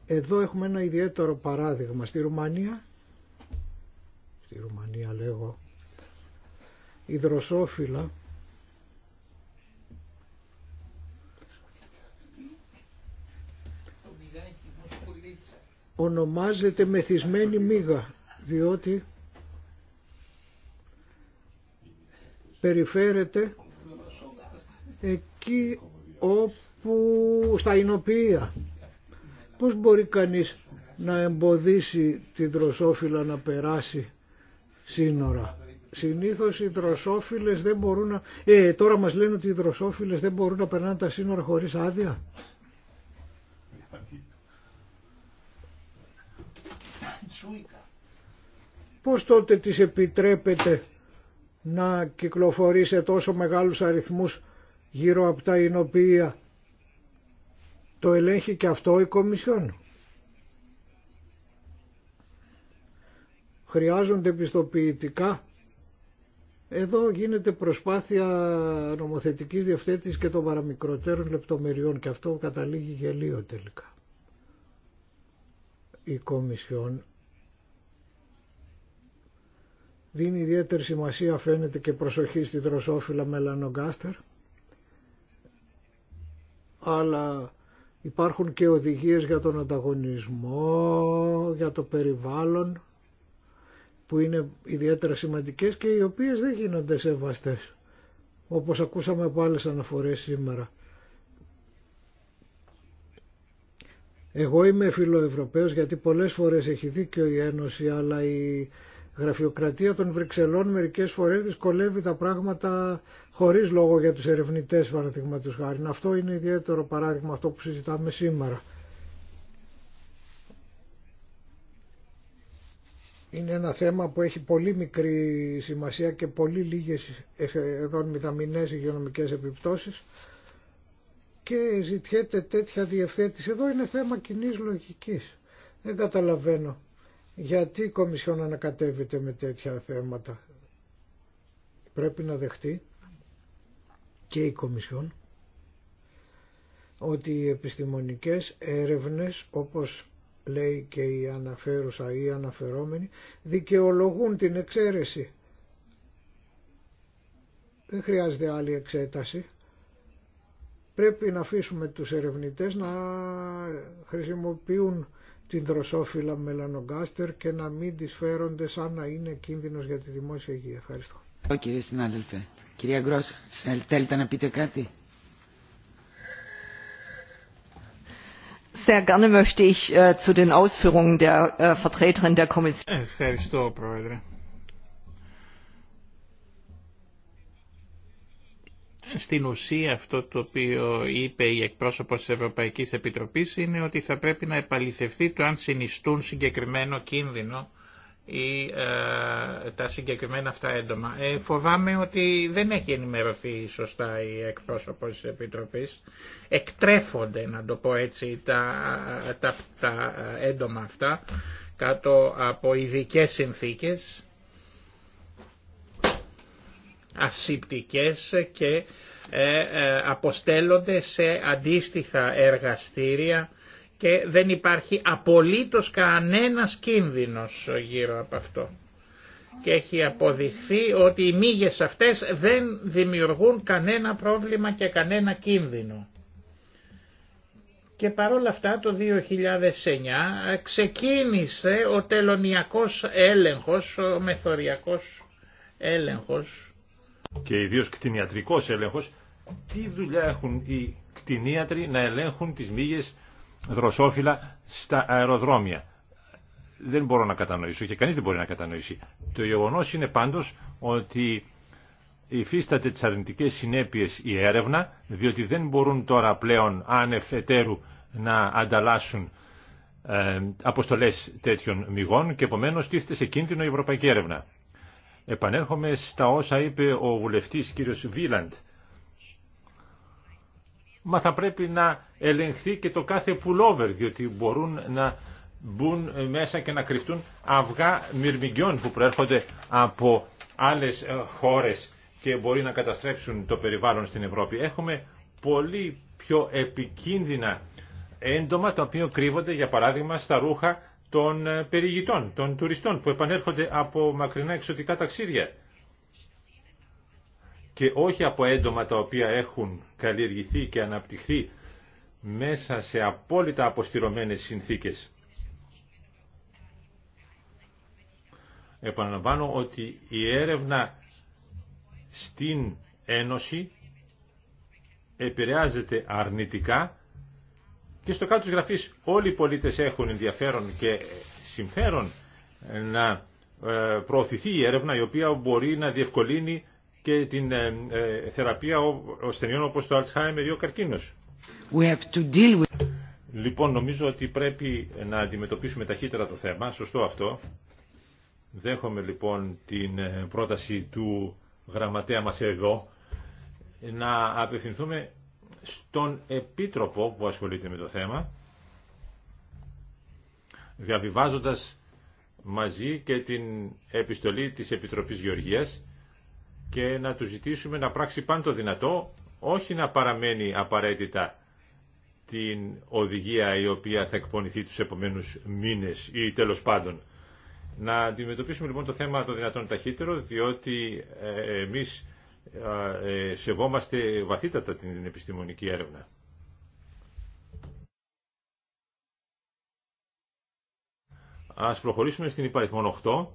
εδώ έχουμε ένα ιδιαίτερο παράδειγμα. Στη Ρουμανία, στη Ρουμανία λέγω, υδροσόφυλλα, ονομάζεται μεθυσμένη μίγα, διότι περιφέρεται εκεί όπου στα Ινοπία Πώς μπορεί κανείς να εμποδίσει τη δροσόφυλλα να περάσει σύνορα. Συνήθως οι δροσόφυλλες δεν μπορούν να... Ε, τώρα μας λένε ότι οι δροσόφυλλες δεν μπορούν να περνάνε τα σύνορα χωρίς άδεια. Πώς τότε τις επιτρέπετε να κυκλοφορεί σε τόσο μεγάλους αριθμούς γύρω από τα Ινωπία το ελέγχει και αυτό η Κομισιόν. Χρειάζονται πιστοποιητικά. Εδώ γίνεται προσπάθεια νομοθετικής διευθέτησης και των παραμικροτέρων λεπτομεριών και αυτό καταλήγει γελίο τελικά. Η Κομισιόν δίνει ιδιαίτερη σημασία φαίνεται και προσοχή στη δροσόφυλλα μελανογκάστερ αλλά Υπάρχουν και οδηγίες για τον ανταγωνισμό, για το περιβάλλον, που είναι ιδιαίτερα σημαντικές και οι οποίες δεν γίνονται σεβαστές, όπως ακούσαμε από άλλες αναφορές σήμερα. Εγώ είμαι φιλοευρωπαίος γιατί πολλές φορές έχει δίκιο η Ένωση αλλά η γραφειοκρατία των Βρυξελών μερικές φορές δυσκολεύει τα πράγματα χωρίς λόγο για τους ερευνητές παραδείγματος χάρη. Αυτό είναι ιδιαίτερο παράδειγμα αυτό που συζητάμε σήμερα. είναι ένα θέμα που έχει πολύ μικρή σημασία και πολύ λίγες εδώ μηδαμινές υγειονομικές επιπτώσεις και ζητιέται τέτοια διευθέτηση. Εδώ είναι θέμα κοινή λογικής. Δεν καταλαβαίνω γιατί η Κομισιόν ανακατεύεται με τέτοια θέματα. Πρέπει να δεχτεί και η Κομισιόν ότι οι επιστημονικές έρευνες όπως λέει και η αναφέρουσα ή αναφερόμενη δικαιολογούν την εξαίρεση. Δεν χρειάζεται άλλη εξέταση. Πρέπει να αφήσουμε τους ερευνητές να χρησιμοποιούν την δροσόφυλλα μελανογκάστερ και να μην τις φέρονται σαν να είναι κίνδυνος για τη δημόσια υγεία. Ευχαριστώ. Κύριε συνάδελφε, κυρία Γκρός, θέλετε να πείτε κάτι. Sehr gerne möchte ich äh, äh, zu den Ausführungen der äh, der Vertreterin Ευχαριστώ, Πρόεδρε. Στην ουσία αυτό το οποίο είπε η εκπρόσωπος της Ευρωπαϊκής Επιτροπής είναι ότι θα πρέπει να επαληθευτεί το αν συνιστούν συγκεκριμένο κίνδυνο ή ε, τα συγκεκριμένα αυτά έντομα. Ε, φοβάμαι ότι δεν έχει ενημερωθεί σωστά η εκπρόσωπος της Επιτροπής. Εκτρέφονται, να το πω έτσι, τα, τα, τα έντομα αυτά κάτω από ειδικέ συνθήκες ασυπτικές και ε, ε, αποστέλλονται σε αντίστοιχα εργαστήρια και δεν υπάρχει απολύτως κανένας κίνδυνος γύρω από αυτό. Και έχει αποδειχθεί ότι οι μύγες αυτές δεν δημιουργούν κανένα πρόβλημα και κανένα κίνδυνο. Και παρόλα αυτά το 2009 ξεκίνησε ο τελωνιακός έλεγχος, ο μεθοριακός έλεγχος και ιδίω κτηνιατρικός έλεγχο, τι δουλειά έχουν οι κτηνίατροι να ελέγχουν τις μύγε δροσόφυλλα στα αεροδρόμια. Δεν μπορώ να κατανοήσω και κανείς δεν μπορεί να κατανοήσει. Το γεγονό είναι πάντως ότι υφίσταται τι αρνητικέ συνέπειες η έρευνα, διότι δεν μπορούν τώρα πλέον άνευ εταίρου να ανταλλάσσουν ε, αποστολές τέτοιων μυγών και επομένως τίθεται σε κίνδυνο η ευρωπαϊκή έρευνα. Επανέρχομαι στα όσα είπε ο βουλευτής κύριος Βίλαντ. Μα θα πρέπει να ελεγχθεί και το κάθε πουλόβερ, διότι μπορούν να μπουν μέσα και να κρυφτούν αυγά μυρμηγκιών που προέρχονται από άλλες ε, χώρες και μπορεί να καταστρέψουν το περιβάλλον στην Ευρώπη. Έχουμε πολύ πιο επικίνδυνα έντομα τα οποία κρύβονται για παράδειγμα στα ρούχα των ε, περιηγητών, των τουριστών που επανέρχονται από μακρινά εξωτικά ταξίδια και όχι από έντομα τα οποία έχουν καλλιεργηθεί και αναπτυχθεί μέσα σε απόλυτα αποστηρωμένες συνθήκες. Επαναλαμβάνω ότι η έρευνα στην Ένωση επηρεάζεται αρνητικά και στο κάτω της γραφής όλοι οι πολίτες έχουν ενδιαφέρον και συμφέρον να ε, προωθηθεί η έρευνα η οποία μπορεί να διευκολύνει και την ε, ε, θεραπεία ασθενειών όπως το Alzheimer ή ο καρκίνος. We have to deal with... Λοιπόν, νομίζω ότι πρέπει να αντιμετωπίσουμε ταχύτερα το θέμα. Σωστό αυτό. Δέχομαι λοιπόν την πρόταση του γραμματέα μας εδώ να απευθυνθούμε στον Επίτροπο που ασχολείται με το θέμα, διαβιβάζοντας μαζί και την επιστολή της Επιτροπής Γεωργίας και να του ζητήσουμε να πράξει πάντο δυνατό, όχι να παραμένει απαραίτητα την οδηγία η οποία θα εκπονηθεί τους επόμενους μήνες ή τέλος πάντων. Να αντιμετωπίσουμε λοιπόν το θέμα το δυνατόν ταχύτερο, διότι ε, εμείς ε, σεβόμαστε βαθύτατα την επιστημονική έρευνα. Ας προχωρήσουμε στην υπαριθμόν 8.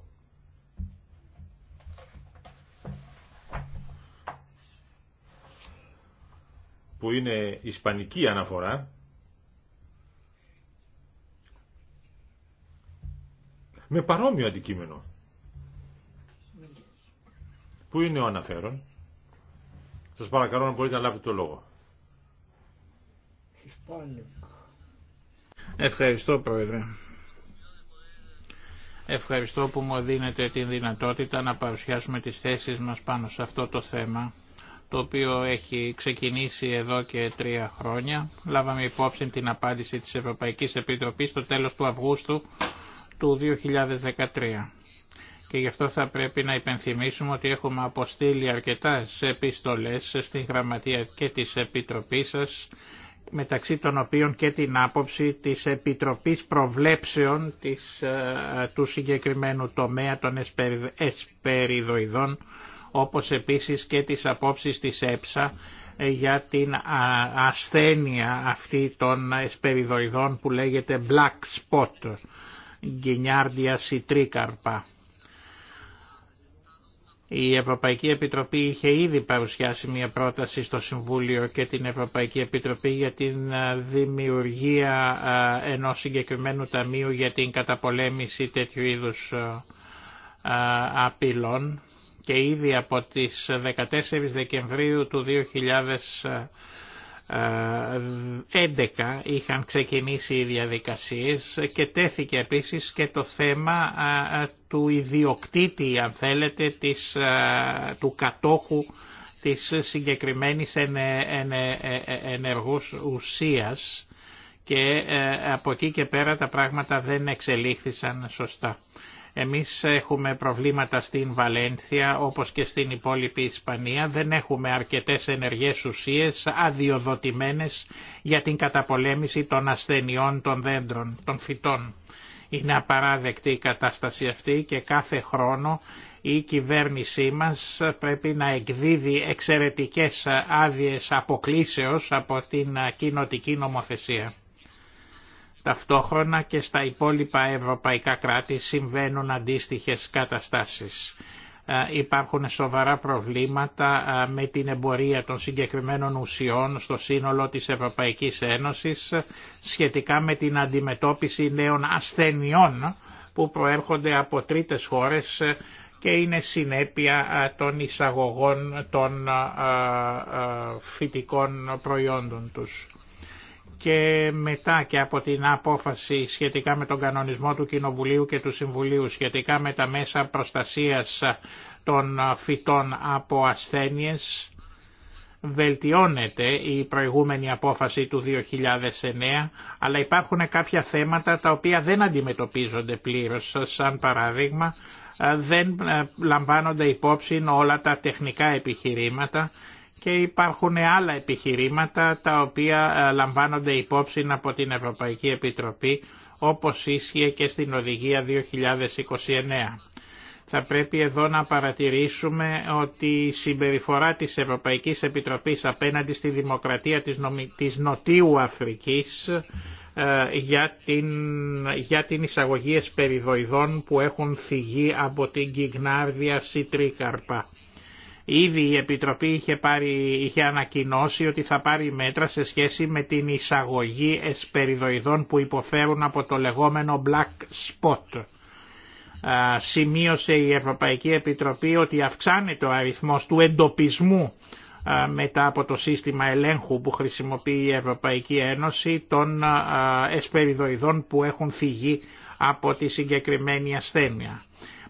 που είναι ισπανική αναφορά με παρόμοιο αντικείμενο που είναι ο αναφέρον σας παρακαλώ να μπορείτε να λάβετε το λόγο. Ευχαριστώ Πρόεδρε. Ευχαριστώ που μου δίνετε την δυνατότητα να παρουσιάσουμε τις θέσεις μας πάνω σε αυτό το θέμα το οποίο έχει ξεκινήσει εδώ και τρία χρόνια. Λάβαμε υπόψη την απάντηση της Ευρωπαϊκής Επιτροπής το τέλος του Αυγούστου του 2013 και γι' αυτό θα πρέπει να υπενθυμίσουμε ότι έχουμε αποστείλει αρκετά σε επιστολές στην Γραμματεία και της Επιτροπής σας, μεταξύ των οποίων και την άποψη της Επιτροπής Προβλέψεων της, ε, του συγκεκριμένου τομέα των εσπεριδοειδών, όπως επίσης και τις απόψεις της ΕΨΑ ε, για την ασθένεια αυτή των εσπεριδοειδών που λέγεται black spot, γκινιάρδια σιτρίκαρπα. Η Ευρωπαϊκή Επιτροπή είχε ήδη παρουσιάσει μια πρόταση στο Συμβούλιο και την Ευρωπαϊκή Επιτροπή για την ε, δημιουργία ε, ενός συγκεκριμένου ταμείου για την καταπολέμηση τέτοιου είδους ε, απειλών και ήδη από τις 14 Δεκεμβρίου του 2000 11 είχαν ξεκινήσει οι διαδικασίες και τέθηκε επίσης και το θέμα του ιδιοκτήτη, αν θέλετε, της, του κατόχου της συγκεκριμένης ε, ε, ενεργούς ουσίας και ε, από εκεί και πέρα τα πράγματα δεν εξελίχθησαν σωστά. Εμείς έχουμε προβλήματα στην Βαλένθια όπως και στην υπόλοιπη Ισπανία. Δεν έχουμε αρκετές ενεργές ουσίες αδειοδοτημένες για την καταπολέμηση των ασθενειών των δέντρων, των φυτών. Είναι απαράδεκτη η κατάσταση αυτή και κάθε χρόνο η κυβέρνησή μας πρέπει να εκδίδει εξαιρετικές άδειες αποκλήσεως από την κοινοτική νομοθεσία. Ταυτόχρονα και στα υπόλοιπα ευρωπαϊκά κράτη συμβαίνουν αντίστοιχες καταστάσεις. Ε, υπάρχουν σοβαρά προβλήματα ε, με την εμπορία των συγκεκριμένων ουσιών στο σύνολο της Ευρωπαϊκής Ένωσης σχετικά με την αντιμετώπιση νέων ασθενειών που προέρχονται από τρίτες χώρες ε, και είναι συνέπεια των εισαγωγών των φυτικών προϊόντων τους και μετά και από την απόφαση σχετικά με τον κανονισμό του Κοινοβουλίου και του Συμβουλίου σχετικά με τα μέσα προστασίας των φυτών από ασθένειες βελτιώνεται η προηγούμενη απόφαση του 2009 αλλά υπάρχουν κάποια θέματα τα οποία δεν αντιμετωπίζονται πλήρως σαν παράδειγμα δεν ε, λαμβάνονται υπόψη όλα τα τεχνικά επιχειρήματα και υπάρχουν άλλα επιχειρήματα τα οποία ε, λαμβάνονται υπόψη από την Ευρωπαϊκή Επιτροπή όπως ίσχυε και στην Οδηγία 2029. Θα πρέπει εδώ να παρατηρήσουμε ότι η συμπεριφορά της Ευρωπαϊκής Επιτροπής απέναντι στη δημοκρατία της, Νοτιού Αφρικής ε, για, την... για την εισαγωγή εσπεριδοειδών που έχουν θυγεί από την Κιγνάρδια Σιτρίκαρπα Ήδη η Επιτροπή είχε, πάρει, είχε ανακοινώσει ότι θα πάρει μέτρα σε σχέση με την εισαγωγή εσπεριδοειδών που υποφέρουν από το λεγόμενο black spot. Σημείωσε η Ευρωπαϊκή Επιτροπή ότι αυξάνεται ο αριθμός του εντοπισμού μετά από το σύστημα ελέγχου που χρησιμοποιεί η Ευρωπαϊκή Ένωση των εσπεριδοειδών που έχουν φυγεί από τη συγκεκριμένη ασθένεια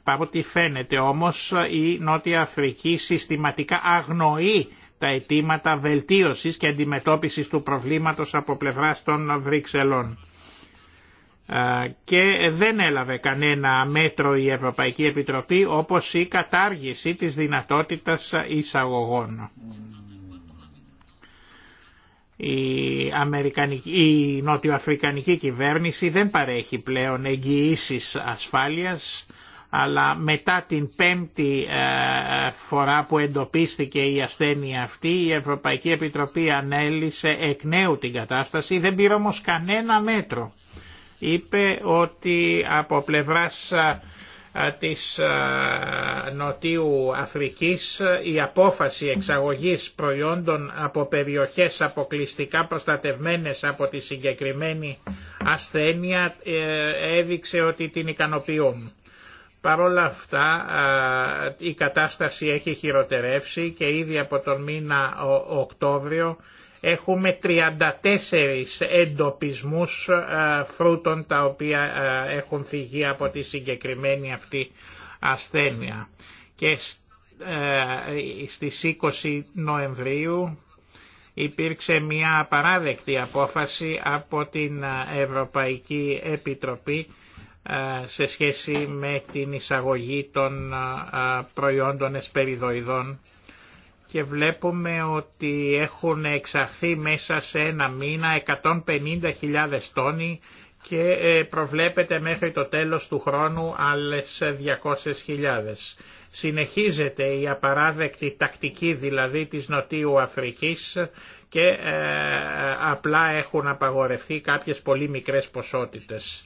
ό,τι φαίνεται όμως η Νότια Αφρική συστηματικά αγνοεί τα αιτήματα βελτίωσης και αντιμετώπισης του προβλήματος από πλευράς των Βρυξελών. Ε, και δεν έλαβε κανένα μέτρο η Ευρωπαϊκή Επιτροπή όπως η κατάργηση της δυνατότητας εισαγωγών. Η, Αμερικανική, η νοτιοαφρικανική κυβέρνηση δεν παρέχει πλέον εγγυήσεις ασφάλειας αλλά μετά την πέμπτη ε, φορά που εντοπίστηκε η ασθένεια αυτή η Ευρωπαϊκή Επιτροπή ανέλησε εκ νέου την κατάσταση, δεν πήρε όμως κανένα μέτρο. Είπε ότι από πλευράς ε, της ε, Νοτιού Αφρικής η απόφαση εξαγωγής προϊόντων από περιοχές αποκλειστικά προστατευμένες από τη συγκεκριμένη ασθένεια έδειξε ότι την ικανοποιούν. Παρ' όλα αυτά η κατάσταση έχει χειροτερεύσει και ήδη από τον μήνα Οκτώβριο έχουμε 34 εντοπισμούς φρούτων τα οποία έχουν φυγεί από τη συγκεκριμένη αυτή ασθένεια. Και στις 20 Νοεμβρίου υπήρξε μια απαράδεκτη απόφαση από την Ευρωπαϊκή Επιτροπή ε, σε σχέση με την εισαγωγή των ε, προϊόντων εσπεριδοειδών και βλέπουμε ότι έχουν εξαχθεί μέσα σε ένα μήνα 150.000 τόνοι και ε, προβλέπεται μέχρι το τέλος του χρόνου άλλες 200.000. Συνεχίζεται η απαράδεκτη τακτική δηλαδή της Νοτιού Αφρικής και απλά έχουν απαγορευτεί κάποιες πολύ μικρές ποσότητες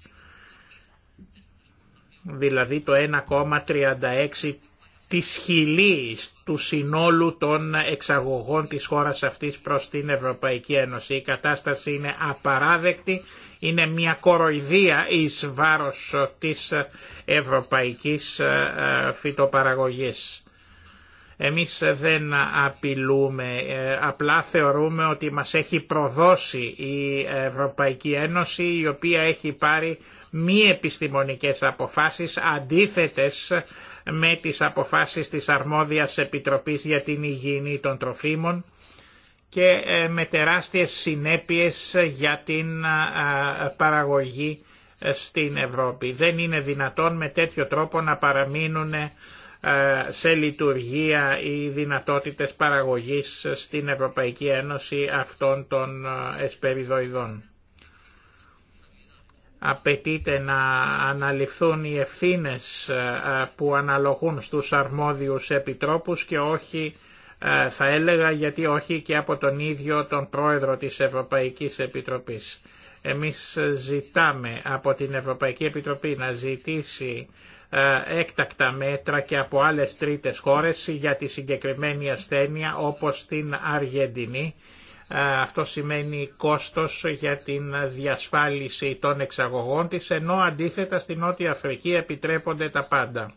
δηλαδή το 1,36 της χιλής του συνόλου των εξαγωγών της χώρας αυτής προς την Ευρωπαϊκή Ένωση. Η κατάσταση είναι απαράδεκτη, είναι μια κοροϊδία εις βάρος της ευρωπαϊκής ε, ε, φυτοπαραγωγής. Εμείς δεν απειλούμε, ε, απλά θεωρούμε ότι μας έχει προδώσει η Ευρωπαϊκή Ένωση η οποία έχει πάρει μη επιστημονικές αποφάσεις αντίθετες με τις αποφάσεις της αρμόδιας επιτροπής για την υγιεινή των τροφίμων και ε, με τεράστιες συνέπειες για την ε, παραγωγή ε, στην Ευρώπη. Δεν είναι δυνατόν με τέτοιο τρόπο να παραμείνουν σε λειτουργία οι δυνατότητες παραγωγής στην Ευρωπαϊκή Ένωση αυτών των εσπεριδοειδών απαιτείται να αναλυφθούν οι ευθύνες ε, ε, που αναλογούν στους αρμόδιους επιτρόπους και όχι ε, θα έλεγα γιατί όχι και από τον ίδιο τον πρόεδρο της Ευρωπαϊκής Επιτροπής. Εμείς ζητάμε από την Ευρωπαϊκή Επιτροπή να ζητήσει έκτακτα μέτρα και από άλλες τρίτες χώρες για τη συγκεκριμένη ασθένεια όπως την Αργεντινή ε, αυτό σημαίνει κόστος για την διασφάλιση των εξαγωγών της, ενώ αντίθετα στην Νότια Αφρική επιτρέπονται τα πάντα.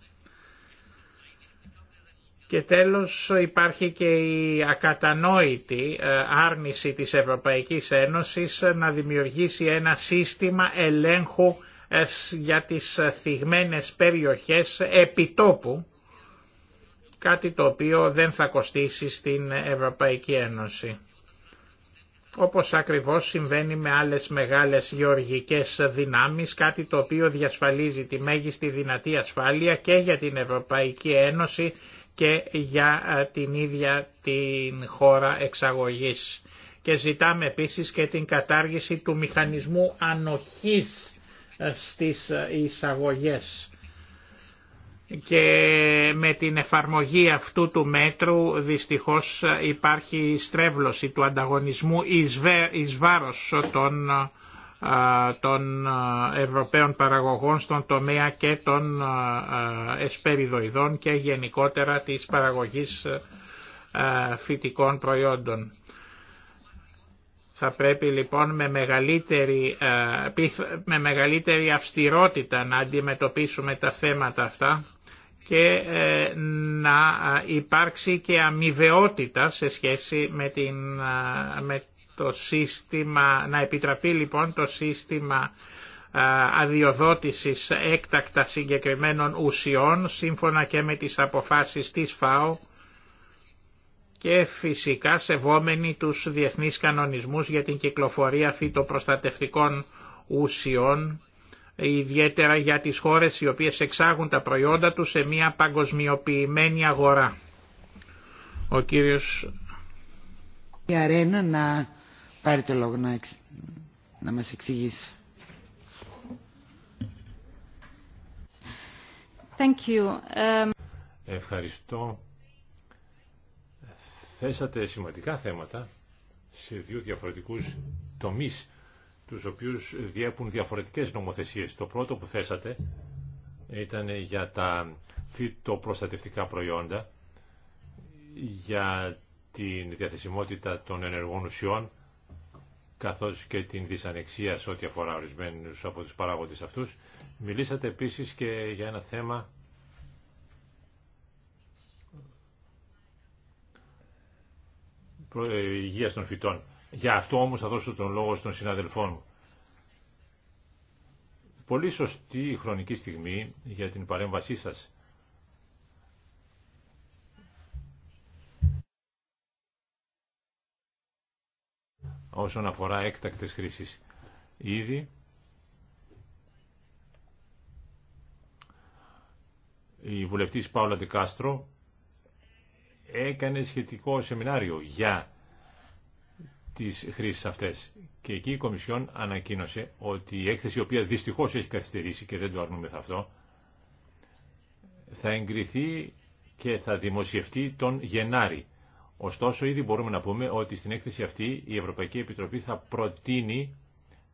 Και τέλος υπάρχει και η ακατανόητη ε, άρνηση της Ευρωπαϊκής Ένωσης να δημιουργήσει ένα σύστημα ελέγχου ε, για τις θυγμένες περιοχές επιτόπου, κάτι το οποίο δεν θα κοστίσει στην Ευρωπαϊκή Ένωση όπως ακριβώς συμβαίνει με άλλες μεγάλες γεωργικές δυνάμεις, κάτι το οποίο διασφαλίζει τη μέγιστη δυνατή ασφάλεια και για την Ευρωπαϊκή Ένωση και για ε, την ίδια την χώρα εξαγωγής. Και ζητάμε επίσης και την κατάργηση του μηχανισμού ανοχής ε, στις ε, εισαγωγές και με την εφαρμογή αυτού του μέτρου δυστυχώς υπάρχει στρέβλωση του ανταγωνισμού εις βάρος των, Ευρωπαίων παραγωγών στον τομέα και των εσπεριδοειδών και γενικότερα της παραγωγής φυτικών προϊόντων. Θα πρέπει λοιπόν με με μεγαλύτερη αυστηρότητα να αντιμετωπίσουμε τα θέματα αυτά και ε, να υπάρξει και αμοιβαιότητα σε σχέση με, την, με το σύστημα, να επιτραπεί λοιπόν το σύστημα αδειοδότησης έκτακτα συγκεκριμένων ουσιών σύμφωνα και με τις αποφάσεις της ΦΑΟ και φυσικά σεβόμενοι τους διεθνείς κανονισμούς για την κυκλοφορία φυτοπροστατευτικών ουσιών ιδιαίτερα για τις χώρες οι οποίες εξάγουν τα προϊόντα τους σε μια παγκοσμιοποιημένη αγορά. Ο κύριος... Η Αρένα να πάρει λόγο να, μας εξηγήσει. Thank you. Um... Ευχαριστώ. Θέσατε σημαντικά θέματα σε δύο διαφορετικούς τομείς τους οποίους διέπουν διαφορετικές νομοθεσίες. Το πρώτο που θέσατε ήταν για τα φυτοπροστατευτικά προϊόντα, για την διαθεσιμότητα των ενεργών ουσιών, καθώς και την δυσανεξία σε ό,τι αφορά ορισμένους από τους παράγοντες αυτούς. Μιλήσατε επίσης και για ένα θέμα ε, υγείας των φυτών. Για αυτό όμως θα δώσω τον λόγο στον συναδελφό μου. Πολύ σωστή χρονική στιγμή για την παρέμβασή σας. όσον αφορά έκτακτες χρήσεις. Ήδη η βουλευτής Πάολα Δικάστρο έκανε σχετικό σεμινάριο για τις χρήσεις αυτές. Και εκεί η Κομισιόν ανακοίνωσε ότι η έκθεση, η οποία δυστυχώς έχει καθυστερήσει και δεν το αρνούμεθα αυτό, θα εγκριθεί και θα δημοσιευτεί τον Γενάρη. Ωστόσο, ήδη μπορούμε να πούμε ότι στην έκθεση αυτή η Ευρωπαϊκή Επιτροπή θα προτείνει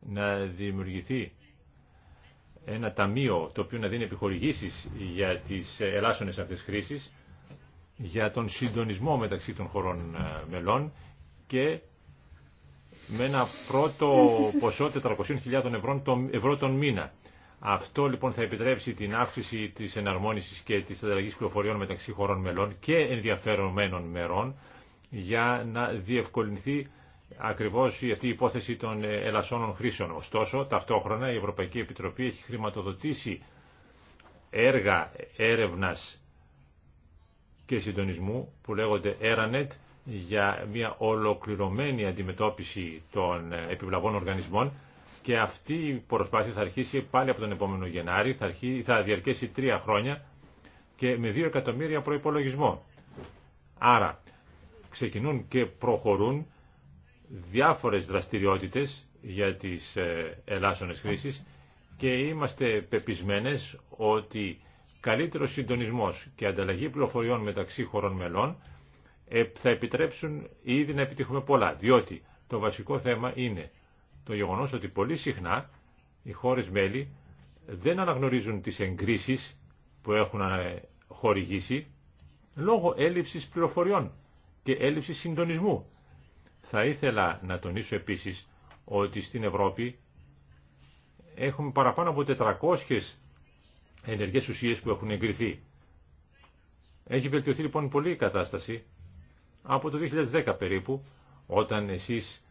να δημιουργηθεί ένα ταμείο το οποίο να δίνει επιχορηγήσεις για τις ελάσσονες αυτές χρήσεις, για τον συντονισμό μεταξύ των χωρών ε, μελών και με ένα πρώτο ποσό 400.000 ευρώ τον, ευρώ τον μήνα. Αυτό λοιπόν θα επιτρέψει την αύξηση της εναρμόνισης και της ανταλλαγής πληροφοριών μεταξύ χωρών μελών και ενδιαφερομένων μερών για να διευκολυνθεί ακριβώς αυτή η υπόθεση των ε, ελασσόνων χρήσεων. Ωστόσο, ταυτόχρονα η Ευρωπαϊκή Επιτροπή έχει χρηματοδοτήσει έργα έρευνας και συντονισμού που λέγονται Eranet για μια ολοκληρωμένη αντιμετώπιση των επιβλαβών οργανισμών και αυτή η προσπάθεια θα αρχίσει πάλι από τον επόμενο Γενάρη, θα, θα διαρκέσει τρία χρόνια και με δύο εκατομμύρια προϋπολογισμό. Άρα ξεκινούν και προχωρούν διάφορες δραστηριότητες για τις ε, ελάσσονες χρήσεις και είμαστε πεπισμένες ότι καλύτερος συντονισμός και ανταλλαγή πληροφοριών μεταξύ χωρών μελών ε, θα επιτρέψουν ήδη να επιτύχουμε πολλά. Διότι το βασικό θέμα είναι το γεγονός ότι πολύ συχνά οι χώρες μέλη δεν αναγνωρίζουν τις εγκρίσεις που έχουν ε, χορηγήσει λόγω έλλειψης πληροφοριών και έλλειψης συντονισμού. Θα ήθελα να τονίσω επίσης ότι στην Ευρώπη έχουμε παραπάνω από 400 ενεργές ουσίες που έχουν εγκριθεί. Έχει βελτιωθεί λοιπόν πολύ η κατάσταση από το 2010 περίπου, όταν εσείς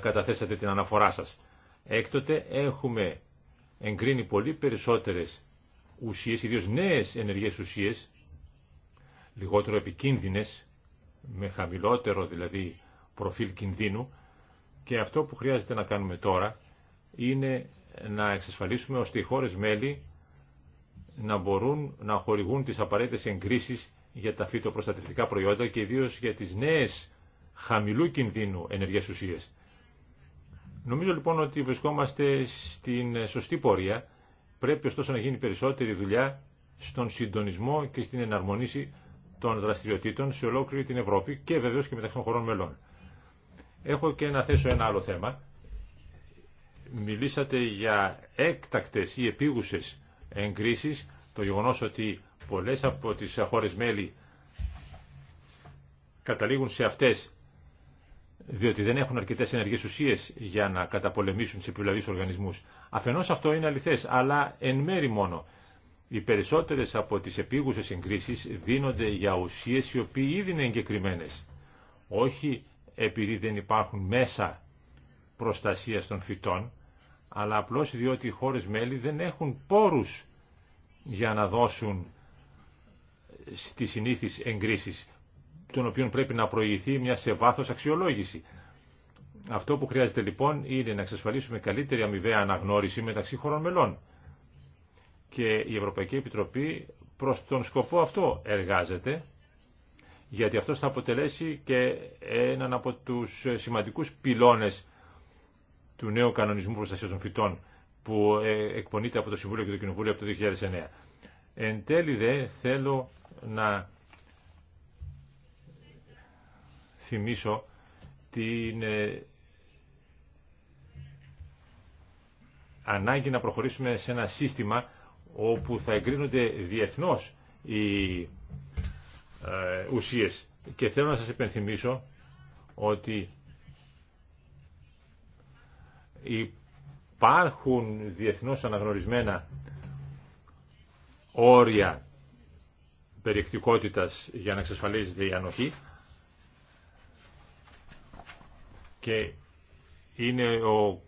καταθέσατε την αναφορά σας. Έκτοτε έχουμε εγκρίνει πολύ περισσότερες ουσίες, ιδίως νέες ενεργές ουσίες, λιγότερο επικίνδυνες, με χαμηλότερο δηλαδή προφίλ κινδύνου και αυτό που χρειάζεται να κάνουμε τώρα είναι να εξασφαλίσουμε ώστε οι χώρες μέλη να μπορούν να χορηγούν τις απαραίτητες εγκρίσεις για τα φυτοπροστατευτικά προϊόντα και ιδίω για τις νέες χαμηλού κινδύνου ενεργές ουσίες. Νομίζω λοιπόν ότι βρισκόμαστε στην σωστή πορεία. Πρέπει ωστόσο να γίνει περισσότερη δουλειά στον συντονισμό και στην εναρμονίση των δραστηριοτήτων σε ολόκληρη την Ευρώπη και βεβαίως και μεταξύ των χωρών μελών. Έχω και να θέσω ένα άλλο θέμα. Μιλήσατε για έκτακτες ή επίγουσες εγκρίσεις, το γεγονό ότι Πολλές από τις χώρες μέλη καταλήγουν σε αυτές διότι δεν έχουν αρκετέ ενεργέ ουσίε για να καταπολεμήσουν του επιβλαβεί οργανισμού. Αφενό αυτό είναι αληθέ, αλλά εν μέρη μόνο. Οι περισσότερε από τι επίγουσες εγκρίσει δίνονται για ουσίε οι οποίοι ήδη είναι εγκεκριμένε. Όχι επειδή δεν υπάρχουν μέσα προστασία των φυτών, αλλά απλώ διότι οι χώρε μέλη δεν έχουν πόρου για να δώσουν στις συνήθεις εγκρίσεις, των οποίων πρέπει να προηγηθεί μια σε βάθος αξιολόγηση. Αυτό που χρειάζεται λοιπόν είναι να εξασφαλίσουμε καλύτερη αμοιβαία αναγνώριση μεταξύ χωρών μελών. Και η Ευρωπαϊκή Επιτροπή προς τον σκοπό αυτό εργάζεται, γιατί αυτό θα αποτελέσει και έναν από τους σημαντικούς πυλώνες του νέου κανονισμού προστασία των φυτών που ε, εκπονείται από το Συμβούλιο και το Κοινοβούλιο από το 2009. Εν τέλει δε θέλω να θυμίσω την ε, ανάγκη να προχωρήσουμε σε ένα σύστημα όπου θα εγκρίνονται διεθνώς οι ε, ουσίες. Και θέλω να σας επενθυμίσω ότι υπάρχουν διεθνώς αναγνωρισμένα όρια περιεκτικότητας για να εξασφαλίζεται η ανοχή και είναι ο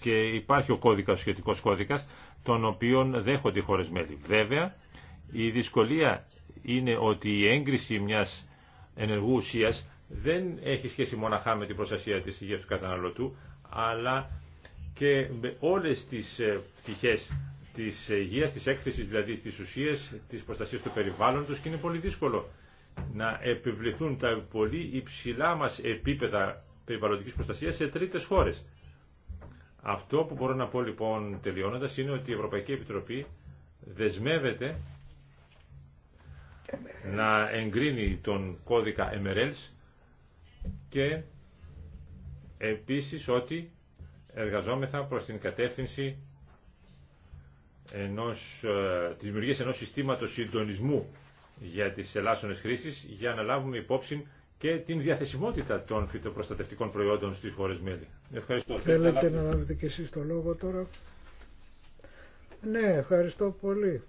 και υπάρχει ο κώδικας, ο σχετικός κώδικας, τον οποίον δέχονται οι χώρες μέλη. Βέβαια, η δυσκολία είναι ότι η έγκριση μιας ενεργού ουσίας δεν έχει σχέση μοναχά με την προστασία της υγείας του καταναλωτού, αλλά και με όλες τις ε, πτυχές της ε, υγείας, της έκθεσης δηλαδή στις ουσίες, της προστασίας του περιβάλλοντος και είναι πολύ δύσκολο να επιβληθούν τα πολύ υψηλά μας επίπεδα περιβαλλοντικής προστασίας σε τρίτες χώρες. Αυτό που μπορώ να πω λοιπόν τελειώνοντας είναι ότι η Ευρωπαϊκή Επιτροπή δεσμεύεται να εγκρίνει τον κώδικα MRLs και επίσης ότι εργαζόμεθα προς την κατεύθυνση ενός, ε, της δημιουργίας ενός συστήματος συντονισμού για τις ελάσσονες χρήσεις για να λάβουμε υπόψη και την διαθεσιμότητα των φυτοπροστατευτικών προϊόντων στις χώρες μέλη. Ευχαριστώ. Θέλετε να λάβετε και εσείς το λόγο τώρα. Ναι, ευχαριστώ πολύ.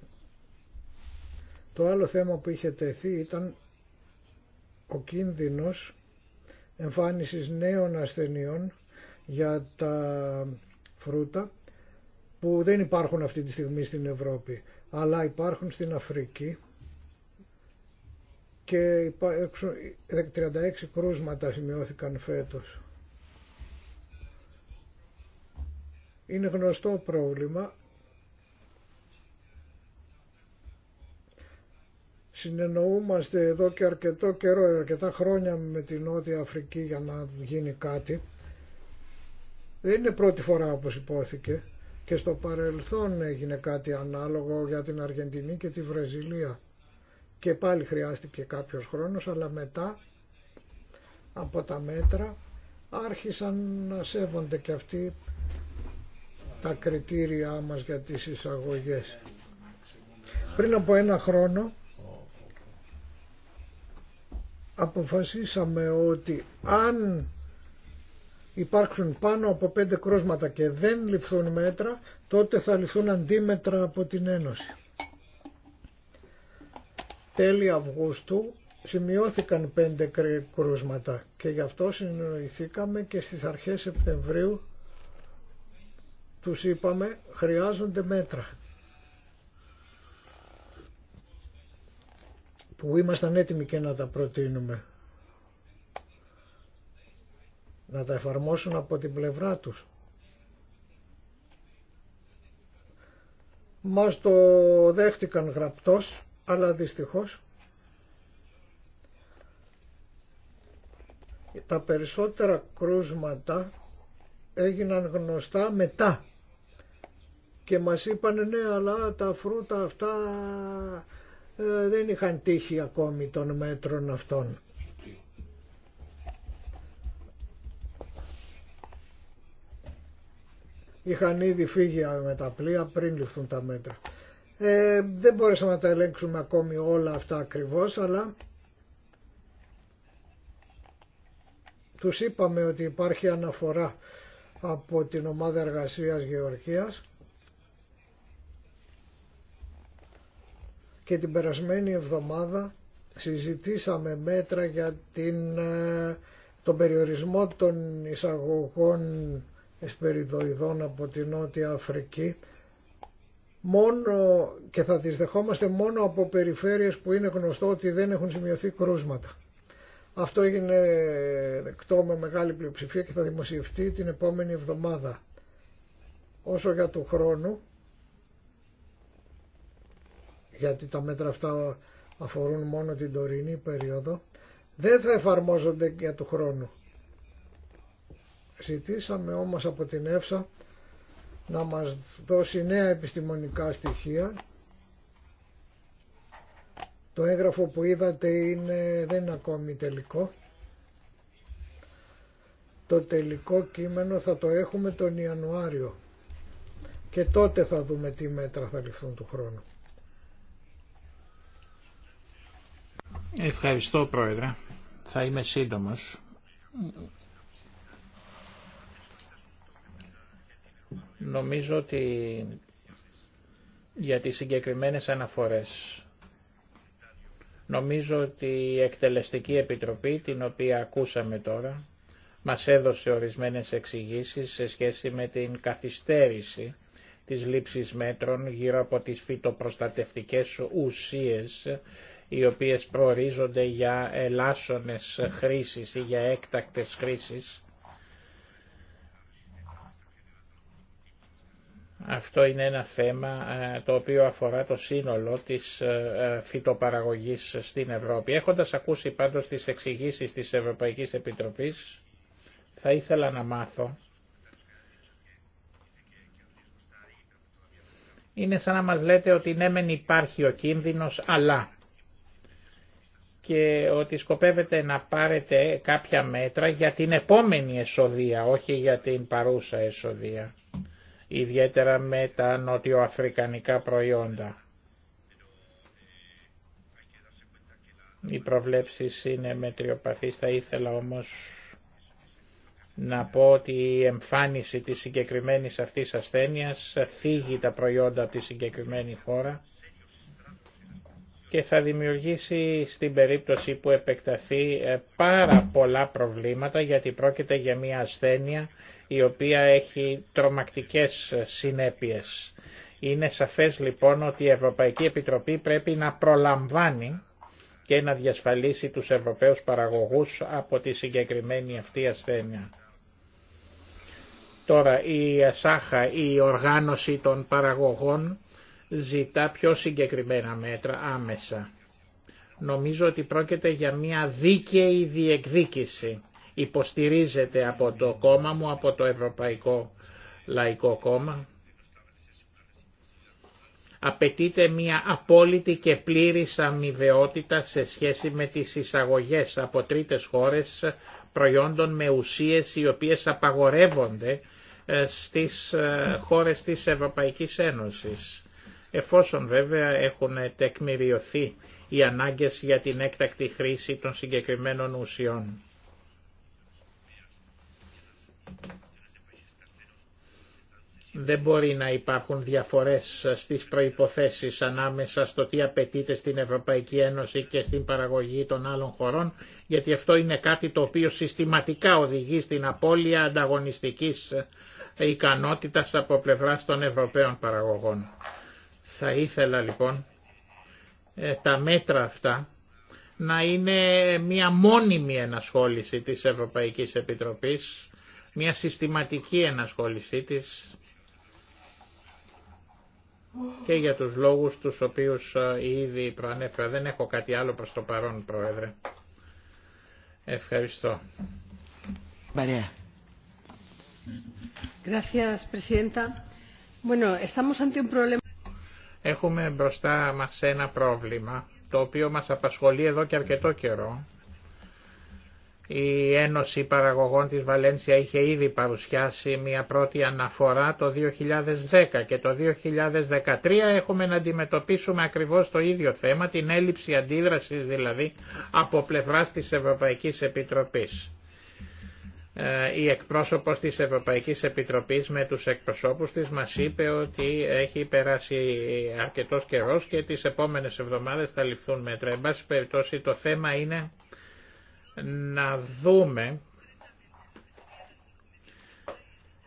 Το άλλο θέμα που είχε τεθεί ήταν ο κίνδυνος εμφάνισης νέων ασθενειών για τα φρούτα που δεν υπάρχουν αυτή τη στιγμή στην Ευρώπη αλλά υπάρχουν στην Αφρική και 36 ε, κρούσματα σημειώθηκαν φέτος. Είναι γνωστό πρόβλημα. Συνεννοούμαστε εδώ και αρκετό καιρό, αρκετά χρόνια με την Νότια Αφρική για να γίνει κάτι. Δεν είναι πρώτη φορά όπως υπόθηκε και στο παρελθόν έγινε κάτι ανάλογο για την Αργεντινή και τη Βραζιλία και πάλι χρειάστηκε κάποιος χρόνος αλλά μετά από τα μέτρα άρχισαν να σέβονται και αυτοί τα κριτήρια μας για τις εισαγωγές. Πριν από ένα χρόνο αποφασίσαμε ότι αν υπάρξουν πάνω από πέντε κρούσματα και δεν ληφθούν μέτρα, τότε θα ληφθούν αντίμετρα από την Ένωση. Τέλη Αυγούστου σημειώθηκαν πέντε κρούσματα και γι' αυτό συνοηθήκαμε και στις αρχές Σεπτεμβρίου τους είπαμε χρειάζονται μέτρα. Που ήμασταν έτοιμοι και να τα προτείνουμε να τα εφαρμόσουν από την πλευρά τους. Μας το δέχτηκαν γραπτός, αλλά δυστυχώς τα περισσότερα κρούσματα έγιναν γνωστά μετά και μας είπαν ναι αλλά τα φρούτα αυτά ε, δεν είχαν τύχει ακόμη των μέτρων αυτών. είχαν ήδη φύγει με τα πλοία πριν ληφθούν τα μέτρα. Ε, δεν μπορέσαμε να τα ελέγξουμε ακόμη όλα αυτά ακριβώς, αλλά τους είπαμε ότι υπάρχει αναφορά από την ομάδα εργασίας Γεωργίας και την περασμένη εβδομάδα συζητήσαμε μέτρα για την, ε, τον περιορισμό των εισαγωγών εσπεριδοειδών από την Νότια Αφρική μόνο και θα τις δεχόμαστε μόνο από περιφέρειες που είναι γνωστό ότι δεν έχουν σημειωθεί κρούσματα. Αυτό έγινε δεκτό με μεγάλη πλειοψηφία και θα δημοσιευτεί την επόμενη εβδομάδα. Όσο για του χρόνου, γιατί τα μέτρα αυτά αφορούν μόνο την τωρινή περίοδο, δεν θα εφαρμόζονται για του χρόνου. Ζητήσαμε όμως από την ΕΦΣΑ να μας δώσει νέα επιστημονικά στοιχεία. Το έγγραφο που είδατε είναι, δεν είναι ακόμη τελικό. Το τελικό κείμενο θα το έχουμε τον Ιανουάριο και τότε θα δούμε τι μέτρα θα ληφθούν του χρόνου. Ευχαριστώ Πρόεδρε. Θα είμαι σύντομος Νομίζω ότι για τις συγκεκριμένες αναφορές νομίζω ότι η Εκτελεστική Επιτροπή, την οποία ακούσαμε τώρα, μας έδωσε ορισμένες εξηγήσεις σε σχέση με την καθυστέρηση της λήψης μέτρων γύρω από τις φυτοπροστατευτικές ουσίες οι οποίες προορίζονται για ελάσσονες χρήσεις ή για έκτακτες χρήσεις Αυτό είναι ένα θέμα ε, το οποίο αφορά το σύνολο της ε, ε, φυτοπαραγωγής στην Ευρώπη. Έχοντας ακούσει πάντως τις εξηγήσεις της Ευρωπαϊκής Επιτροπής, θα ήθελα να μάθω. Είναι σαν να μας λέτε ότι ναι μεν υπάρχει ο κίνδυνος, αλλά και ότι σκοπεύετε να πάρετε κάποια μέτρα για την επόμενη εσοδεία, όχι για την παρούσα εσοδεία ιδιαίτερα με τα νοτιοαφρικανικά προϊόντα. Οι προβλέψει είναι μετριοπαθείς, θα ήθελα όμως να πω ότι η εμφάνιση της συγκεκριμένης αυτής ασθένειας θίγει τα προϊόντα από τη συγκεκριμένη χώρα και θα δημιουργήσει στην περίπτωση που επεκταθεί ε, πάρα πολλά προβλήματα γιατί πρόκειται για μια ασθένεια η οποία έχει τρομακτικές συνέπειες. Είναι σαφές λοιπόν ότι η Ευρωπαϊκή Επιτροπή πρέπει να προλαμβάνει και να διασφαλίσει τους Ευρωπαίους παραγωγούς από τη συγκεκριμένη αυτή ασθένεια. Τώρα η ΣΑΧΑ, η οργάνωση των παραγωγών, ζητά πιο συγκεκριμένα μέτρα άμεσα. Νομίζω ότι πρόκειται για μια δίκαιη διεκδίκηση υποστηρίζεται από το κόμμα μου, από το Ευρωπαϊκό Λαϊκό Κόμμα. Απαιτείται μια απόλυτη και πλήρης αμοιβαιότητα σε σχέση με τις εισαγωγές από τρίτες χώρες προϊόντων με ουσίες οι οποίες απαγορεύονται ε, στις ε, χώρες της Ευρωπαϊκής Ένωσης. Εφόσον βέβαια έχουν τεκμηριωθεί οι ανάγκες για την έκτακτη χρήση των συγκεκριμένων ουσιών. Δεν μπορεί να υπάρχουν διαφορές στις προϋποθέσεις ανάμεσα στο τι απαιτείται στην Ευρωπαϊκή Ένωση και στην παραγωγή των άλλων χωρών, γιατί αυτό είναι κάτι το οποίο συστηματικά οδηγεί στην απώλεια ανταγωνιστικής ικανότητας από πλευράς των Ευρωπαίων παραγωγών. Θα ήθελα λοιπόν ε, τα μέτρα αυτά να είναι μια μόνιμη ενασχόληση της Ευρωπαϊκής Επιτροπής μια συστηματική ενασχόλησή της και για τους λόγους τους οποίους ήδη προανέφερα. Δεν έχω κάτι άλλο προς το παρόν, Πρόεδρε. Ευχαριστώ. Έχουμε μπροστά μας ένα πρόβλημα, το οποίο μας απασχολεί εδώ και αρκετό καιρό η Ένωση Παραγωγών της Βαλένσια είχε ήδη παρουσιάσει μια πρώτη αναφορά το 2010 και το 2013 έχουμε να αντιμετωπίσουμε ακριβώς το ίδιο θέμα, την έλλειψη αντίδρασης δηλαδή από πλευράς της Ευρωπαϊκής Επιτροπής. Ε, η εκπρόσωπος της Ευρωπαϊκής Επιτροπής με τους εκπροσώπους της μας είπε ότι έχει περάσει αρκετός καιρός και τις επόμενες εβδομάδες θα ληφθούν μέτρα. Εν πάση περιπτώσει το θέμα είναι να δούμε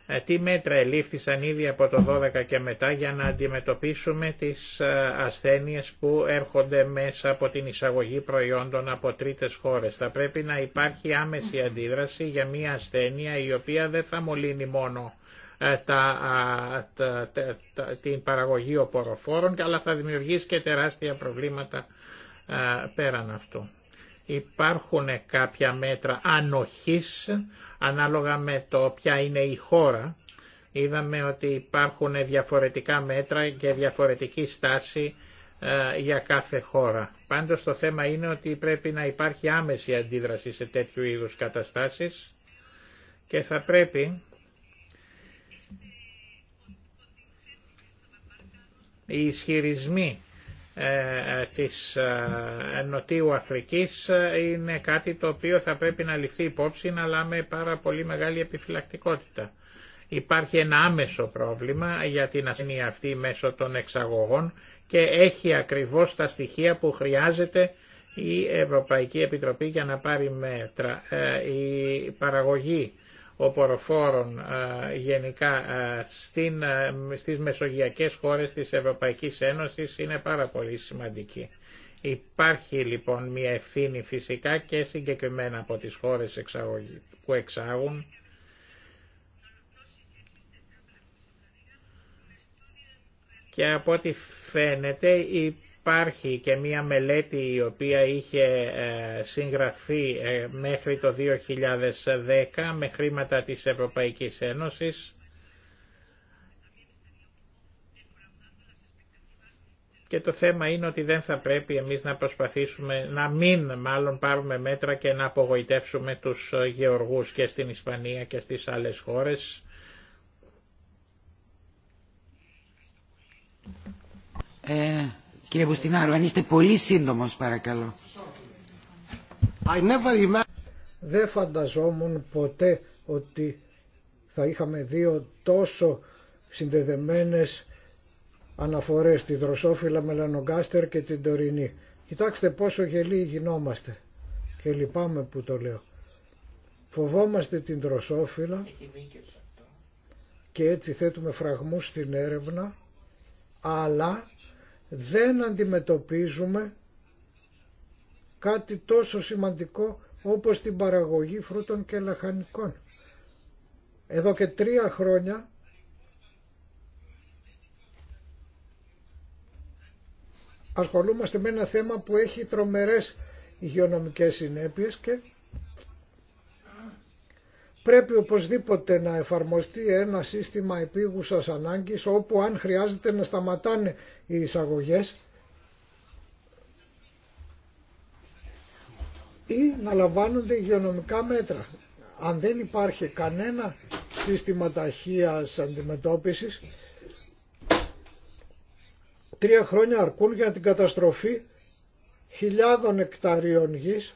ε, τι μέτρα ελήφθησαν ήδη από το 12 και μετά για να αντιμετωπίσουμε τις ε, ασθένειες που έρχονται μέσα από την εισαγωγή προϊόντων από τρίτες χώρες. Θα πρέπει να υπάρχει άμεση αντίδραση για μια ασθένεια η οποία δεν θα μολύνει μόνο ε, τα, την παραγωγή οποροφόρων αλλά θα δημιουργήσει και τεράστια προβλήματα πέραν αυτού υπάρχουν κάποια μέτρα ανοχής ανάλογα με το ποια είναι η χώρα. Είδαμε ότι υπάρχουν διαφορετικά μέτρα και διαφορετική στάση ε, για κάθε χώρα. Πάντως το θέμα είναι ότι πρέπει να υπάρχει άμεση αντίδραση σε τέτοιου είδους καταστάσεις και θα πρέπει οι ισχυρισμοί ε, ε, της ε, Νοτιού Αφρικής είναι κάτι το οποίο θα πρέπει να ληφθεί υπόψη αλλά με πάρα πολύ μεγάλη επιφυλακτικότητα. Υπάρχει ένα άμεσο πρόβλημα για την ασθενή αυτή μέσω των εξαγωγών και έχει ακριβώς τα στοιχεία που χρειάζεται η Ευρωπαϊκή Επιτροπή για να πάρει μέτρα. Η παραγωγή οποροφόρων ε, γενικά ε, στην, ε, στις μεσογειακές χώρες της Ευρωπαϊκής Ένωσης είναι πάρα πολύ σημαντική. Υπάρχει λοιπόν μια ευθύνη φυσικά και συγκεκριμένα από τις χώρες που εξάγουν και από ό,τι φαίνεται υπάρχει και μία μελέτη η οποία είχε ε, συγγραφεί ε, μέχρι το 2010 με χρήματα της Ευρωπαϊκής Ένωσης και το θέμα είναι ότι δεν θα πρέπει εμείς να προσπαθήσουμε να μην μάλλον πάρουμε μέτρα και να απογοητεύσουμε τους γεωργούς και στην Ισπανία και στις άλλες χώρες. Ε... Κύριε Μπουστινάρου, αν είστε πολύ σύντομος παρακαλώ. Δεν φανταζόμουν ποτέ ότι θα είχαμε δύο τόσο συνδεδεμένες αναφορές τη Δροσόφυλα, Μελανογκάστερ και την Τωρινή. Κοιτάξτε πόσο γελοί γινόμαστε και λυπάμαι που το λέω. Φοβόμαστε την δροσόφυλλα και έτσι θέτουμε φραγμούς στην έρευνα αλλά δεν αντιμετωπίζουμε κάτι τόσο σημαντικό όπως την παραγωγή φρούτων και λαχανικών. Εδώ και τρία χρόνια ασχολούμαστε με ένα θέμα που έχει τρομερές υγειονομικές συνέπειες και πρέπει οπωσδήποτε να εφαρμοστεί ένα σύστημα επίγουσας ανάγκης όπου αν χρειάζεται να σταματάνε οι εισαγωγές ή να λαμβάνονται υγειονομικά μέτρα. Αν δεν υπάρχει κανένα σύστημα ταχείας αντιμετώπισης, τρία χρόνια αρκούν για την καταστροφή χιλιάδων εκταρίων γης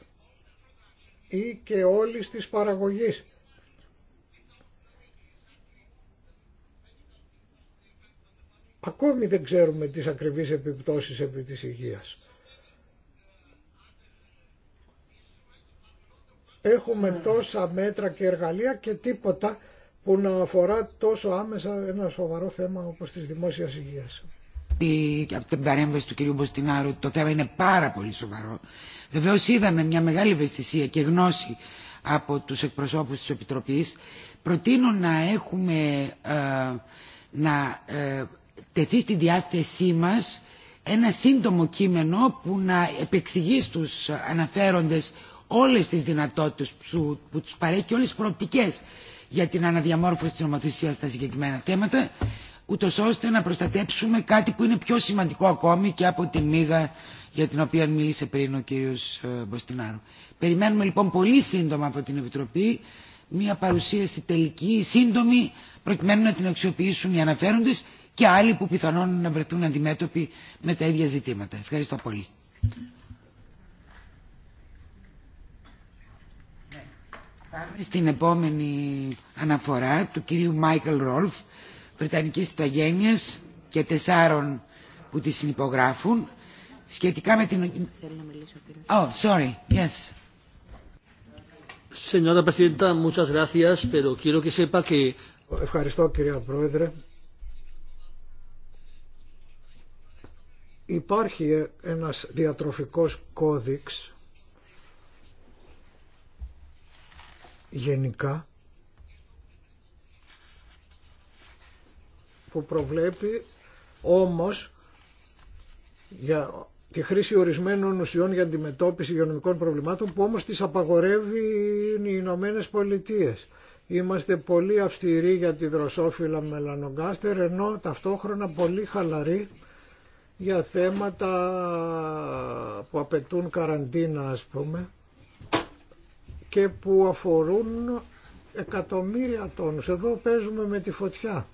ή και όλης της παραγωγής Ακόμη δεν ξέρουμε τις ακριβείς επιπτώσεις επί της υγείας. Έχουμε ναι. τόσα μέτρα και εργαλεία και τίποτα που να αφορά τόσο άμεσα ένα σοβαρό θέμα όπως της δημόσιας υγείας. Από την παρέμβαση του κ. Μποστινάρου το θέμα είναι πάρα πολύ σοβαρό. Βεβαίω είδαμε μια μεγάλη ευαισθησία και γνώση από τους εκπροσώπους της Επιτροπής. Προτείνω να έχουμε ε, να ε, τεθεί στη διάθεσή μας ένα σύντομο κείμενο που να επεξηγεί στους αναφέροντες όλες τις δυνατότητες που, που τους παρέχει και όλες τις προοπτικές για την αναδιαμόρφωση της νομοθεσίας στα συγκεκριμένα θέματα ούτω ώστε να προστατέψουμε κάτι που είναι πιο σημαντικό ακόμη και από τη μίγα για την οποία μίλησε πριν ο κύριος ε, Μποστινάρου. Περιμένουμε λοιπόν πολύ σύντομα από την Επιτροπή μια παρουσίαση τελική, σύντομη, προκειμένου να την αξιοποιήσουν οι αναφέροντες και άλλοι που πιθανόν να βρεθούν αντιμέτωποι με τα ίδια ζητήματα. Ευχαριστώ πολύ. Πάμε στην επόμενη αναφορά του κυρίου Μάικλ Ρόλφ, Βρετανικής Ιταγένειας και τεσσάρων που τη συνυπογράφουν, σχετικά με την... Oh, sorry, yes. Señora Presidenta, muchas gracias, pero quiero que sepa que... Ευχαριστώ κυρία Πρόεδρε. Υπάρχει ένας διατροφικός κώδικς γενικά που προβλέπει όμως για τη χρήση ορισμένων ουσιών για αντιμετώπιση υγειονομικών προβλημάτων που όμως τις απαγορεύει οι Ηνωμένε Πολιτείες. Είμαστε πολύ αυστηροί για τη δροσόφυλλα μελανογκάστερ ενώ ταυτόχρονα πολύ χαλαροί για θέματα που απαιτούν καραντίνα ας πούμε και που αφορούν εκατομμύρια τόνους. Εδώ παίζουμε με τη φωτιά.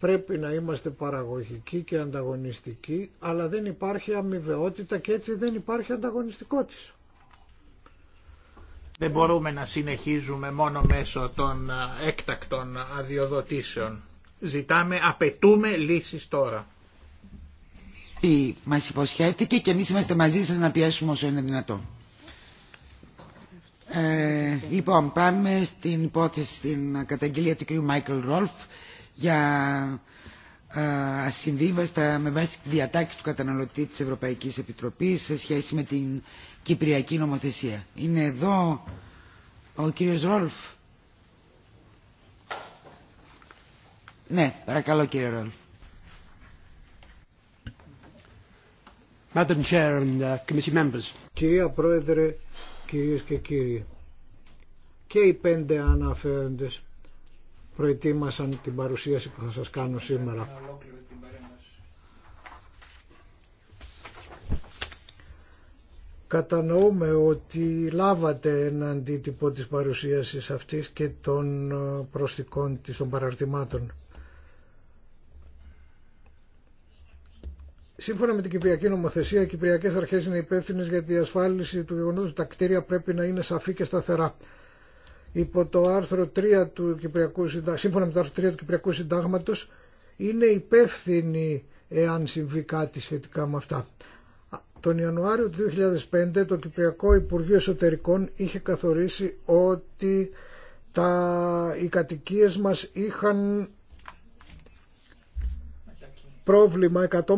Πρέπει να είμαστε παραγωγικοί και ανταγωνιστικοί, αλλά δεν υπάρχει αμοιβαιότητα και έτσι δεν υπάρχει ανταγωνιστικότητα. Δεν μπορούμε να συνεχίζουμε μόνο μέσω των ε, έκτακτων αδειοδοτήσεων. Ζητάμε, απαιτούμε λύσεις τώρα που μας υποσχέθηκε και εμείς είμαστε μαζί σας να πιέσουμε όσο είναι δυνατό. Ε, λοιπόν, πάμε στην υπόθεση, στην καταγγελία του κ. Μάικλ Ρόλφ για ε, ασυμβίβαστα με βάση τη διατάξη του καταναλωτή της Ευρωπαϊκής Επιτροπής σε σχέση με την Κυπριακή νομοθεσία. Είναι εδώ ο κ. Ρόλφ. Ναι, παρακαλώ κύριε Ρόλφ. Madam Chair and uh, Committee Κυρία Πρόεδρε, κυρίες και κύριοι, και οι πέντε αναφέροντες προετοίμασαν την παρουσίαση που θα σας κάνω σήμερα. Κατανοούμε ότι λάβατε ένα αντίτυπο της παρουσίασης αυτής και των ε, προσθήκων της των παραρτημάτων. Σύμφωνα με την Κυπριακή Νομοθεσία, οι Κυπριακέ Αρχέ είναι υπεύθυνε για τη ασφάλιση του γεγονότο ότι τα κτίρια πρέπει να είναι σαφή και σταθερά. Υπό το άρθρο 3 του Κυπριακού σύμφωνα με το άρθρο 3 του Κυπριακού Συντάγματο, είναι υπεύθυνοι εάν συμβεί κάτι σχετικά με αυτά. Τον Ιανουάριο του 2005 το Κυπριακό Υπουργείο Εσωτερικών είχε καθορίσει ότι τα, οι κατοικίε μας είχαν πρόβλημα 150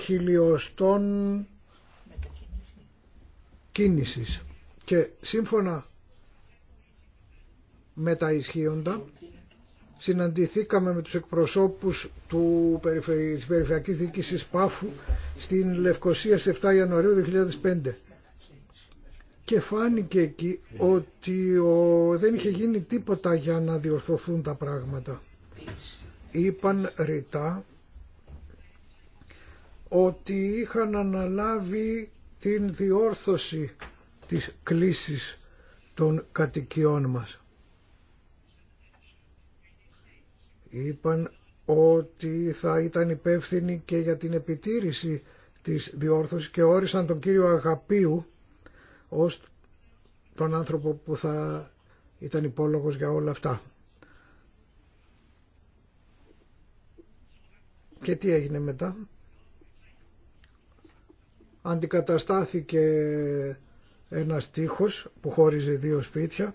χιλιοστών κίνησης και σύμφωνα με τα ισχύοντα συναντηθήκαμε με τους εκπροσώπους του, της Περιφερειακής Διοίκησης Πάφου στην Λευκοσία στις 7 Ιανουαρίου 2005 και φάνηκε εκεί ότι ο, δεν είχε γίνει τίποτα για να διορθωθούν τα πράγματα. Είπαν ρητά ότι είχαν αναλάβει την διόρθωση της κλίσης των κατοικιών μας. Είπαν ότι θα ήταν υπεύθυνοι και για την επιτήρηση της διόρθωσης και όρισαν τον κύριο Αγαπίου ως τον άνθρωπο που θα ήταν υπόλογος για όλα αυτά. Και τι έγινε μετά αντικαταστάθηκε ένας τείχος που χώριζε δύο σπίτια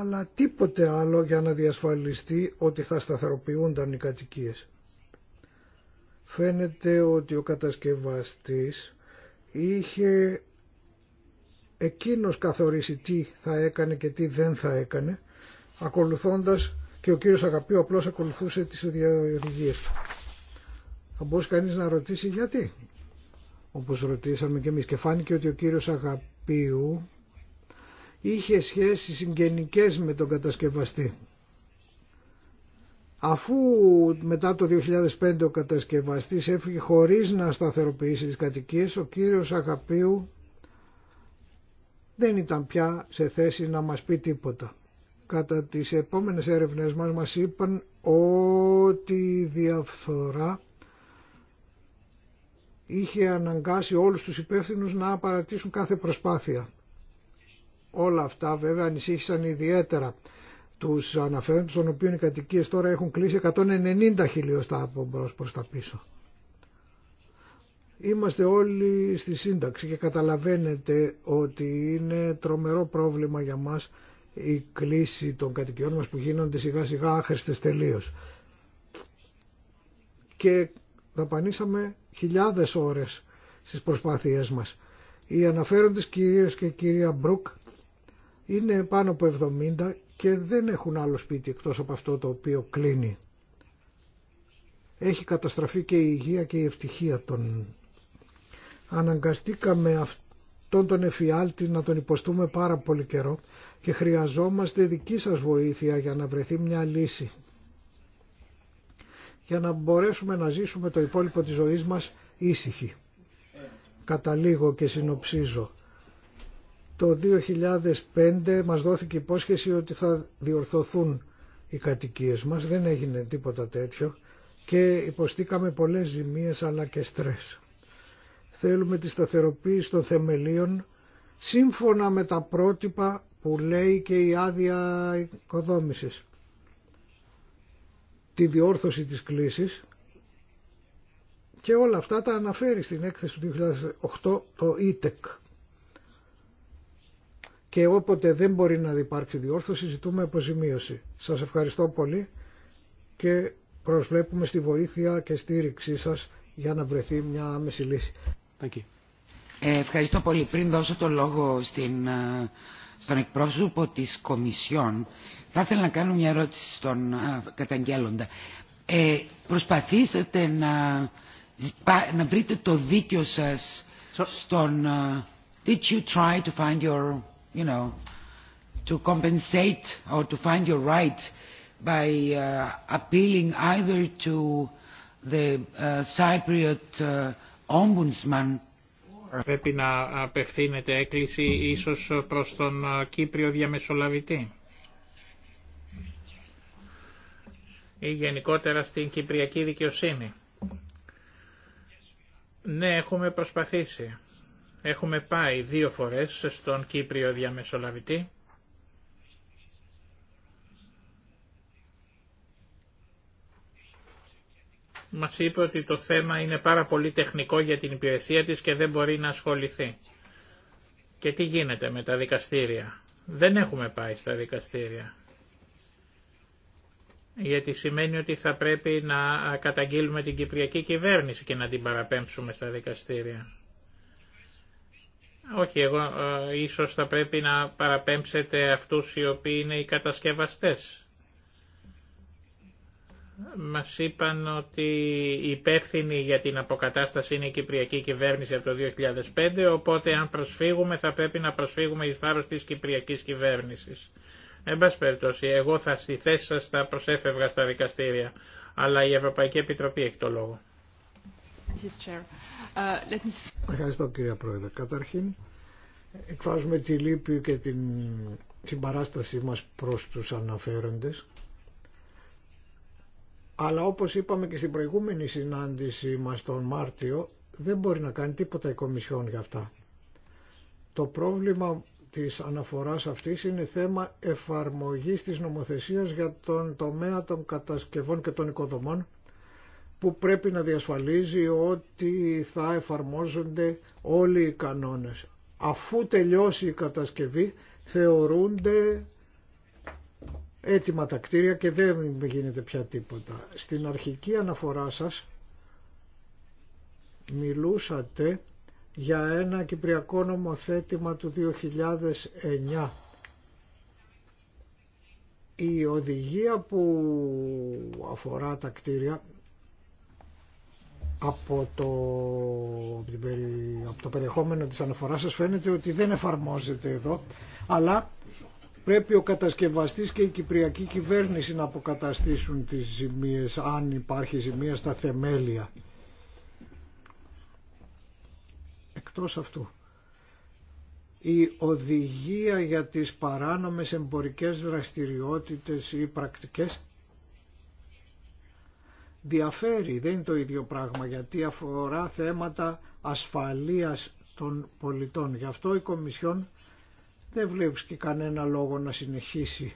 αλλά τίποτε άλλο για να διασφαλιστεί ότι θα σταθεροποιούνταν οι κατοικίες. Φαίνεται ότι ο κατασκευαστής είχε εκείνος καθορίσει τι θα έκανε και τι δεν θα έκανε ακολουθώντας και ο κύριος Αγαπίου απλώς ακολουθούσε τις οδηγίες του. Θα μπορούσε κανείς να ρωτήσει γιατί όπως ρωτήσαμε και εμείς. Και φάνηκε ότι ο κύριος Αγαπίου είχε σχέσεις συγγενικές με τον κατασκευαστή. Αφού μετά το 2005 ο κατασκευαστής έφυγε χωρίς να σταθεροποιήσει τις κατοικίες, ο κύριος Αγαπίου δεν ήταν πια σε θέση να μας πει τίποτα. Κατά τις επόμενες έρευνες μας μας είπαν ότι η διαφθορά είχε αναγκάσει όλους τους υπεύθυνους να παρατήσουν κάθε προσπάθεια. Όλα αυτά βέβαια ανησύχησαν ιδιαίτερα τους αναφέροντες, των οποίων οι κατοικίες τώρα έχουν κλείσει 190 χιλιοστά από μπρος προς τα πίσω. Είμαστε όλοι στη σύνταξη και καταλαβαίνετε ότι είναι τρομερό πρόβλημα για μας η κλίση των κατοικιών μας που γίνονται σιγά σιγά άχρηστες τελείως. Και δαπανίσαμε χιλιάδες ώρες στις προσπάθειές μας. Οι αναφέροντες κυρίες και κυρία Μπρουκ είναι πάνω από 70 και δεν έχουν άλλο σπίτι εκτός από αυτό το οποίο κλείνει. Έχει καταστραφεί και η υγεία και η ευτυχία των. Αναγκαστήκαμε αυτόν τον εφιάλτη να τον υποστούμε πάρα πολύ καιρό και χρειαζόμαστε δική σας βοήθεια για να βρεθεί μια λύση για να μπορέσουμε να ζήσουμε το υπόλοιπο της ζωής μας ήσυχοι. Καταλήγω και συνοψίζω. Το 2005 μας δόθηκε υπόσχεση ότι θα διορθωθούν οι κατοικίες μας, δεν έγινε τίποτα τέτοιο και υποστήκαμε πολλές ζημίες αλλά και στρες. Θέλουμε τη σταθεροποίηση των θεμελίων σύμφωνα με τα πρότυπα που λέει και η άδεια οικοδόμησης τη διόρθωση της κλίσης και όλα αυτά τα αναφέρει στην έκθεση του 2008 το ΙΤΕΚ. E e και όποτε δεν μπορεί να υπάρξει διόρθωση ζητούμε αποζημίωση. Σας ευχαριστώ πολύ και προσβλέπουμε στη βοήθεια και στήριξή σας για να βρεθεί μια άμεση λύση. Ε, ευχαριστώ πολύ. Πριν δώσω το λόγο στην ε, στον εκπρόσωπο της Κομισιόν θα ήθελα να κάνω μια ερώτηση στον καταγγέλλοντα. Ε, προσπαθήσατε να, να βρείτε το δίκιο σας στον... Did you try to find your, you know, to compensate or to find your right by uh, appealing either to the uh, Cypriot uh, ombudsman Πρέπει να απευθύνεται έκκληση ίσως προς τον Κύπριο διαμεσολαβητή. Ή γενικότερα στην Κυπριακή δικαιοσύνη. Ναι, έχουμε προσπαθήσει. Έχουμε πάει δύο φορές στον Κύπριο διαμεσολαβητή μας είπε ότι το θέμα είναι πάρα πολύ τεχνικό για την υπηρεσία της και δεν μπορεί να ασχοληθεί. Και τι γίνεται με τα δικαστήρια. Δεν έχουμε πάει στα δικαστήρια. Γιατί σημαίνει ότι θα πρέπει να καταγγείλουμε την Κυπριακή κυβέρνηση και να την παραπέμψουμε στα δικαστήρια. Όχι, εγώ ε, ίσως θα πρέπει να παραπέμψετε αυτούς οι οποίοι είναι οι κατασκευαστές μας είπαν ότι υπεύθυνοι υπεύθυνη για την αποκατάσταση είναι η Κυπριακή Κυβέρνηση από το 2005, οπότε αν προσφύγουμε θα πρέπει να προσφύγουμε εις βάρος της Κυπριακής Κυβέρνησης. Εν πάση περιπτώσει, εγώ θα στη θέση σας θα προσέφευγα στα δικαστήρια, αλλά η Ευρωπαϊκή Επιτροπή έχει το λόγο. Uh, Ευχαριστώ κύριε Πρόεδρε. Καταρχήν, εκφράζουμε τη λύπη και την συμπαράστασή μας προς τους αναφέροντες αλλά όπως είπαμε και στην προηγούμενη συνάντηση μας τον Μάρτιο, δεν μπορεί να κάνει τίποτα η Κομισιόν για αυτά. Το πρόβλημα της αναφοράς αυτής είναι θέμα εφαρμογής της νομοθεσίας για τον τομέα των κατασκευών και των οικοδομών που πρέπει να διασφαλίζει ότι θα εφαρμόζονται όλοι οι κανόνες. Αφού τελειώσει η κατασκευή θεωρούνται έτοιμα τα κτίρια και δεν γίνεται πια τίποτα. Στην αρχική αναφορά σας μιλούσατε για ένα κυπριακό νομοθέτημα του 2009. Η οδηγία που αφορά τα κτίρια από το, από το περιεχόμενο της αναφοράς σας φαίνεται ότι δεν εφαρμόζεται εδώ, αλλά Πρέπει ο κατασκευαστής και η κυπριακή κυβέρνηση να αποκαταστήσουν τις ζημίες, αν υπάρχει ζημία στα θεμέλια. Εκτός αυτού, η οδηγία για τις παράνομες εμπορικές δραστηριότητες ή πρακτικές διαφέρει, δεν είναι το ίδιο πράγμα γιατί αφορά θέματα ασφαλείας των πολιτών. Γι' αυτό η Κομισιόν δεν βλέπεις και κανένα λόγο να συνεχίσει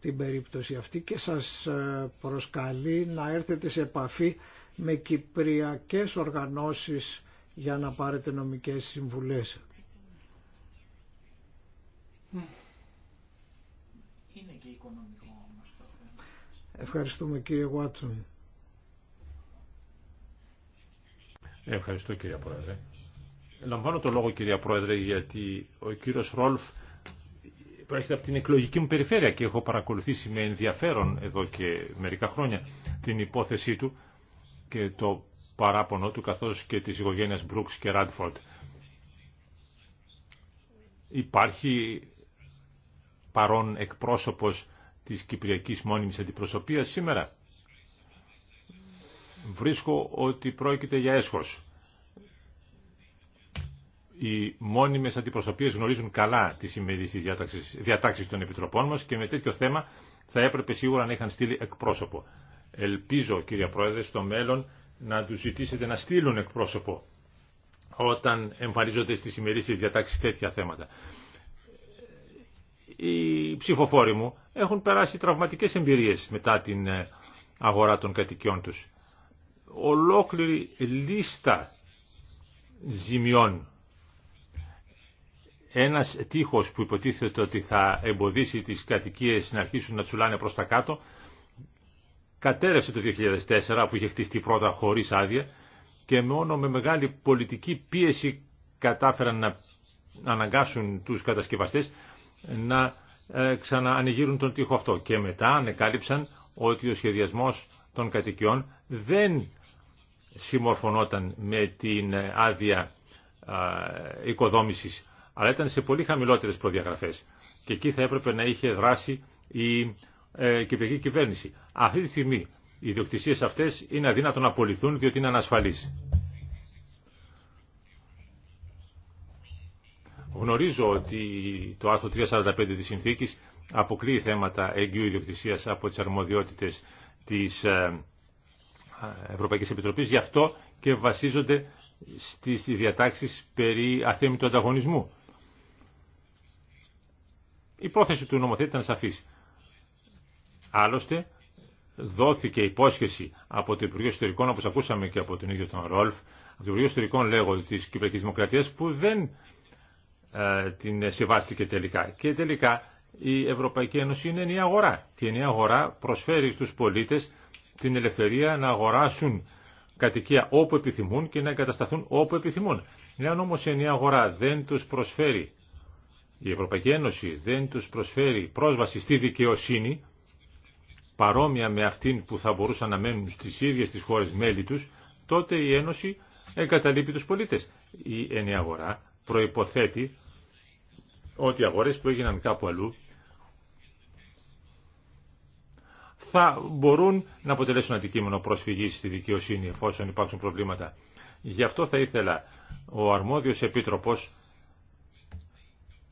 την περίπτωση αυτή και σας ε, προσκαλεί να έρθετε σε επαφή με κυπριακές οργανώσεις για να πάρετε νομικές συμβουλές. Είναι και οικονομικό όμως το θέμα. Ευχαριστούμε κύριε Βάτσον. Ευχαριστώ κύριε Πρόεδρε. Λαμβάνω το λόγο κυρία Πρόεδρε γιατί ο κύριος Ρόλφ προέρχεται από την εκλογική μου περιφέρεια και έχω παρακολουθήσει με ενδιαφέρον εδώ και μερικά χρόνια την υπόθεσή του και το παράπονο του καθώς και της οικογένειας Μπρούξ και Ράντφορντ. Υπάρχει παρόν εκπρόσωπος της Κυπριακής Μόνιμης Αντιπροσωπείας σήμερα. Βρίσκω ότι πρόκειται για έσχος οι μόνιμες αντιπροσωπείες γνωρίζουν καλά τις σημερινές διατάξεις, των επιτροπών μας και με τέτοιο θέμα θα έπρεπε σίγουρα να είχαν στείλει εκπρόσωπο. Ελπίζω κύριε Πρόεδρε στο μέλλον να τους ζητήσετε να στείλουν εκπρόσωπο όταν εμφανίζονται στις ημερήσεις διατάξεις τέτοια θέματα. Οι ψηφοφόροι μου έχουν περάσει τραυματικές εμπειρίες μετά την ε, αγορά των κατοικιών τους. Ολόκληρη λίστα ζημιών ένας τείχος που υποτίθεται ότι θα εμποδίσει τις κατοικίες να αρχίσουν να τσουλάνε προς τα κάτω, κατέρευσε το 2004 που είχε χτιστεί πρώτα χωρίς άδεια και μόνο με μεγάλη πολιτική πίεση κατάφεραν να αναγκάσουν τους κατασκευαστές να ε, ξαναανεγείρουν τον τείχο αυτό. Και μετά ανεκάλυψαν ότι ο σχεδιασμός των κατοικιών δεν συμμορφωνόταν με την ε, άδεια ε, οικοδόμησης αλλά ήταν σε πολύ χαμηλότερες προδιαγραφές. Και εκεί θα έπρεπε να είχε δράσει η ε, κυβέρνηση. Αυτή τη στιγμή οι ιδιοκτησίες αυτές είναι αδύνατο να απολυθούν διότι είναι ανασφαλείς. Γνωρίζω ότι το άρθρο 345 της συνθήκης αποκλείει θέματα εγγύου ιδιοκτησίας από τις αρμοδιότητες της ε, Ευρωπαϊκής Επιτροπής, γι' αυτό και βασίζονται στις διατάξεις περί αθέμητου ανταγωνισμού. Η πρόθεση του νομοθέτη ήταν σαφή, Άλλωστε, δόθηκε υπόσχεση από το Υπουργείο Ιστορικών, όπω ακούσαμε και από τον ίδιο τον Ρόλφ, από το Υπουργείο Ιστορικών, λέγω, της Κυπριακή Δημοκρατίας, που δεν ε, την σεβάστηκε τελικά. Και τελικά η Ευρωπαϊκή Ένωση είναι ενιαία αγορά. Και η ενιαία αγορά προσφέρει στους πολίτε την ελευθερία να αγοράσουν κατοικία όπου επιθυμούν και να εγκατασταθούν όπου επιθυμούν. Εάν όμω η νέα αγορά δεν του προσφέρει η Ευρωπαϊκή Ένωση δεν τους προσφέρει πρόσβαση στη δικαιοσύνη, παρόμοια με αυτήν που θα μπορούσαν να μένουν στις ίδιες τις χώρες μέλη τους, τότε η Ένωση εγκαταλείπει τους πολίτες. Η ενιαγορά αγορά προϋποθέτει ότι οι αγορές που έγιναν κάπου αλλού θα μπορούν να αποτελέσουν αντικείμενο προσφυγής στη δικαιοσύνη εφόσον υπάρξουν προβλήματα. Γι' αυτό θα ήθελα ο αρμόδιος επίτροπος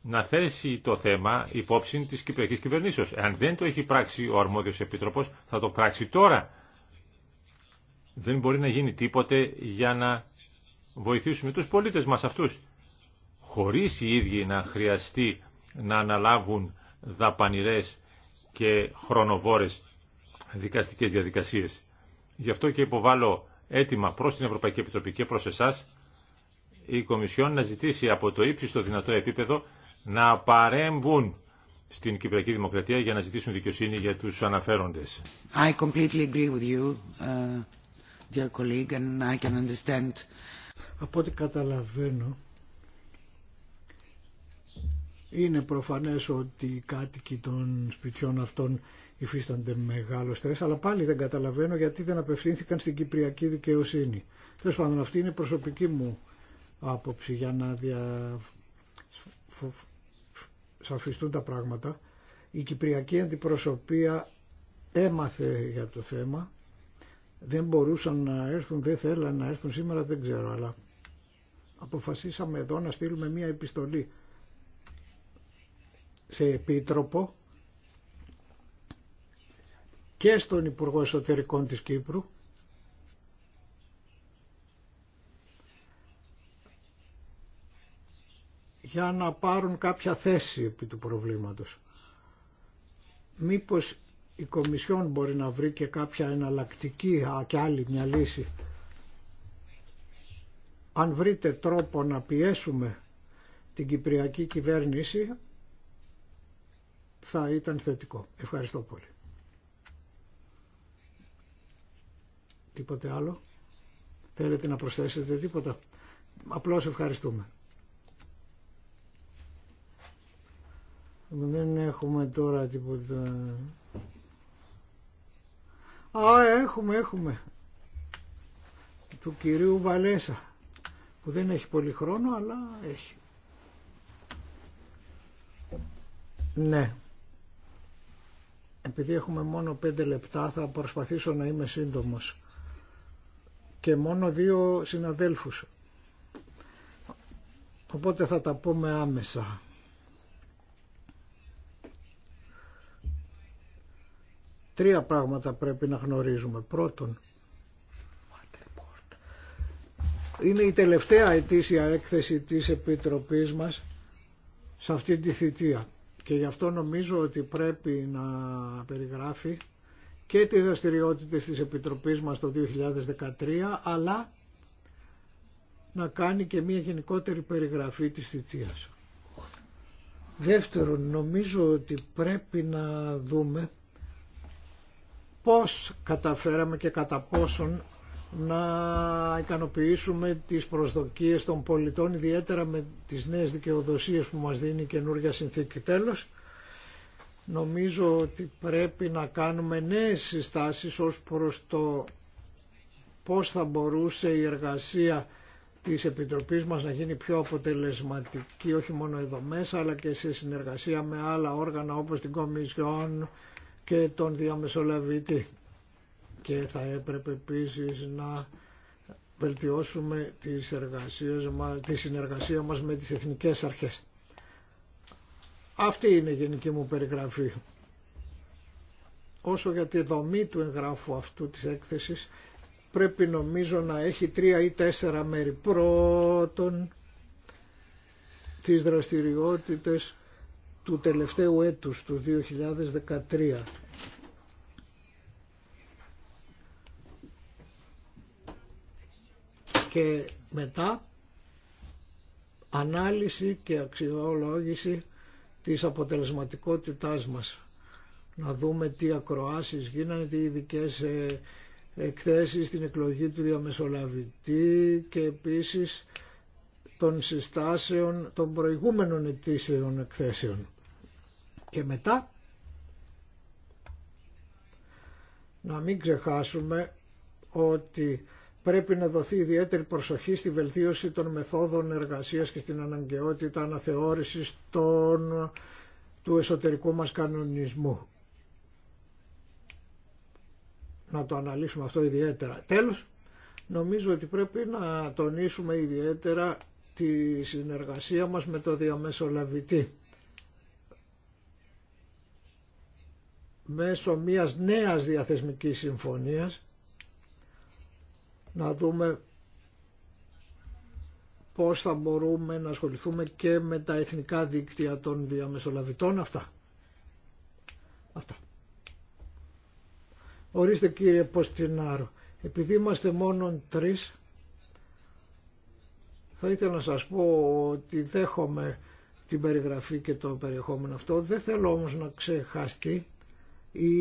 να θέσει το θέμα υπόψη της Κυπριακής Κυβερνήσεως. Αν δεν το έχει πράξει ο αρμόδιος επίτροπος, θα το πράξει τώρα. Δεν μπορεί να γίνει τίποτε για να βοηθήσουμε τους πολίτες μας αυτού. χωρίς οι ίδιοι να χρειαστεί να αναλάβουν δαπανηρές και χρονοβόρες δικαστικές διαδικασίες. Γι' αυτό και υποβάλλω αίτημα προ την Ευρωπαϊκή Επιτροπή και προ εσά η Κομισιόν να ζητήσει από το ύψιστο δυνατό επίπεδο να παρέμβουν στην Κυπριακή Δημοκρατία για να ζητήσουν δικαιοσύνη για τους αναφέροντες. I completely agree with you, uh, dear colleague, and I can understand. Από ό,τι καταλαβαίνω, είναι προφανές ότι οι κάτοικοι των σπιτιών αυτών υφίστανται μεγάλο στρες, αλλά πάλι δεν καταλαβαίνω γιατί δεν απευθύνθηκαν στην Κυπριακή δικαιοσύνη. Τέλος πάντων, αυτή είναι η προσωπική μου άποψη για να διαφωνήσω σαφιστούν τα πράγματα. Η Κυπριακή Αντιπροσωπεία έμαθε για το θέμα. Δεν μπορούσαν να έρθουν, δεν θέλαν να έρθουν σήμερα, δεν ξέρω, αλλά αποφασίσαμε εδώ να στείλουμε μία επιστολή σε επίτροπο και στον Υπουργό Εσωτερικών της Κύπρου για να πάρουν κάποια θέση επί του προβλήματος. Μήπως η Κομισιόν μπορεί να βρει και κάποια εναλλακτική α, και άλλη μια λύση. Αν βρείτε τρόπο να πιέσουμε την Κυπριακή κυβέρνηση θα ήταν θετικό. Ευχαριστώ πολύ. Τίποτε άλλο. Θέλετε να προσθέσετε τίποτα. Απλώς ευχαριστούμε. Δεν έχουμε τώρα τίποτα. Α, έχουμε, έχουμε. Του κυρίου Βαλέσα, που δεν έχει πολύ χρόνο, αλλά έχει. Ναι. Επειδή έχουμε μόνο πέντε λεπτά, θα προσπαθήσω να είμαι σύντομος. Και μόνο δύο συναδέλφους. Οπότε θα τα πούμε άμεσα. Τρία πράγματα πρέπει να γνωρίζουμε. Πρώτον, είναι η τελευταία ετήσια έκθεση της Επιτροπής μας σε αυτή τη θητεία και γι' αυτό νομίζω ότι πρέπει να περιγράφει και τις δραστηριότητε της Επιτροπής μας το 2013 αλλά να κάνει και μια γενικότερη περιγραφή της θητείας. Δεύτερον, νομίζω ότι πρέπει να δούμε πώς καταφέραμε και κατά πόσον να ικανοποιήσουμε τις προσδοκίες των πολιτών, ιδιαίτερα με τις νέες δικαιοδοσίες που μας δίνει η καινούργια συνθήκη. Τέλος, νομίζω ότι πρέπει να κάνουμε νέες συστάσεις ως προς το πώς θα μπορούσε η εργασία της Επιτροπής μας να γίνει πιο αποτελεσματική, όχι μόνο εδώ μέσα, αλλά και σε συνεργασία με άλλα όργανα όπως την Κομισιόν, και τον διαμεσολαβητή. Και θα έπρεπε επίσης να βελτιώσουμε τη συνεργασία μας με τις εθνικές αρχές. Αυτή είναι η γενική μου περιγραφή. Όσο για τη δομή του εγγράφου αυτού της έκθεσης, πρέπει νομίζω να έχει τρία ή τέσσερα μέρη. Πρώτον, τις δραστηριότητες του τελευταίου έτους του 2013. Και μετά ανάλυση και αξιολόγηση της αποτελεσματικότητάς μας. Να δούμε τι ακροάσεις γίνανε, τι ειδικέ ε, εκθέσεις στην εκλογή του διαμεσολαβητή και επίσης των συστάσεων των προηγούμενων ετήσεων εκθέσεων. Και μετά να μην ξεχάσουμε ότι πρέπει να δοθεί ιδιαίτερη προσοχή στη βελτίωση των μεθόδων εργασίας και στην αναγκαιότητα αναθεώρησης των, του εσωτερικού μας κανονισμού. Να το αναλύσουμε αυτό ιδιαίτερα. Τέλος, νομίζω ότι πρέπει να τονίσουμε ιδιαίτερα τη συνεργασία μας με το διαμεσολαβητή. Μέσω μιας νέας διαθεσμικής συμφωνίας να δούμε πώς θα μπορούμε να ασχοληθούμε και με τα εθνικά δίκτυα των διαμεσολαβητών αυτά. Αυτά. Ορίστε κύριε Ποστινάρο, επειδή είμαστε μόνον τρεις, θα ήθελα να σας πω ότι δέχομαι την περιγραφή και το περιεχόμενο αυτό. Δεν θέλω όμως να ξεχαστεί η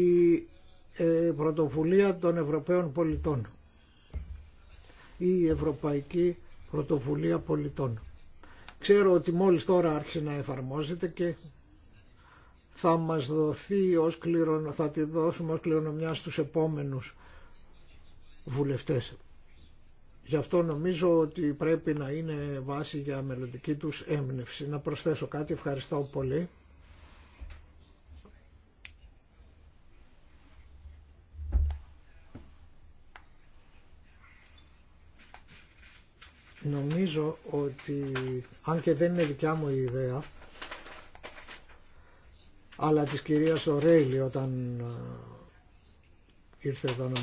ε, πρωτοβουλία των Ευρωπαίων πολιτών η Ευρωπαϊκή Πρωτοβουλία Πολιτών. Ξέρω ότι μόλις τώρα άρχισε να εφαρμόζεται και θα μας δοθεί ως θα τη δώσουμε ως κληρονομιά στους επόμενους βουλευτές. Γι' αυτό νομίζω ότι πρέπει να είναι βάση για μελλοντική τους έμπνευση. Να προσθέσω κάτι, ευχαριστώ πολύ. Νομίζω ότι, αν και δεν είναι δικιά μου η ιδέα, αλλά της κυρίας Ρέιλι όταν ε, ήρθε εδώ να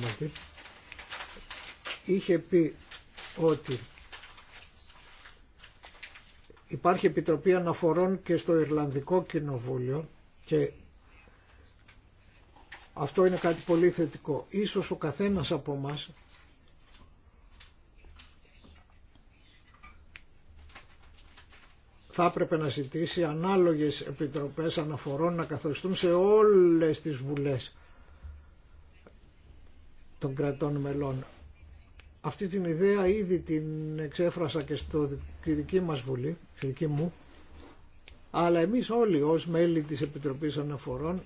είχε πει ότι υπάρχει Επιτροπή Αναφορών και στο Ιρλανδικό Κοινοβούλιο και αυτό είναι κάτι πολύ θετικό. Ίσως ο καθένας από μας θα έπρεπε να ζητήσει ανάλογες επιτροπές αναφορών να καθοριστούν σε όλες τις βουλές των κρατών μελών. Αυτή την ιδέα ήδη την εξέφρασα και στο, στη δική μας Βουλή, στη δική μου, αλλά εμείς όλοι ως μέλη της Επιτροπής Αναφορών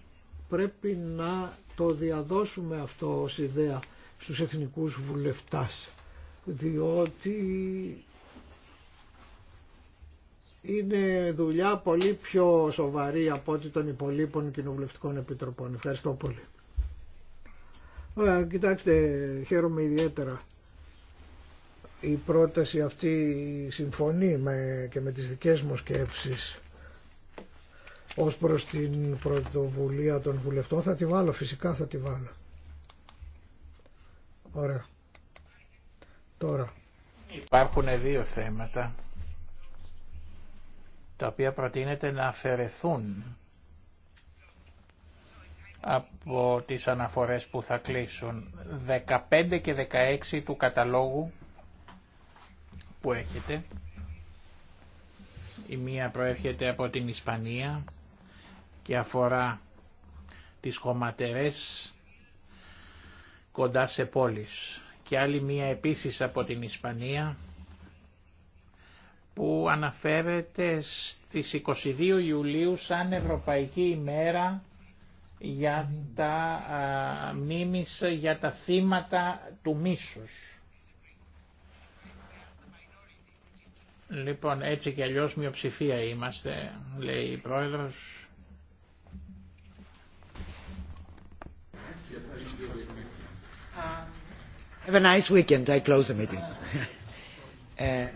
πρέπει να το διαδώσουμε αυτό ως ιδέα στους εθνικούς βουλευτάς, διότι είναι δουλειά πολύ πιο σοβαρή από ό,τι των υπολείπων κοινοβουλευτικών επιτροπών. Ευχαριστώ πολύ. κοιτάξτε, χαίρομαι ιδιαίτερα η πρόταση αυτή συμφωνεί και με τις δικές μου σκέψεις ως προς την πρωτοβουλία των βουλευτών. Θα τη βάλω, φυσικά θα τη βάλω. Ωραία. Τώρα. Υπάρχουν δύο θέματα τα οποία προτείνεται να αφαιρεθούν από τις αναφορές που θα κλείσουν. 15 και 16 του καταλόγου που έχετε. Η μία προέρχεται από την Ισπανία και αφορά τις χωματερές κοντά σε πόλεις. Και άλλη μία επίσης από την Ισπανία που αναφέρεται στις 22 Ιουλίου σαν Ευρωπαϊκή ημέρα για τα μνήμης για τα θύματα του μίσους. Λοιπόν, έτσι κι αλλιώς μειοψηφία είμαστε, λέει η πρόεδρος. Have a nice weekend. I close the meeting. Ε,